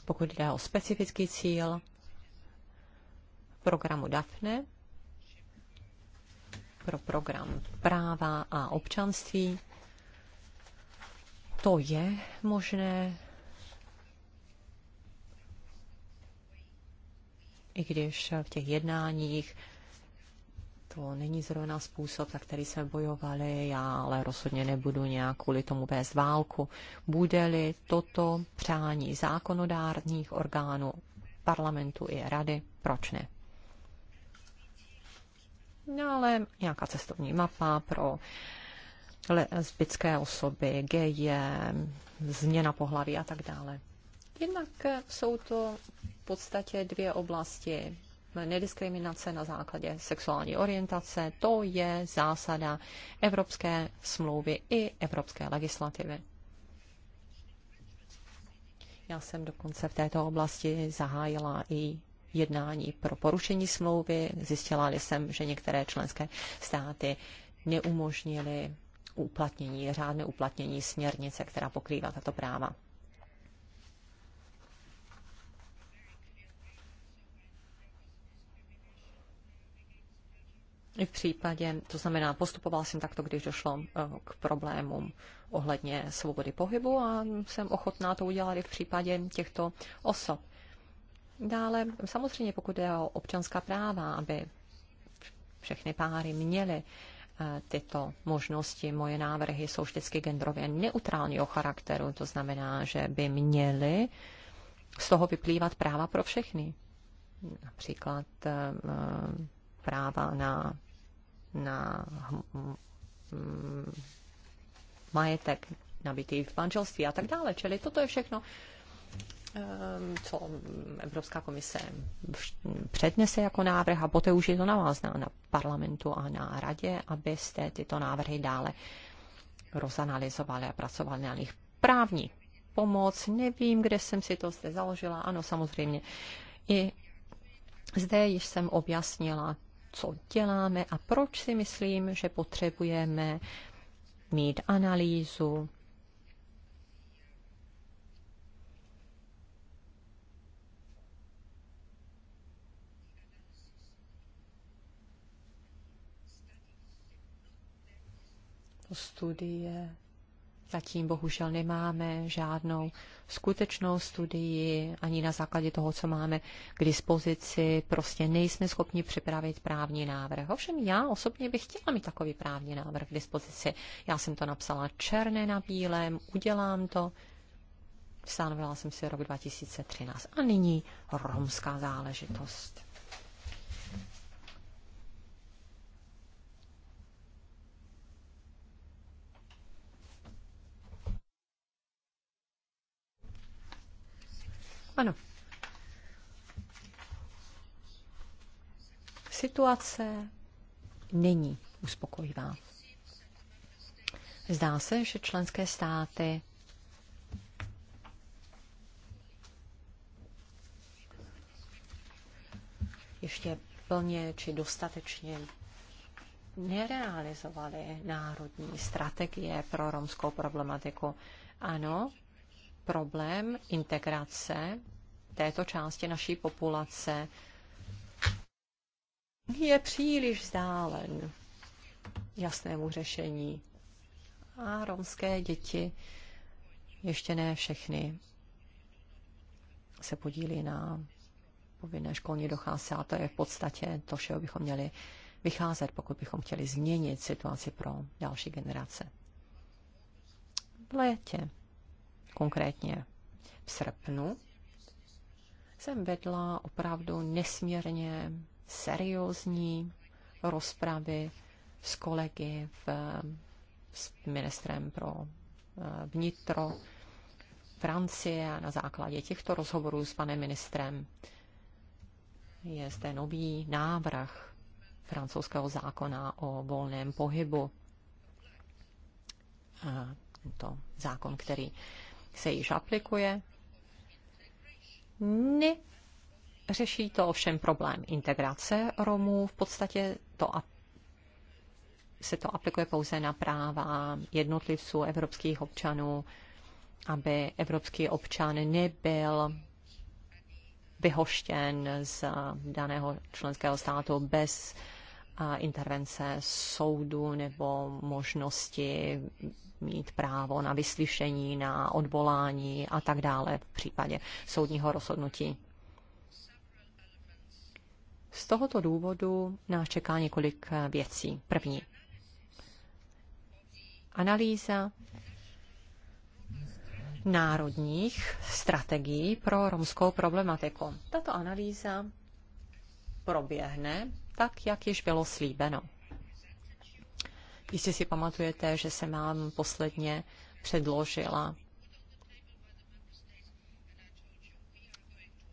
A: pokud jde o specifický cíl programu DAFNE, pro program práva a občanství. To je možné, i když v těch jednáních to není zrovna způsob, za který jsme bojovali, já ale rozhodně nebudu nějak kvůli tomu vést válku. Bude-li toto přání zákonodárních orgánů parlamentu i rady, proč ne? No ale nějaká cestovní mapa pro lesbické osoby, geje, změna pohlaví a tak dále. Jednak jsou to v podstatě dvě oblasti nediskriminace na základě sexuální orientace. To je zásada evropské smlouvy i evropské legislativy. Já jsem dokonce v této oblasti zahájila i jednání pro porušení smlouvy. Zjistila jsem, že některé členské státy neumožnily uplatnění, řádné uplatnění směrnice, která pokrývá tato práva. i v případě, to znamená, postupoval jsem takto, když došlo eh, k problémům ohledně svobody pohybu a jsem ochotná to udělat i v případě těchto osob. Dále, samozřejmě pokud je o občanská práva, aby všechny páry měly eh, tyto možnosti. Moje návrhy jsou vždycky genderově neutrálního charakteru, to znamená, že by měly z toho vyplývat práva pro všechny. Například eh, práva na, na hm, hm, majetek nabitý v manželství a tak dále. Čili toto je všechno, ehm, co Evropská komise přednese jako návrh a poté už je to na vás, na, na parlamentu a na radě, abyste tyto návrhy dále rozanalizovali a pracovali na nich. Právní pomoc, nevím, kde jsem si to zde založila, ano, samozřejmě. I zde již jsem objasnila co děláme a proč si myslím, že potřebujeme mít analýzu. Studie Zatím bohužel nemáme žádnou skutečnou studii, ani na základě toho, co máme k dispozici, prostě nejsme schopni připravit právní návrh. Ovšem já osobně bych chtěla mít takový právní návrh k dispozici. Já jsem to napsala černé na bílém, udělám to. Stanovila jsem si rok 2013. A nyní romská záležitost. Ano. Situace není uspokojivá. Zdá se, že členské státy ještě plně či dostatečně nerealizovaly národní strategie pro romskou problematiku. Ano, problém integrace této části naší populace je příliš vzdálen jasnému řešení. A romské děti, ještě ne všechny, se podílí na povinné školní docházce a to je v podstatě to, čeho bychom měli vycházet, pokud bychom chtěli změnit situaci pro další generace. V létě konkrétně v srpnu, jsem vedla opravdu nesmírně seriózní rozpravy s kolegy, v, s ministrem pro eh, vnitro Francie a na základě těchto rozhovorů s panem ministrem je zde nový návrh francouzského zákona o volném pohybu. A to zákon, který se již aplikuje. Ne řeší to ovšem problém integrace Romů. V podstatě to a se to aplikuje pouze na práva jednotlivců evropských občanů, aby evropský občan nebyl vyhoštěn z daného členského státu bez intervence soudu nebo možnosti mít právo na vyslyšení, na odvolání a tak dále v případě soudního rozhodnutí. Z tohoto důvodu nás čeká několik eh, věcí. První. Analýza národních strategií pro romskou problematiku. Tato analýza proběhne tak, jak již bylo slíbeno. Jistě si pamatujete, že jsem vám posledně předložila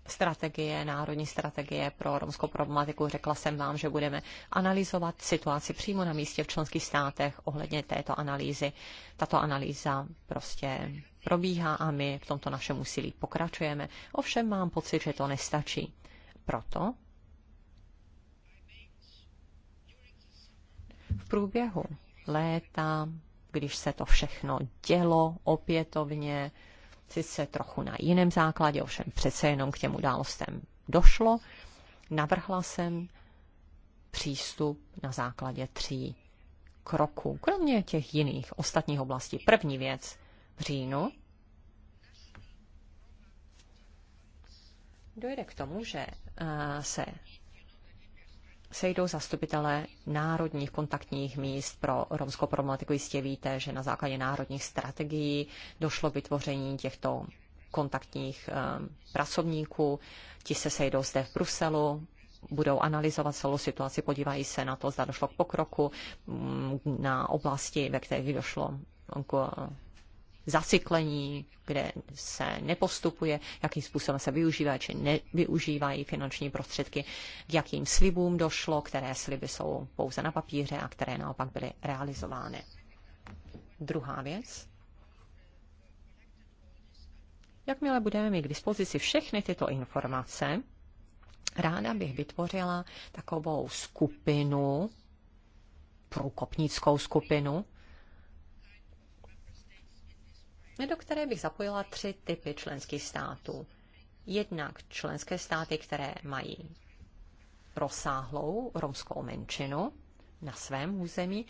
A: strategie, národní strategie pro romskou problematiku. Řekla jsem vám, že budeme analyzovat situaci přímo na místě v členských státech ohledně této analýzy. Tato analýza prostě probíhá a my v tomto našem úsilí pokračujeme. Ovšem mám pocit, že to nestačí. Proto v průběhu léta, když se to všechno dělo opětovně, sice trochu na jiném základě, ovšem přece jenom k těm událostem došlo, navrhla jsem přístup na základě tří kroků, kromě těch jiných ostatních oblastí. První věc v říjnu dojde k tomu, že eh, se sejdou zastupitelé národních kontaktních míst pro romskou problematiku. Jistě víte, že na základě národních strategií došlo k vytvoření těchto kontaktních ehm, pracovníků. Ti se sejdou zde v Bruselu, budou analyzovat celou situaci, podívají se na to, zda došlo k pokroku mm, na oblasti, ve které došlo k zacyklení, kde se nepostupuje, jakým způsobem se využívají či nevyužívají finanční prostředky, k jakým slibům došlo, které sliby jsou pouze na papíře a které naopak byly realizovány. Druhá věc. Jakmile budeme mít k dispozici všechny tyto informace, ráda bych vytvořila takovou skupinu, průkopnickou skupinu, do které bych zapojila tři typy členských států. Jednak členské státy, které mají rozsáhlou romskou menšinu na svém území,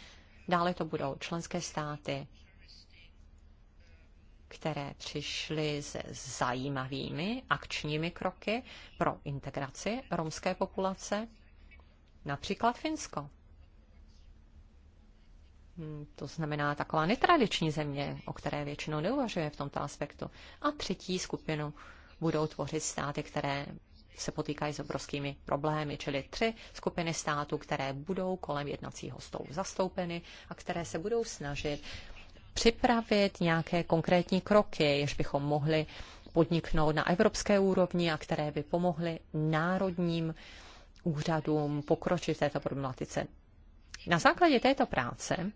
A: dále to budou členské státy, které přišly s zajímavými akčními kroky pro integraci romské populace, například Finsko. Hm, to znamená taková netradiční země, o které většinou neuvažuje v tomto aspektu. A třetí skupinu budou tvořit státy, které se potýkají s obrovskými problémy, čili tři skupiny států, které budou kolem jednacího stolu zastoupeny a které se budou snažit připravit nějaké konkrétní kroky, jež bychom mohli podniknout na evropské úrovni a které by pomohly národním úřadům pokročit v této problematice. Na základě této práce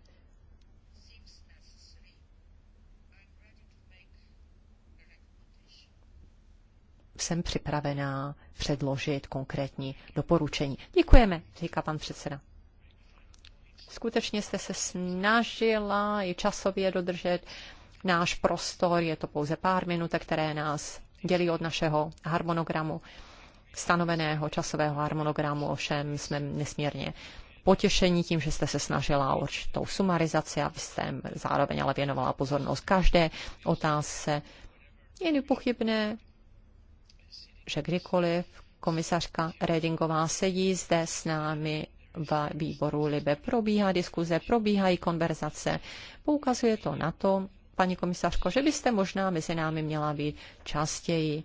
A: jsem připravená předložit konkrétní doporučení. Děkujeme, říká pan předseda. Skutečně jste se snažila i časově dodržet náš prostor, je to pouze pár minut, které nás dělí od našeho harmonogramu, stanoveného časového harmonogramu, ovšem jsme nesmírně potěšení tím, že jste se snažila o určitou sumarizaci, jste zároveň ale věnovala pozornost každé otázce. Je nepochybné, že kdykoliv komisařka Redingová sedí zde s námi v výboru Libe. Probíhá diskuze, probíhají konverzace. Poukazuje to na to, paní komisařko, že byste možná mezi námi měla být častěji.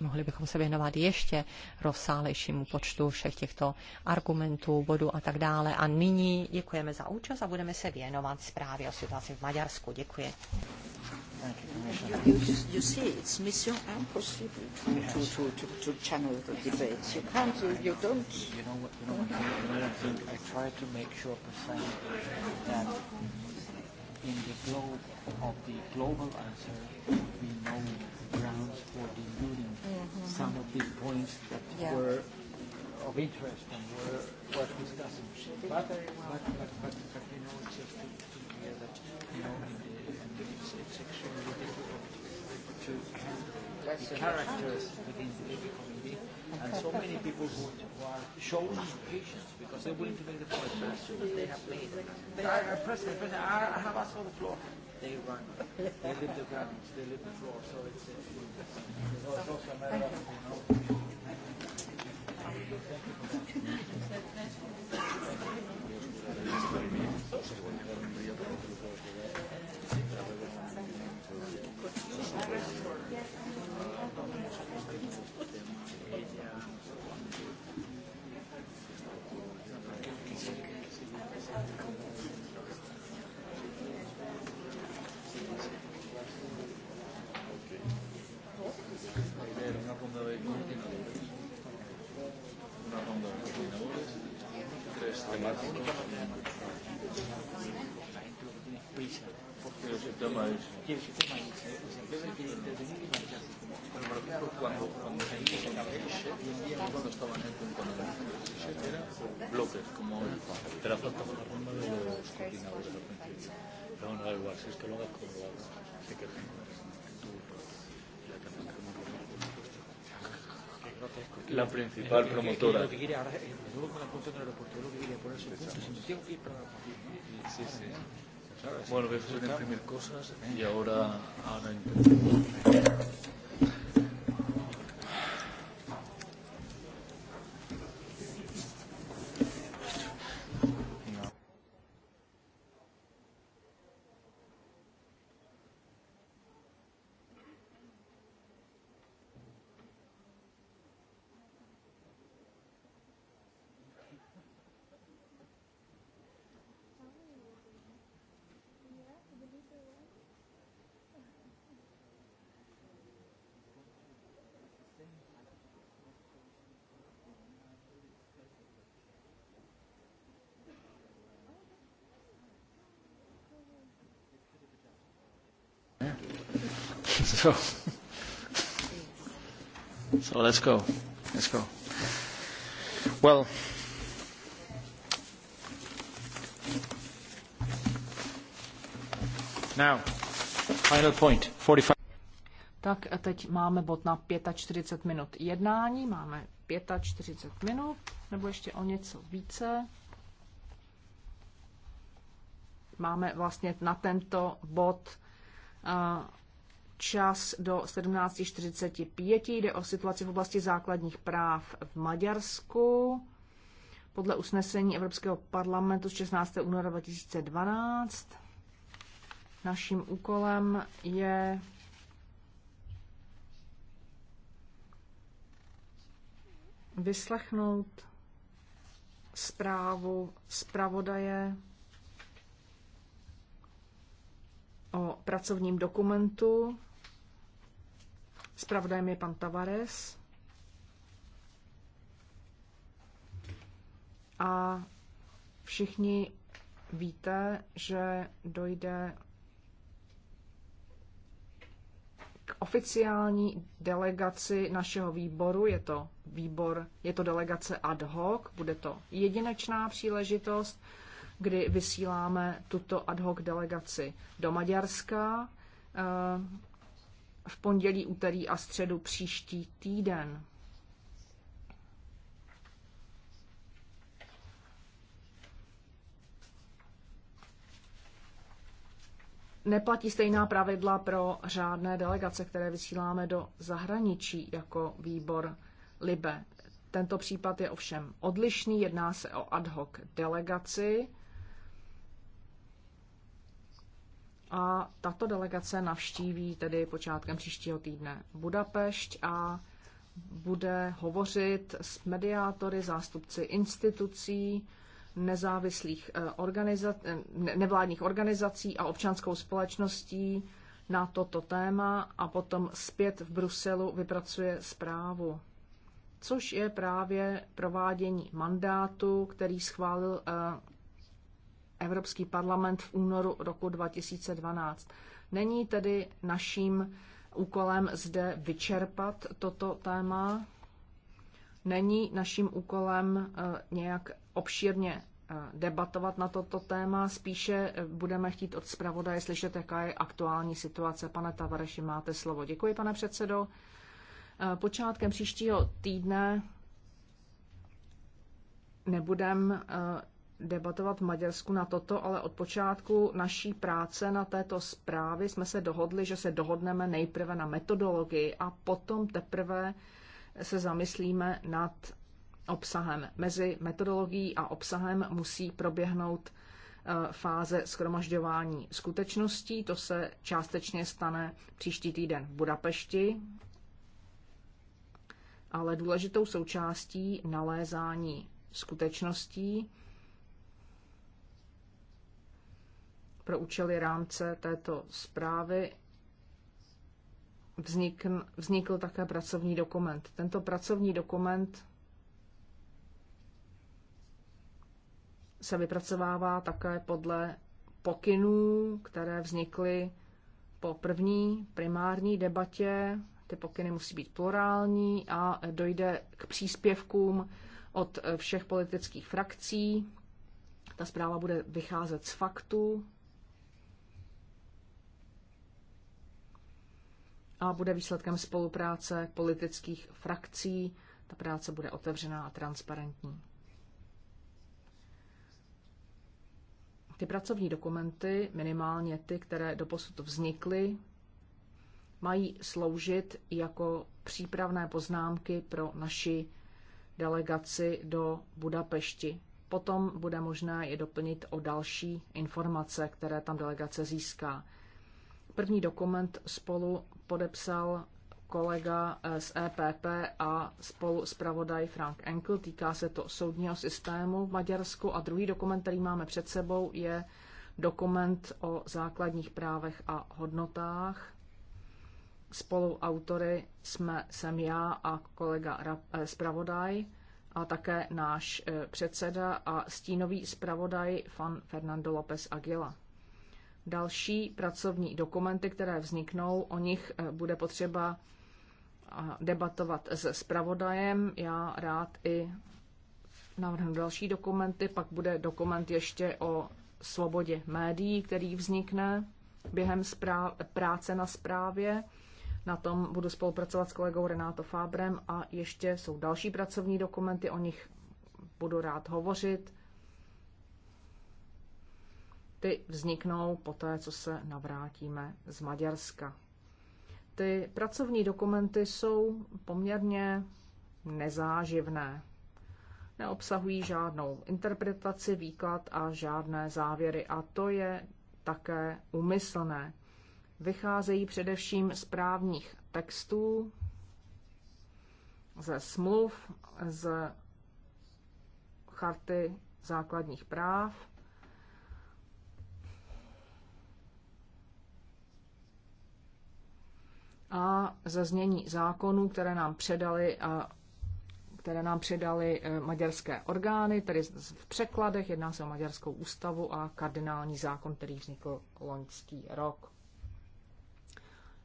A: mohli bychom se věnovat ještě rozsálejšímu počtu všech těchto argumentů, bodů a tak dále. A nyní děkujeme za účast a budeme se věnovat zprávě o situaci v Maďarsku. Děkuji.
C: in the globe of the global answer, we know grounds for including mm-hmm. some of the points that yeah. were of interest and were worth discussing. But, but, but, but, but you know, it's just to, to hear that, you know, in and it's, it's extremely difficult to handle the characters within the Labour community and so many people who, who are
B: showing patience because they're willing to make the point soon as they have made. it. I, President, President, I have asked for the floor. They run. They live the ground. They live the floor. So it's, it's also a matter of, you know. Thank you principal promotora. Lo que quiere ahora,
A: eh, de con la del aeropuerto, lo que quiere ponerse Si tengo que ir para la
C: Sí, sí. Bueno, voy a hacer imprimir cosas y ahora, ahora
B: So, so let's go. Let's go.
C: Well, now, final point, 45. Tak a teď máme bod na 45 minut jednání, máme 45 minut, nebo ještě o něco více. Máme vlastně na tento bod uh, čas do 17.45. Jde o situaci v oblasti základních práv v Maďarsku. Podle usnesení Evropského parlamentu z 16. února 2012 naším úkolem je vyslechnout zprávu zpravodaje o pracovním dokumentu Spravodajem je pan Tavares. A všichni víte, že dojde k oficiální delegaci našeho výboru. Je to výbor, je to delegace ad hoc, bude to jedinečná příležitost, kdy vysíláme tuto ad hoc delegaci do Maďarska. Eh, v pondělí, úterý a středu příští týden. Neplatí stejná pravidla pro řádné delegace, které vysíláme do zahraničí jako výbor Libe. Tento případ je ovšem odlišný, jedná se o ad hoc delegaci A tato delegace navštíví tedy počátkem příštího týdne Budapešť a bude hovořit s mediátory, zástupci institucí, nezávislých eh, organizací, eh, nevládních organizací a občanskou společností na toto téma a potom zpět v Bruselu vypracuje zprávu. Což je právě provádění mandátu, který schválil eh, Evropský parlament v únoru roku 2012. Není tedy naším úkolem zde vyčerpat toto téma, není naším úkolem e, nějak obšírně e, debatovat na toto téma, spíše e, budeme chtít od zpravodaje slyšet, jaká je aktuální situace. Pane Tavareši, máte slovo. Děkuji, pane předsedo. Počátkem příštího týdne nebudem debatovat v Maďarsku na toto, ale od počátku naší práce na této zprávy jsme se dohodli, že se dohodneme nejprve na metodologii a potom teprve se zamyslíme nad obsahem. Mezi metodologií a obsahem musí proběhnout e, fáze schromažďování skutečností. To se částečně stane příští týden v Budapešti, ale důležitou součástí nalézání skutečností pro účely rámce této zprávy vznikl, vznikl také pracovní dokument. Tento pracovní dokument se vypracovává také podle pokynů, které vznikly po první primární debatě. Ty pokyny musí být plurální a dojde k příspěvkům od všech politických frakcí. Ta zpráva bude vycházet z faktů, a bude výsledkem spolupráce politických frakcí. Ta práce bude otevřená a transparentní. Ty pracovní dokumenty, minimálně ty, které doposud vznikly, mají sloužit jako přípravné poznámky pro naši delegaci do Budapešti. Potom bude možné je doplnit o další informace, které tam delegace získá. První dokument spolu podepsal kolega eh, z EPP a spolu zpravodaj Frank Enkel. Týká se to soudního systému v Maďarsku. A druhý dokument, který máme před sebou, je dokument o základních právech a hodnotách. Spoluautory jsme jsem já a kolega eh, zpravodaj a také náš eh, předseda a stínový zpravodaj Fan Fernando López Aguila další pracovní dokumenty, které vzniknou. O nich eh, bude potřeba debatovat s zpravodajem. Já rád i navrhnu další dokumenty, pak bude dokument ještě o svobodě médií, který vznikne během práce na zprávě. Na tom budu spolupracovat s kolegou Renato Fábrem a ještě jsou další pracovní dokumenty, o nich budu rád hovořit. Ty vzniknou poté, co se navrátíme z Maďarska. Ty pracovní dokumenty jsou poměrně nezáživné. Neobsahují žádnou interpretaci, výklad a žádné závěry. A to je také umyslné. Vycházejí především z právních textů, ze smluv, z charty základních práv a za znění zákonů, které nám předali a které nám předali eh, maďarské orgány, tedy v překladech jedná se o maďarskou ústavu a kardinální zákon, který vznikl loňský rok.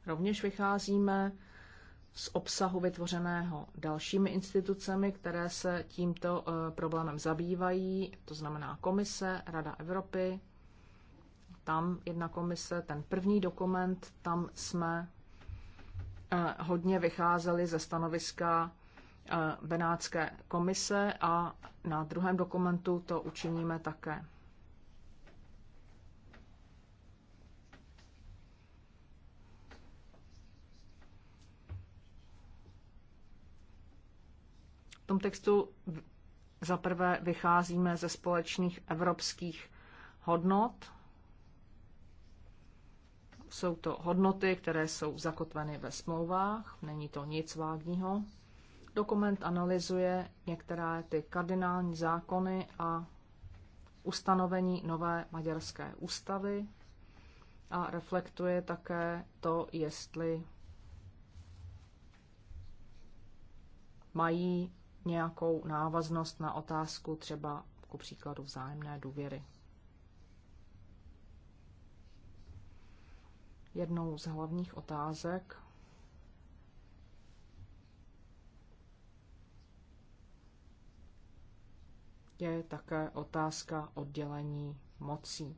C: Rovněž vycházíme z obsahu vytvořeného dalšími institucemi, které se tímto eh, problémem zabývají, to znamená Komise, Rada Evropy, tam jedna komise, ten první dokument, tam jsme Eh, hodně vycházeli ze stanoviska eh, Benátské komise a na druhém dokumentu to učiníme také. V tom textu zaprvé vycházíme ze společných evropských hodnot, jsou to hodnoty, které jsou zakotveny ve smlouvách, není to nic vágního. Dokument analyzuje některé ty kardinální zákony a ustanovení nové maďarské ústavy a reflektuje také to, jestli mají nějakou návaznost na otázku třeba ku příkladu vzájemné důvěry. jednou z hlavních otázek je také otázka oddělení mocí.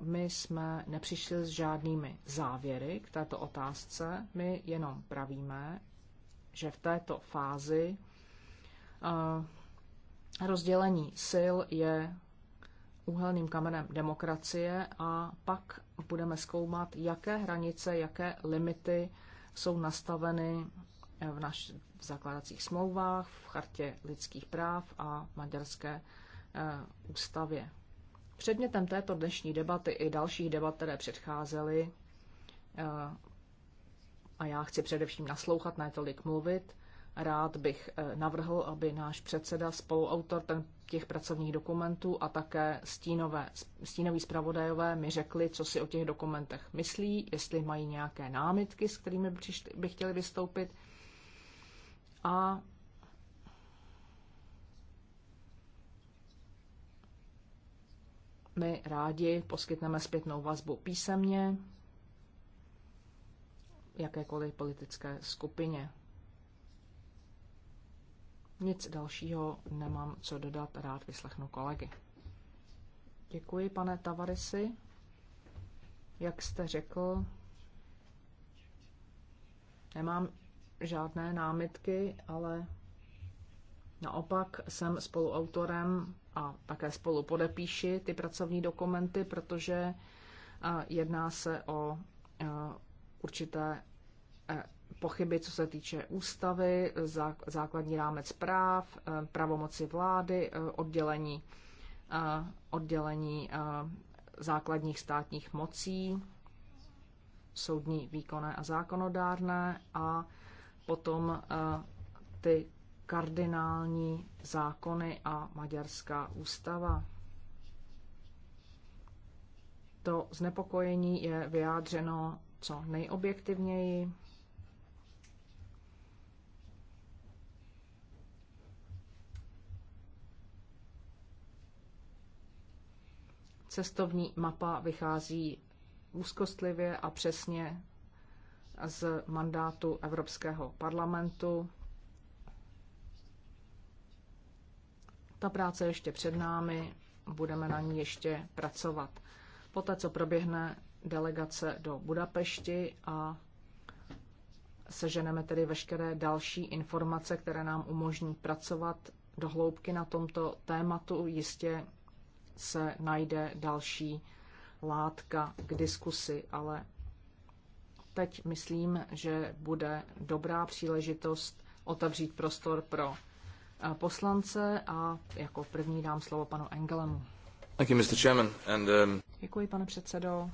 C: My jsme nepřišli s žádnými závěry k této otázce, my jenom pravíme, že v této fázi rozdělení sil je úhelným kamenem demokracie a pak budeme zkoumat, jaké hranice, jaké limity jsou nastaveny v, našich v zakládacích smlouvách, v chartě lidských práv a maďarské eh, ústavě. Předmětem této dnešní debaty i dalších debat, které předcházely, eh, a já chci především naslouchat, ne tolik mluvit, Rád bych eh, navrhl, aby náš předseda, spoluautor těch pracovních dokumentů a také stínové, stínoví zpravodajové mi řekli, co si o těch dokumentech myslí, jestli mají nějaké námitky, s kterými by chtěli vystoupit. A my rádi poskytneme zpětnou vazbu písemně jakékoliv politické skupině. Nic dalšího nemám co dodat, rád vyslechnu kolegy. Děkuji, pane Tavarisi. Jak jste řekl, nemám žádné námitky, ale naopak jsem spoluautorem a také spolu podepíši ty pracovní dokumenty, protože jedná se o určité e, pochyby, co se týče ústavy, základní rámec práv, eh, pravomoci vlády, eh, oddělení, eh, oddělení základních státních mocí, soudní, výkonné a zákonodárné a potom ty kardinální zákony a maďarská ústava. To znepokojení je vyjádřeno co nejobjektivněji Cestovní mapa vychází úzkostlivě a přesně z mandátu Evropského parlamentu. Ta práce ještě před námi, budeme na ní ještě pracovat. Poté, co proběhne delegace do Budapešti a seženeme tedy veškeré další informace, které nám umožní pracovat do hloubky na tomto tématu. Jistě se najde další látka k diskusi, ale teď myslím, že bude dobrá příležitost otevřít prostor pro eh, poslance a jako první dám slovo panu Engelemu. Thank you, Mr. Chairman, and, um... Děkuji, pane předsedo.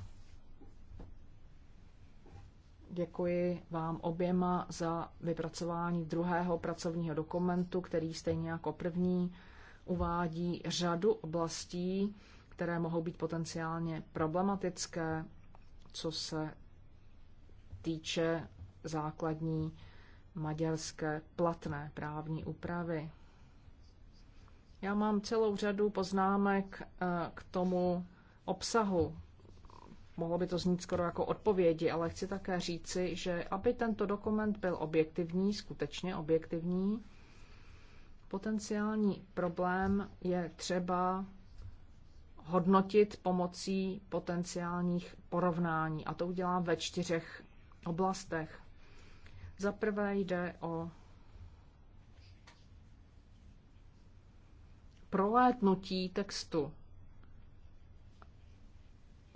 C: Děkuji vám oběma za vypracování druhého pracovního dokumentu, který stejně jako první uvádí řadu oblastí, které mohou být potenciálně problematické, co se týče základní maďarské platné právní úpravy. Já mám celou řadu poznámek eh, k tomu obsahu. Mohlo by to znít skoro jako odpovědi, ale chci také říci, že aby tento dokument byl objektivní, skutečně objektivní, Potenciální problém je třeba hodnotit pomocí potenciálních porovnání. A to udělám ve čtyřech oblastech. Za prvé jde o prolétnutí textu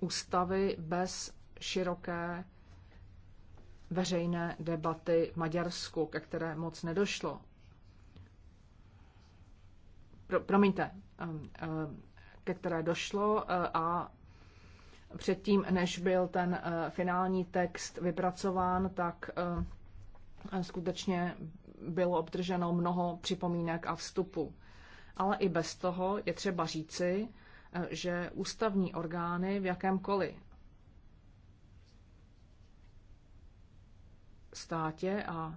C: ústavy bez široké veřejné debaty v Maďarsku, ke které moc nedošlo pro, promiňte, um, um, ke které došlo uh, a předtím, než byl ten uh, finální text vypracován, tak uh, skutečně bylo obdrženo mnoho připomínek a vstupu. Ale i bez toho je třeba říci, že ústavní orgány v jakémkoliv státě a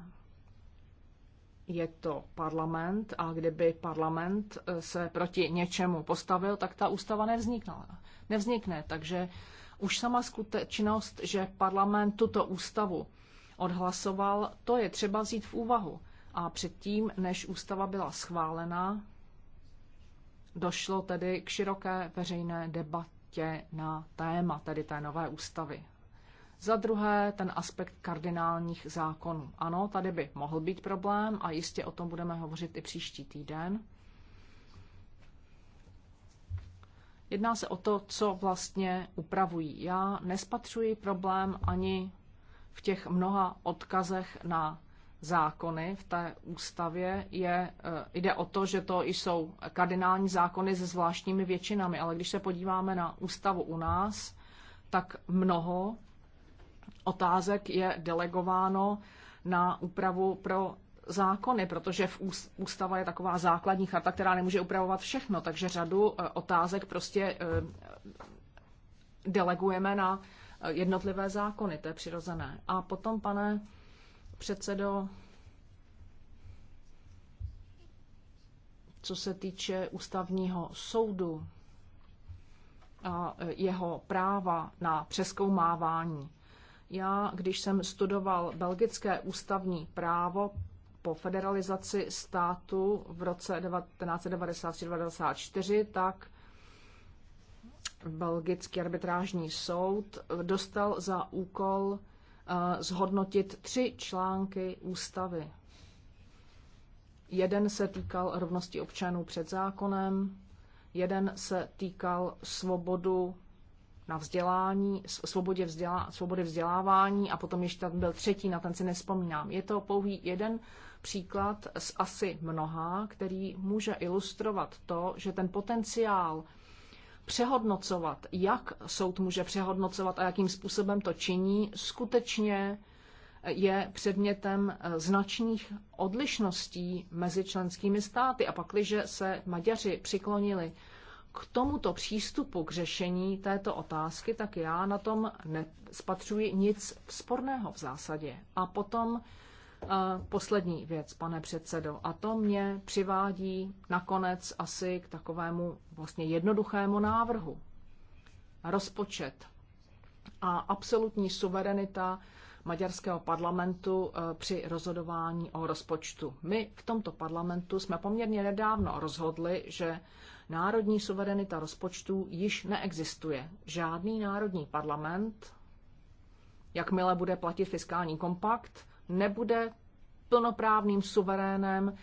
C: je to parlament a kdyby parlament eh, se proti něčemu postavil, tak ta ústava nevznikla. nevznikne. Takže už sama skutečnost, že parlament tuto ústavu odhlasoval, to je třeba vzít v úvahu. A předtím, než ústava byla schválena, došlo tedy k široké veřejné debatě na téma tedy té nové ústavy. Za druhé, ten aspekt kardinálních zákonů. Ano, tady by mohl být problém a jistě o tom budeme hovořit i příští týden. Jedná se o to, co vlastně upravují. Já nespatřuji problém ani v těch mnoha odkazech na zákony v té ústavě je, eh, jde o to, že to jsou kardinální zákony se zvláštními většinami, ale když se podíváme na ústavu u nás, tak mnoho otázek je delegováno na úpravu pro zákony, protože v ústava je taková základní charta, která nemůže upravovat všechno, takže řadu e, otázek prostě e, delegujeme na e, jednotlivé zákony, to je přirozené. A potom, pane předsedo, co se týče ústavního soudu a jeho práva na přeskoumávání já, když jsem studoval belgické ústavní právo po federalizaci státu v roce 1993-1994, tak Belgický arbitrážní soud dostal za úkol eh, zhodnotit tři články ústavy. Jeden se týkal rovnosti občanů před zákonem, jeden se týkal svobodu na vzdělání, svobodě vzdělá, svobody vzdělávání a potom ještě tam byl třetí, na ten si nespomínám. Je to pouhý jeden příklad z asi mnoha, který může ilustrovat to, že ten potenciál přehodnocovat, jak soud může přehodnocovat a jakým způsobem to činí, skutečně eh, je předmětem eh, značných odlišností mezi členskými státy. A pakliže se Maďaři přiklonili k tomuto přístupu k řešení této otázky, tak já na tom nespatřuji nic sporného v zásadě. A potom eh, poslední věc, pane předsedo, a to mě přivádí nakonec asi k takovému vlastně jednoduchému návrhu. Rozpočet a absolutní suverenita maďarského parlamentu eh, při rozhodování o rozpočtu. My v tomto parlamentu jsme poměrně nedávno rozhodli, že národní suverenita rozpočtů již neexistuje. Žádný národní parlament, jakmile bude platit fiskální kompakt, nebude plnoprávným suverénem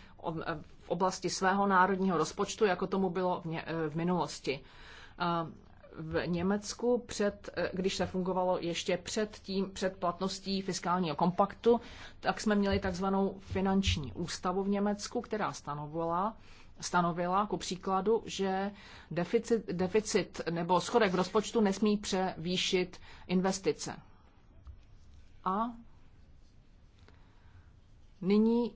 C: v oblasti svého národního rozpočtu, jako tomu bylo v minulosti. V Německu, před, když se fungovalo ještě před, tím, před platností fiskálního kompaktu, tak jsme měli takzvanou finanční ústavu v Německu, která stanovovala, stanovila, ku příkladu, že deficit, deficit nebo schodek v rozpočtu nesmí převýšit investice. A nyní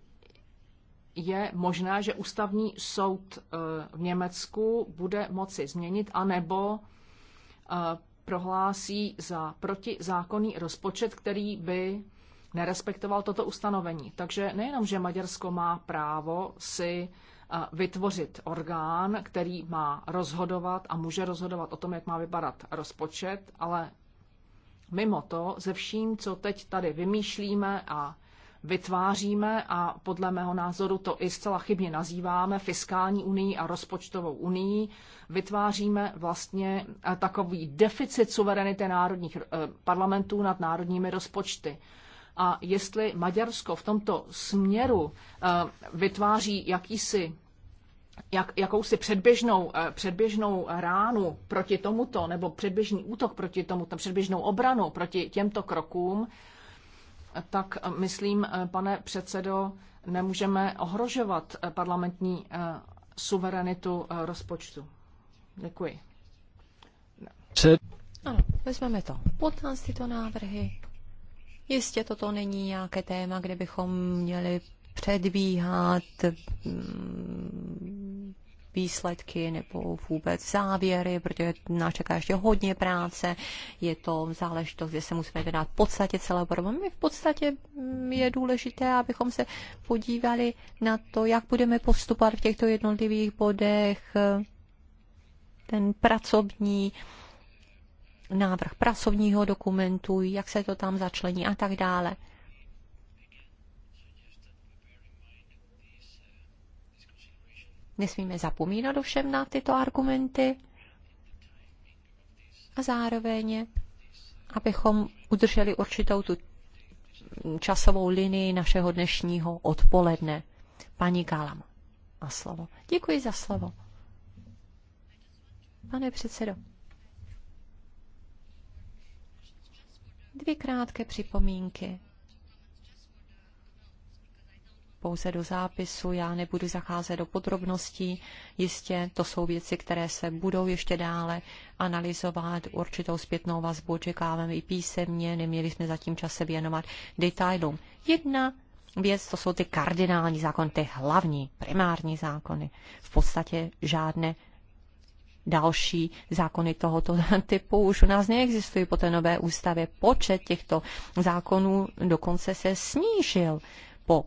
C: je možné, že ústavní soud eh, v Německu bude moci změnit, anebo eh, prohlásí za protizákonný rozpočet, který by nerespektoval toto ustanovení. Takže nejenom, že Maďarsko má právo si vytvořit orgán, který má rozhodovat a může rozhodovat o tom, jak má vypadat rozpočet, ale mimo to, ze vším, co teď tady vymýšlíme a vytváříme a podle mého názoru to i zcela chybně nazýváme fiskální unii a rozpočtovou unii, vytváříme vlastně eh, takový deficit suverenity národních eh, parlamentů nad národními rozpočty a jestli Maďarsko v tomto směru eh, vytváří jakýsi jak, jakousi předběžnou, eh, předběžnou ránu proti tomuto, nebo předběžný útok proti tomuto, předběžnou obranu proti těmto krokům, tak eh, myslím, pane předsedo, nemůžeme ohrožovat parlamentní suverenitu rozpočtu. Děkuji. Ano,
A: vezmeme to si to návrhy Jistě toto není nějaké téma, kde bychom měli předbíhat mm, výsledky nebo vůbec závěry, protože nás čeká ještě hodně práce. Je to záležitost, kde se musíme v podstatě celé problému. V podstatě mm, je důležité, abychom se podívali na to, jak budeme postupovat v těchto jednotlivých bodech, ten pracovní návrh pracovního dokumentu, jak se to tam začlení a tak dále. Nesmíme zapomínat ovšem na tyto argumenty a zároveň, abychom udrželi určitou tu časovou linii našeho dnešního odpoledne. Paní Galam a slovo. Děkuji za slovo. Pane předsedo. Dvě krátké připomínky. Pouze do zápisu, já nebudu zacházet do podrobností. Jistě to jsou věci, které se budou ještě dále analyzovat. Určitou zpětnou vazbu očekáváme i písemně, neměli jsme zatím čas se věnovat detailům. Jedna věc, to jsou ty kardinální zákony, ty hlavní, primární zákony. V podstatě žádné další zákony tohoto typu už u nás neexistují po té nové ústavě. Počet těchto zákonů dokonce se snížil po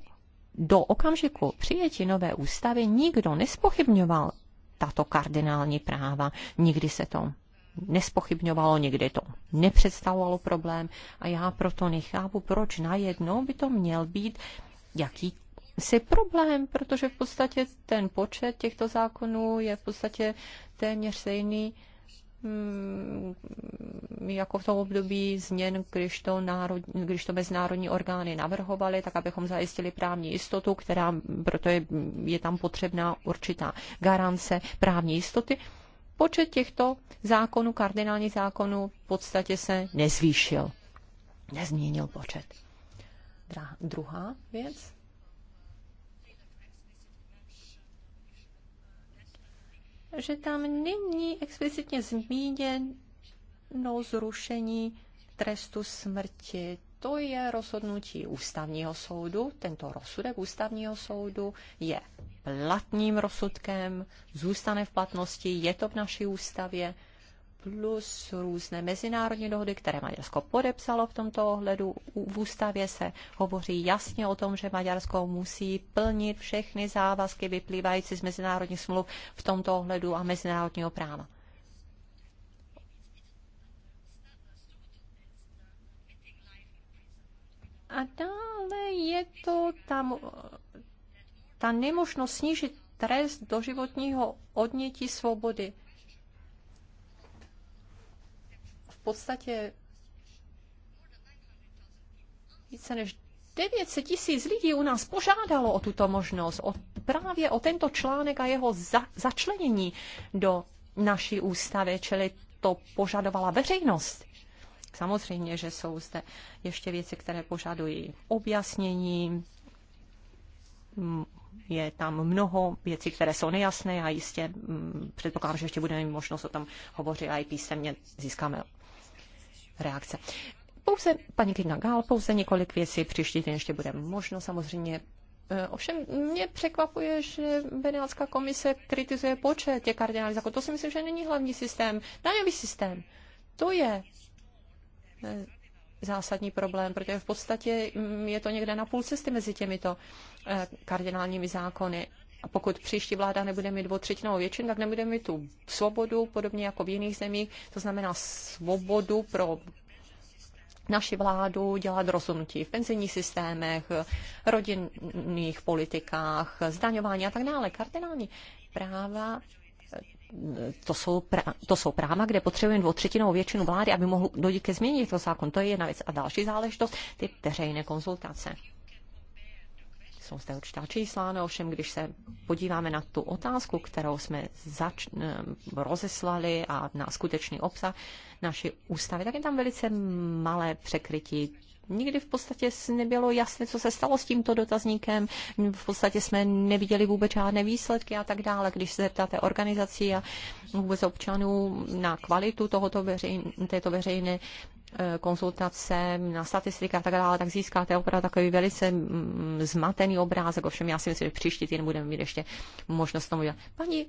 A: do okamžiku přijetí nové ústavy nikdo nespochybňoval tato kardinální práva. Nikdy se to nespochybňovalo, nikdy to nepředstavovalo problém a já proto nechápu, proč najednou by to měl být jaký si problém, protože v podstatě ten počet těchto zákonů je v podstatě téměř stejný mm, jako v tom období změn, když to, národ, když to mezinárodní orgány navrhovaly, tak abychom zajistili právní jistotu, která proto je, je tam potřebná určitá garance právní jistoty. Počet těchto zákonů, kardinálních zákonů, v podstatě se nezvýšil. Nezměnil počet. Dra- druhá věc. že tam není explicitně zmíněno zrušení trestu smrti. To je rozhodnutí ústavního soudu. Tento rozsudek ústavního soudu je platným rozsudkem, zůstane v platnosti, je to v naší ústavě plus různé mezinárodní dohody, které Maďarsko podepsalo v tomto ohledu. V ústavě se hovoří jasně o tom, že Maďarsko musí plnit všechny závazky vyplývající z mezinárodních smluv v tomto ohledu a mezinárodního práva. A dále je to tam ta nemožnost snížit trest do životního odnětí svobody. podstatě více než 900 tisíc lidí u nás požádalo o tuto možnost, o, právě o tento článek a jeho za, začlenění do naší ústavy, čili to požadovala veřejnost. Samozřejmě, že jsou zde ještě věci, které požadují objasnění. Je tam mnoho věcí, které jsou nejasné a jistě předpokládám, že ještě budeme mít možnost o tom hovořit a i písemně získáme reakce. Pouze, paní Kina Gál, pouze několik věcí, příští týden ještě bude možno samozřejmě e, Ovšem mě překvapuje, že Benátská komise kritizuje počet těch zákonů. Jako, to si myslím, že není hlavní systém. Daňový systém. To je e, zásadní problém, protože v podstatě mm, je to někde na půl cesty mezi těmito e, kardinálními zákony. A pokud příští vláda nebude mít dvotřetinovou většinu, tak nebude mít tu svobodu, podobně jako v jiných zemích, to znamená svobodu pro naši vládu dělat rozhodnutí v penzijních systémech, rodinných politikách, zdaňování a tak dále. Kardinální práva to jsou, pra, to jsou práva, kde potřebujeme dvotřetinovou většinu vlády, aby mohl dojít ke změně toho zákon. To je jedna věc. A další záležitost, ty veřejné konzultace jsou zde určitá čísla, no ovšem, když se podíváme na tu otázku, kterou jsme zač- eh, rozeslali a na skutečný obsah naší ústavy, tak je tam velice malé překrytí nikdy v podstatě nebylo jasné, co se stalo s tímto dotazníkem, v podstatě jsme neviděli vůbec žádné výsledky a tak dále. Když se zeptáte organizací a vůbec občanů na kvalitu tohoto veřejn, této veřejné Eh, konzultace, na statistika a tak dále, tak získáte opravdu takový velice mm, zmatený obrázek. Ovšem, já si myslím, že příští týden budeme mít ještě možnost tomu dělat. Paní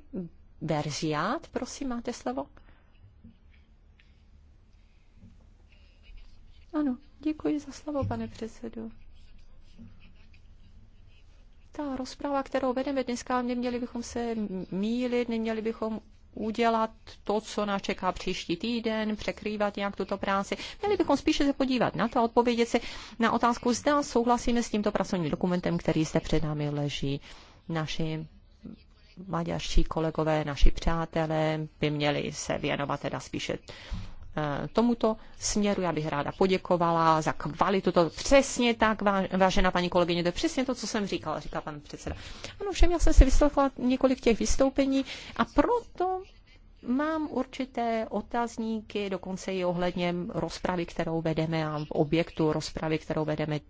A: Berziát, prosím, máte slovo? Ano, děkuji za slovo, pane předsedu. Ta rozpráva, kterou vedeme dneska, neměli bychom se mílit, neměli bychom udělat to, co nás čeká příští týden, překrývat nějak tuto práci. Měli bychom spíše se podívat na to a odpovědět si na otázku, zda souhlasíme s tímto pracovním dokumentem, který zde před námi leží. Naši maďarští kolegové, naši přátelé by měli se věnovat teda spíše Eh, tomuto směru. Já bych ráda poděkovala za kvalitu. To přesně tak, vážená paní kolegyně, to je přesně to, co jsem říkala, říká pan předseda. Ano, všem já jsem si vyslechla několik těch vystoupení a proto mám určité otazníky, dokonce i ohledně rozpravy, kterou vedeme a objektu rozpravy, kterou vedeme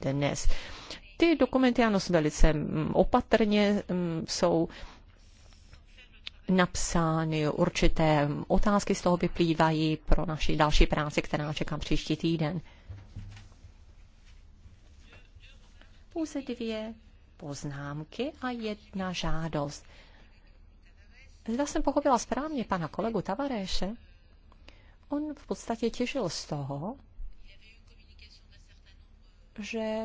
A: dnes. Ty dokumenty, ano, velice mm, opatrně mm, jsou napsány, určité otázky z toho vyplývají pro naši další práci, která čeká příští týden. Pouze dvě poznámky a jedna žádost. Zda jsem pochopila správně pana kolegu Tavaréše, on v podstatě těžil z toho, že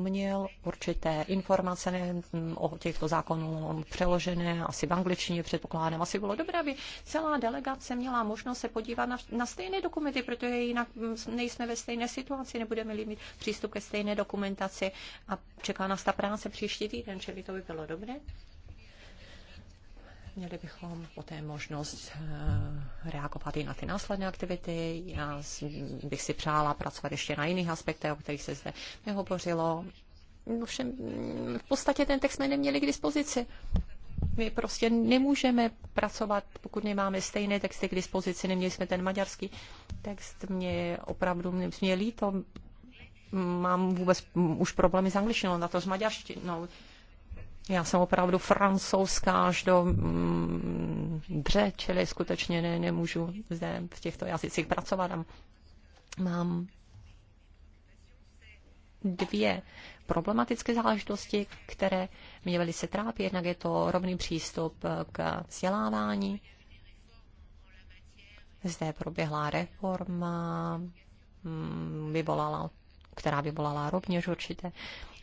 A: měl určité informace mm, o těchto zákonů přeložené, asi v angličtině předpokládám. Asi bylo dobré, aby celá delegace měla možnost se podívat na, na stejné dokumenty, protože jinak mm, nejsme ve stejné situaci, nebudeme mít přístup ke stejné dokumentaci a čeká nás ta práce příští týden, čili to by bylo dobré. Měli bychom poté možnost eh, reagovat i na ty následné aktivity. Já bych si přála pracovat ještě na jiných aspektech, o kterých se zde nehovořilo. Ovšem, mm, v podstatě ten text jsme neměli k dispozici. My prostě nemůžeme pracovat, pokud nemáme stejné texty k dispozici. Neměli jsme ten maďarský text. Mě opravdu mě líto. Mám vůbec už problémy s angličtinou, na to s maďarštinou. Já jsem opravdu francouzská až do mm, dře, čili skutečně ne, nemůžu zde v těchto jazycích pracovat. Mám dvě problematické záležitosti, které mě velice trápí. Jednak je to rovný přístup k vzdělávání. Zde proběhla reforma, mm, vyvolala, která vyvolala rovněž určité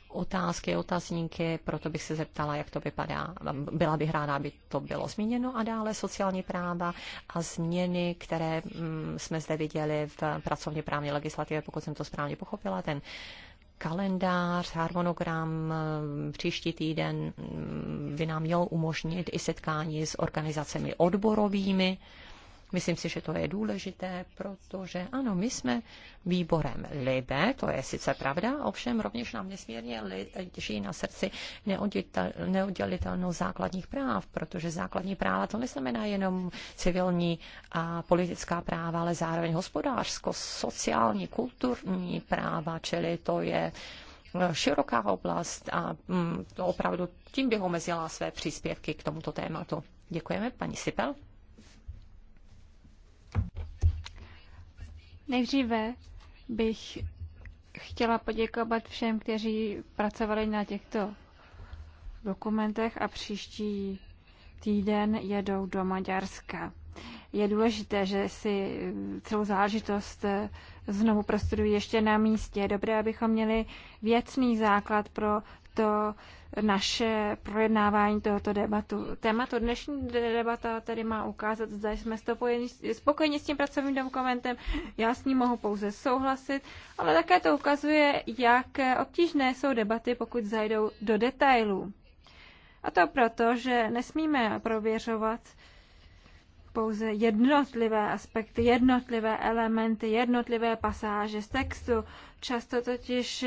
A: otázky, otazníky, proto bych se zeptala, jak to vypadá. Byla bych ráda, aby to bylo zmíněno a dále sociální práva a změny, které mm, jsme zde viděli v pracovně právní legislativě, pokud jsem to správně pochopila, ten kalendář, harmonogram mm, příští týden mm, by nám měl umožnit i setkání s organizacemi odborovými, Myslím si, že to je důležité, protože ano, my jsme výborem libe, to je sice pravda, ovšem rovněž nám nesmírně leží na srdci neoddělitelnost základních práv, protože základní práva to neznamená jenom civilní a politická práva, ale zároveň hospodářsko, sociální, kulturní práva, čili to je eh, široká oblast a mm, to opravdu tím bych omezila své příspěvky k tomuto tématu. Děkujeme, paní Sipel.
B: Nejdříve bych chtěla poděkovat všem, kteří pracovali na těchto dokumentech a příští týden jedou do Maďarska. Je důležité, že si celou záležitost znovu prostudují ještě na místě. Je dobré, abychom měli věcný základ pro to naše projednávání tohoto debatu. Tématu dnešní debata tedy má ukázat, zda jsme spokojeni, spokojeni s tím pracovním dokumentem. Já s ním mohu pouze souhlasit, ale také to ukazuje, jak obtížné jsou debaty, pokud zajdou do detailů. A to proto, že nesmíme prověřovat pouze jednotlivé aspekty, jednotlivé elementy, jednotlivé pasáže z textu. Často totiž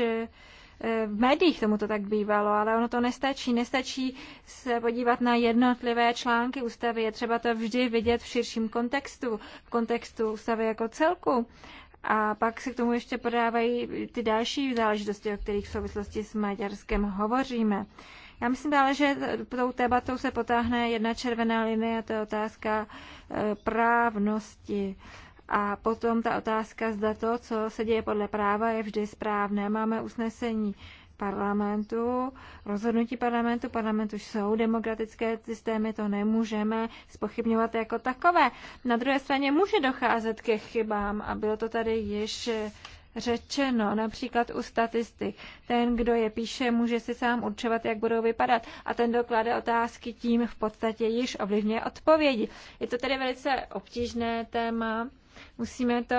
B: v médiích tomu to tak bývalo, ale ono to nestačí. Nestačí se podívat na jednotlivé články ústavy. Je třeba to vždy vidět v širším kontextu, v kontextu ústavy jako celku. A pak se k tomu ještě podávají ty další záležitosti, o kterých v souvislosti s Maďarskem hovoříme. Já myslím dále, že tou tématou se potáhne jedna červená linie, a to je otázka e, právnosti. A potom ta otázka, zda to, co se děje podle práva, je vždy správné. Máme usnesení parlamentu, rozhodnutí parlamentu, parlamentu jsou demokratické systémy, to nemůžeme spochybňovat jako takové. Na druhé straně může docházet ke chybám a bylo to tady již řečeno, například u statistik. Ten, kdo je píše, může si sám určovat, jak budou vypadat a ten doklade otázky tím v podstatě již ovlivňuje odpovědi. Je to tedy velice obtížné téma Musíme to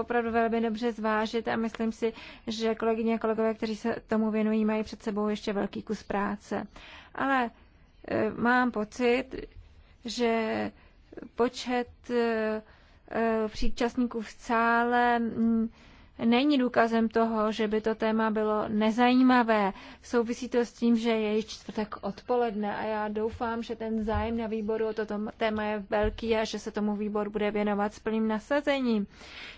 B: opravdu velmi dobře zvážit a myslím si, že kolegyně a kolegové, kteří se tomu věnují, mají před sebou ještě velký kus práce. Ale e, mám pocit, že počet e, e, příčastníků v sále není důkazem toho, že by to téma bylo nezajímavé. Souvisí to s tím, že je čtvrtek odpoledne a já doufám, že ten zájem na výboru o toto téma je velký a že se tomu výbor bude věnovat s plným nasazením.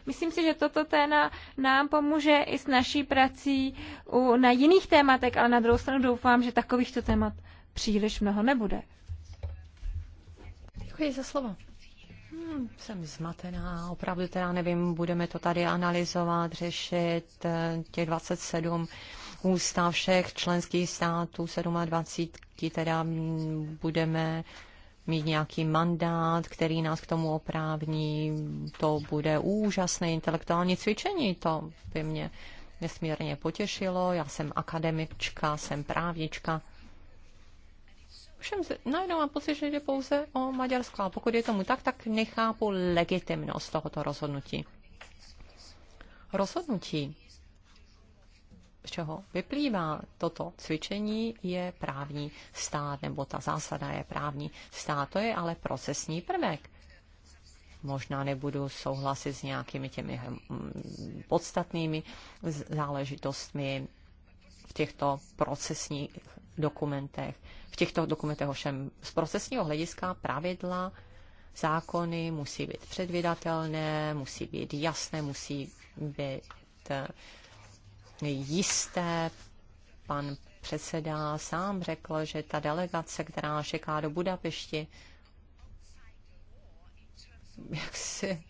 B: Myslím si, že toto téma nám pomůže i s naší prací u, na jiných tématech, ale na druhou stranu doufám, že takovýchto témat příliš mnoho nebude.
A: Děkuji za slovo. Hmm, jsem zmatená, opravdu teda nevím, budeme to tady analyzovat, řešit eh, těch 27 ústav všech členských států 27, teda mm, budeme mít nějaký mandát, který nás k tomu oprávní, to bude úžasné intelektuální cvičení, to by mě nesmírně potěšilo. Já jsem akademička, jsem právnička, Ovšem najednou mám pocit, že jde pouze o Maďarsko. A pokud je tomu tak, tak nechápu legitimnost tohoto rozhodnutí. Rozhodnutí, z čeho vyplývá toto cvičení, je právní stát, nebo ta zásada je právní stát. To je ale procesní prvek možná nebudu souhlasit s nějakými těmi hm, podstatnými záležitostmi v těchto procesních dokumentech. V těchto dokumentech ovšem z procesního hlediska pravidla, zákony musí být předvědatelné, musí být jasné, musí být eh, jisté. Pan předseda sám řekl, že ta delegace, která čeká do Budapešti, jak si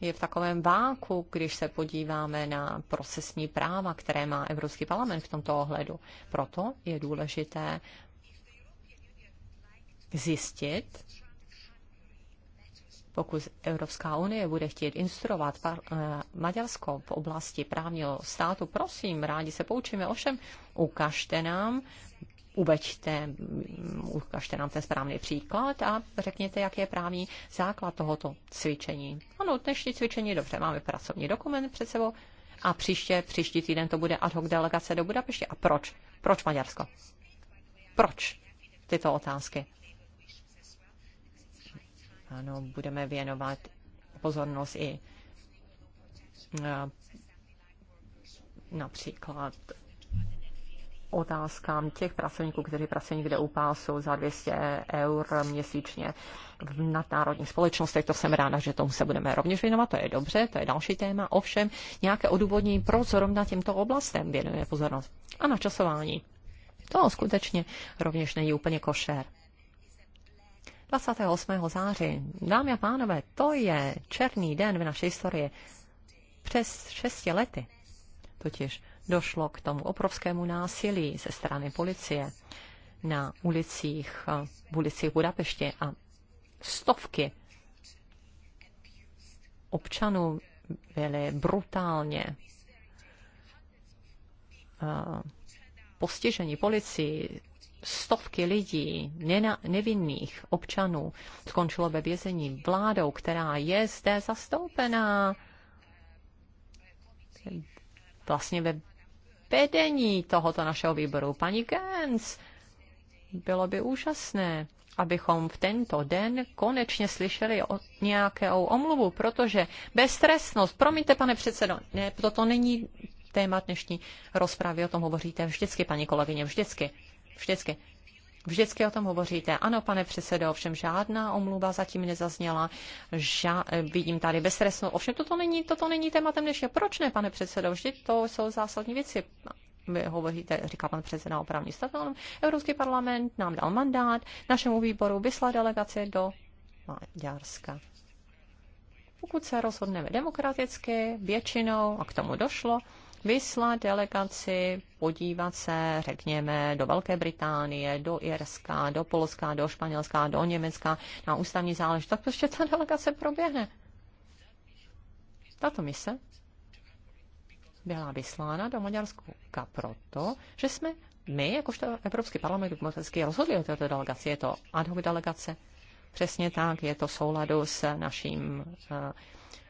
A: je v takovém váku, když se podíváme na procesní práva, které má Evropský parlament v tomto ohledu. Proto je důležité zjistit, pokud Evropská unie bude chtít instruovat eh, Maďarsko v oblasti právního státu, prosím, rádi se poučíme. Ovšem, ukažte nám uveďte, mm, ukažte nám ten správný příklad a řekněte, jak je právní základ tohoto cvičení. Ano, dnešní cvičení, dobře, máme pracovní dokument před sebou a příště, příští týden to bude ad hoc delegace do Budapešti. A proč? Proč Maďarsko? Proč tyto otázky? Ano, budeme věnovat pozornost i eh, například otázkám těch pracovníků, kteří pracují někde u pásu za 200 eur měsíčně v nadnárodních společnostech. To jsem ráda, že tomu se budeme rovněž věnovat, to je dobře, to je další téma. Ovšem, nějaké odůvodnění, proč zrovna těmto oblastem věnuje pozornost. A načasování. To skutečně rovněž není úplně košer. 28. září, dámy a pánové, to je černý den v naší historii. Přes šesti lety totiž došlo k tomu obrovskému násilí ze strany policie na ulicích, v ulicích Budapešti a stovky občanů byly brutálně eh, postiženi policií, stovky lidí, nevinných občanů, skončilo ve vězení vládou, která je zde zastoupená vlastně ve vedení tohoto našeho výboru, paní Gens. Bylo by úžasné, abychom v tento den konečně slyšeli o nějakou omluvu, protože beztrestnost, promiňte, pane předsedo, ne, toto není téma dnešní rozpravy, o tom hovoříte vždycky, paní kolegyně, vždycky, vždycky. Vždycky o tom hovoříte. Ano, pane předsedo, ovšem žádná omluva zatím nezazněla. Ža- vidím tady bezresnou. Ovšem toto není, toto není tématem dnešně. Proč ne, pane předsedo? Vždyť to jsou zásadní věci. Vy hovoříte, říká pan předseda o právní statu. Evropský parlament nám dal mandát, našemu výboru vyslal delegaci do Maďarska. Pokud se rozhodneme demokraticky, většinou, a k tomu došlo, vyslat delegaci podívat se, řekněme, do Velké Británie, do Irska, do Polska, do Španělska, do Německa na ústavní záležitost, tak prostě ta delegace proběhne. Tato mise byla vyslána do Maďarska proto, že jsme my, jakožto Evropský parlament demokraticky rozhodli o této delegaci. Je to ad hoc delegace. Přesně tak, je to souladu s naším uh,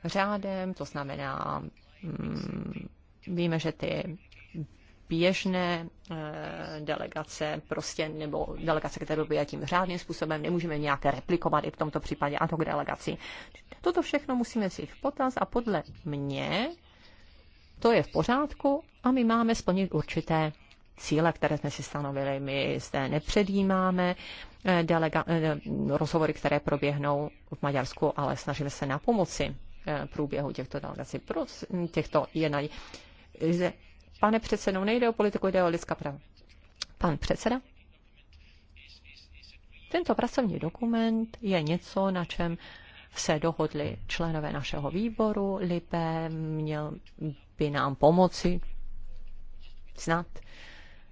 A: řádem, to znamená, um, víme, že ty běžné eh, delegace, prostě nebo delegace, které by tím řádným způsobem, nemůžeme nějaké replikovat i v tomto případě ad hoc delegaci. Toto všechno musíme si v potaz a podle mě to je v pořádku a my máme splnit určité cíle, které jsme si stanovili. My zde nepředjímáme eh, delega- eh, rozhovory, které proběhnou v Maďarsku, ale snažíme se na pomoci průběhu těchto delegací, pro těchto jednání. Pane předsedo, nejde o politiku, jde o lidská práva. Pan předseda? Tento pracovní dokument je něco, na čem se dohodli členové našeho výboru. Lipe měl by nám pomoci snad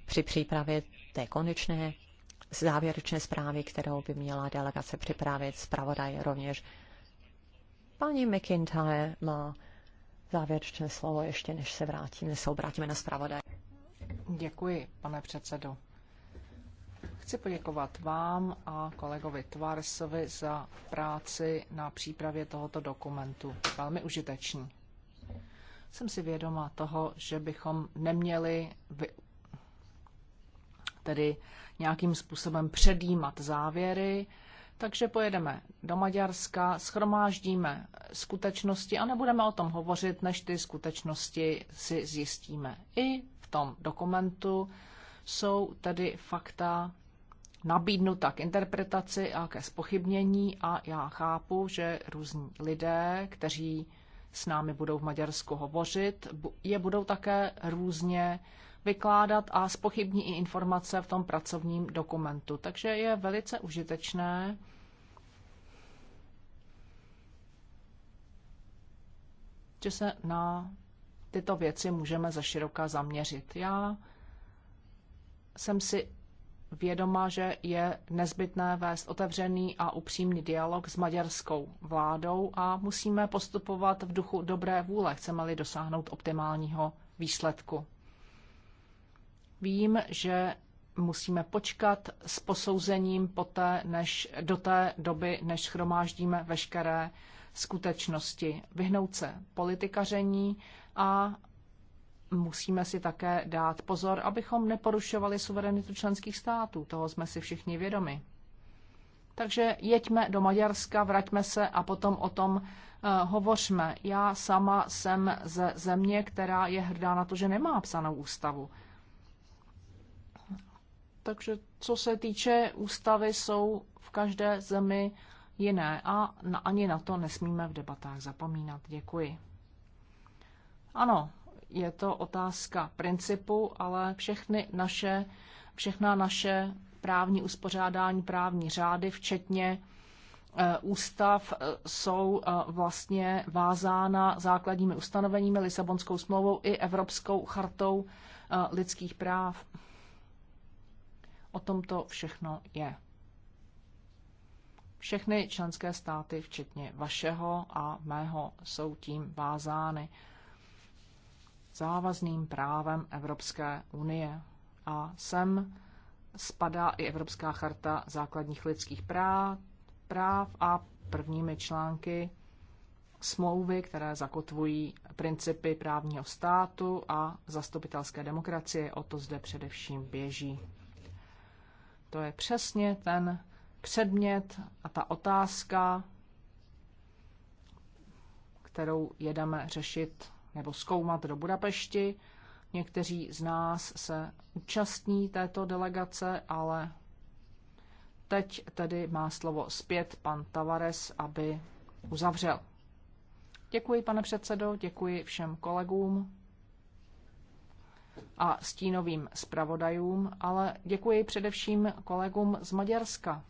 A: při přípravě té konečné závěrečné zprávy, kterou by měla delegace připravit. Zpravodaj rovněž paní McIntyre má závěrečné slovo ještě, než se vrátíme, než se obrátíme na zpravodaj.
C: Děkuji, pane předsedo. Chci poděkovat vám a kolegovi Tvarsovi za práci na přípravě tohoto dokumentu. Velmi užitečný. Jsem si vědoma toho, že bychom neměli vy... tedy nějakým způsobem předjímat závěry, takže pojedeme do Maďarska, schromáždíme skutečnosti a nebudeme o tom hovořit, než ty skutečnosti si zjistíme. I v tom dokumentu jsou tedy fakta nabídnuta k interpretaci a ke spochybnění a já chápu, že různí lidé, kteří s námi budou v Maďarsku hovořit, je budou také různě vykládat a spochybní i informace v tom pracovním dokumentu. Takže je velice užitečné že se na tyto věci můžeme zaširoka zaměřit. Já jsem si vědoma, že je nezbytné vést otevřený a upřímný dialog s maďarskou vládou a musíme postupovat v duchu dobré vůle, chceme-li dosáhnout optimálního výsledku. Vím, že musíme počkat s posouzením poté, než, do té doby, než schromáždíme veškeré skutečnosti, vyhnout se politikaření a musíme si také dát pozor, abychom neporušovali suverenitu členských států. Toho jsme si všichni vědomi. Takže jeďme do Maďarska, vraťme se a potom o tom uh, hovořme. Já sama jsem ze země, která je hrdá na to, že nemá psanou ústavu. Takže co se týče ústavy, jsou v každé zemi jiné a na, ani na to nesmíme v debatách zapomínat. Děkuji. Ano, je to otázka principu, ale všechny naše, všechna naše právní uspořádání, právní řády, včetně e, ústav e, jsou e, vlastně vázána základními ustanoveními, Lisabonskou smlouvou i Evropskou chartou lidských práv. O tom to všechno je. Všechny členské státy, včetně vašeho a mého, jsou tím vázány závazným právem Evropské unie. A sem spadá i Evropská charta základních lidských práv, práv a prvními články smlouvy, které zakotvují principy právního státu a zastupitelské demokracie. O to zde především běží. To je přesně ten předmět a ta otázka, kterou jedeme řešit nebo zkoumat do Budapešti. Někteří z nás se účastní této delegace, ale teď tedy má slovo zpět pan Tavares, aby uzavřel. Děkuji, pane předsedo, děkuji všem kolegům a stínovým zpravodajům, ale děkuji především kolegům z Maďarska.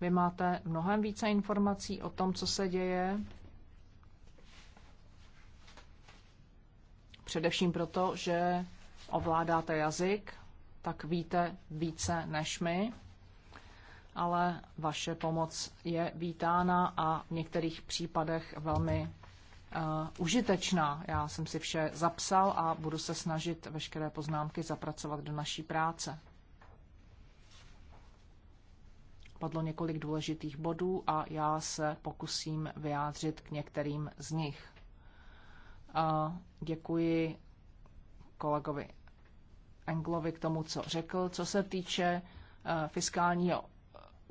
C: Vy máte mnohem více informací o tom, co se děje. Především proto, že ovládáte jazyk, tak víte více než my, ale vaše pomoc je vítána a v některých případech velmi Eh, užitečná. Já jsem si vše zapsal a budu se snažit veškeré poznámky zapracovat do naší práce. Padlo několik důležitých bodů a já se pokusím vyjádřit k některým z nich. Eh, děkuji kolegovi Englovi k tomu, co řekl. Co se týče eh, fiskálního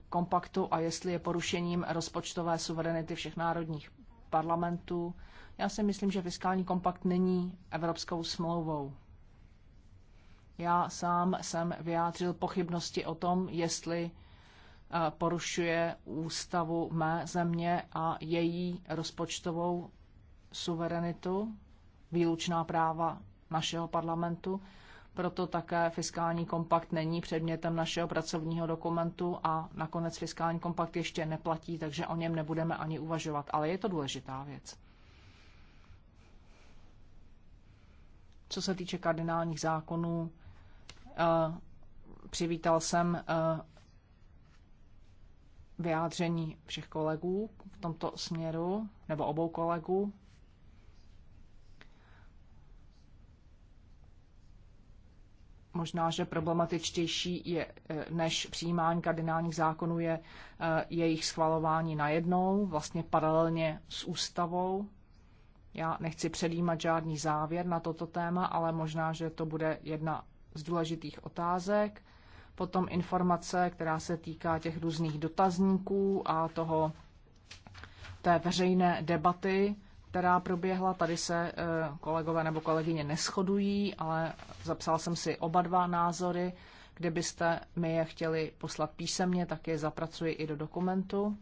C: kompaktu a jestli je porušením rozpočtové suverenity všech národních parlamentu. Já si myslím, že fiskální kompakt není evropskou smlouvou. Já sám jsem vyjádřil pochybnosti o tom, jestli eh, porušuje ústavu mé země a její rozpočtovou suverenitu, výlučná práva našeho parlamentu. Proto také fiskální kompakt není předmětem našeho pracovního dokumentu a nakonec fiskální kompakt ještě neplatí, takže o něm nebudeme ani uvažovat. Ale je to důležitá věc. Co se týče kardinálních zákonů, eh, přivítal jsem eh, vyjádření všech kolegů v tomto směru, nebo obou kolegů. možná, že problematičtější je, eh, než přijímání kardinálních zákonů je eh, jejich schvalování najednou, vlastně paralelně s ústavou. Já nechci předjímat žádný závěr na toto téma, ale možná, že to bude jedna z důležitých otázek. Potom informace, která se týká těch různých dotazníků a toho té veřejné debaty, která proběhla. Tady se eh, kolegové nebo kolegyně neschodují, ale zapsal jsem si oba dva názory. Kdybyste mi je chtěli poslat písemně, tak je zapracuji i do dokumentu.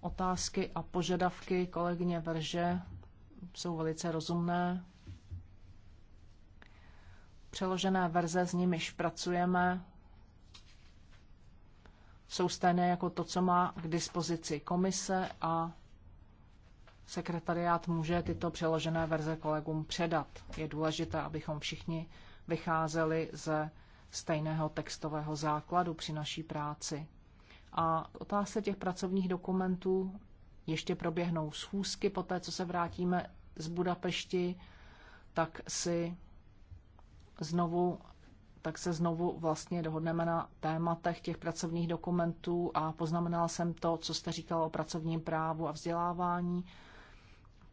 C: Otázky a požadavky kolegyně Verže jsou velice rozumné. Přeložené verze, s nimiž pracujeme, jsou stejné jako to, co má k dispozici komise a sekretariát může tyto přeložené verze kolegům předat. Je důležité, abychom všichni vycházeli ze stejného textového základu při naší práci. A otázce těch pracovních dokumentů ještě proběhnou schůzky, po té, co se vrátíme z Budapešti, tak si znovu tak se znovu vlastně dohodneme na tématech těch pracovních dokumentů a poznamenala jsem to, co jste říkala o pracovním právu a vzdělávání.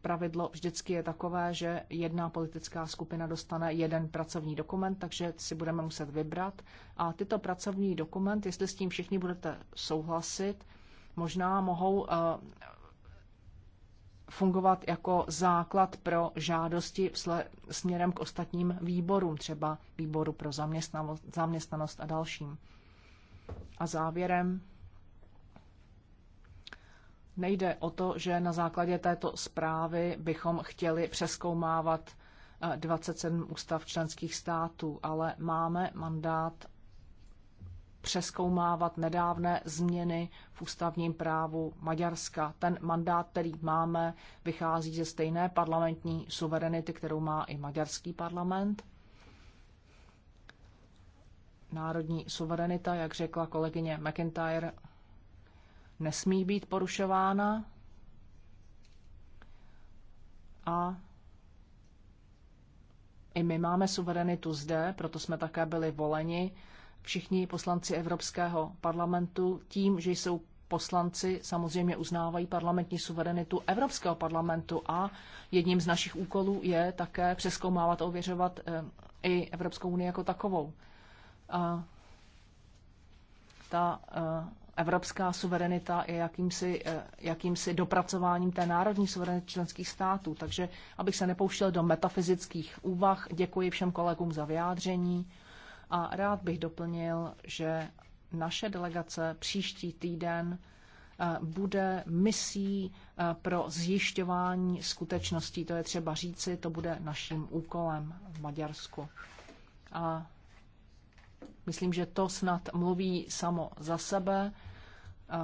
C: Pravidlo vždycky je takové, že jedna politická skupina dostane jeden pracovní dokument, takže si budeme muset vybrat. A tyto pracovní dokument, jestli s tím všichni budete souhlasit, možná mohou eh, fungovat jako základ pro žádosti směrem k ostatním výborům, třeba výboru pro zaměstnanost a dalším. A závěrem nejde o to, že na základě této zprávy bychom chtěli přeskoumávat 27 eh, ústav členských států, ale máme mandát přeskoumávat nedávné změny v ústavním právu Maďarska. Ten mandát, který máme, vychází ze stejné parlamentní suverenity, kterou má i maďarský parlament. Národní suverenita, jak řekla kolegyně McIntyre, nesmí být porušována. A i my máme suverenitu zde, proto jsme také byli voleni všichni poslanci Evropského parlamentu tím, že jsou poslanci samozřejmě uznávají parlamentní suverenitu Evropského parlamentu a jedním z našich úkolů je také přeskoumávat a ověřovat eh, i Evropskou unii jako takovou. A ta eh, evropská suverenita je jakýmsi, eh, jakýmsi dopracováním té národní suverenity členských států. Takže abych se nepouštěl do metafyzických úvah, děkuji všem kolegům za vyjádření. A rád bych doplnil, že naše delegace příští týden eh, bude misí eh, pro zjišťování skutečností. To je třeba říci, to bude naším úkolem v Maďarsku. A myslím, že to snad mluví samo za sebe. Eh,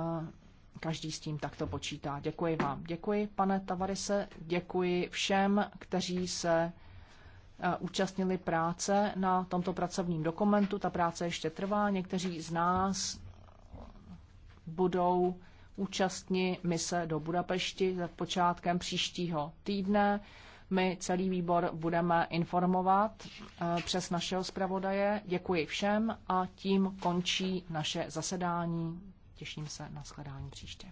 C: každý s tím takto počítá. Děkuji vám. Děkuji, pane Tavarise. Děkuji všem, kteří se účastnili práce na tomto pracovním dokumentu. Ta práce ještě trvá. Někteří z nás budou účastní mise do Budapešti za počátkem příštího týdne. My celý výbor budeme informovat eh, přes našeho zpravodaje. Děkuji všem a tím končí naše zasedání. Těším se na shledání příště.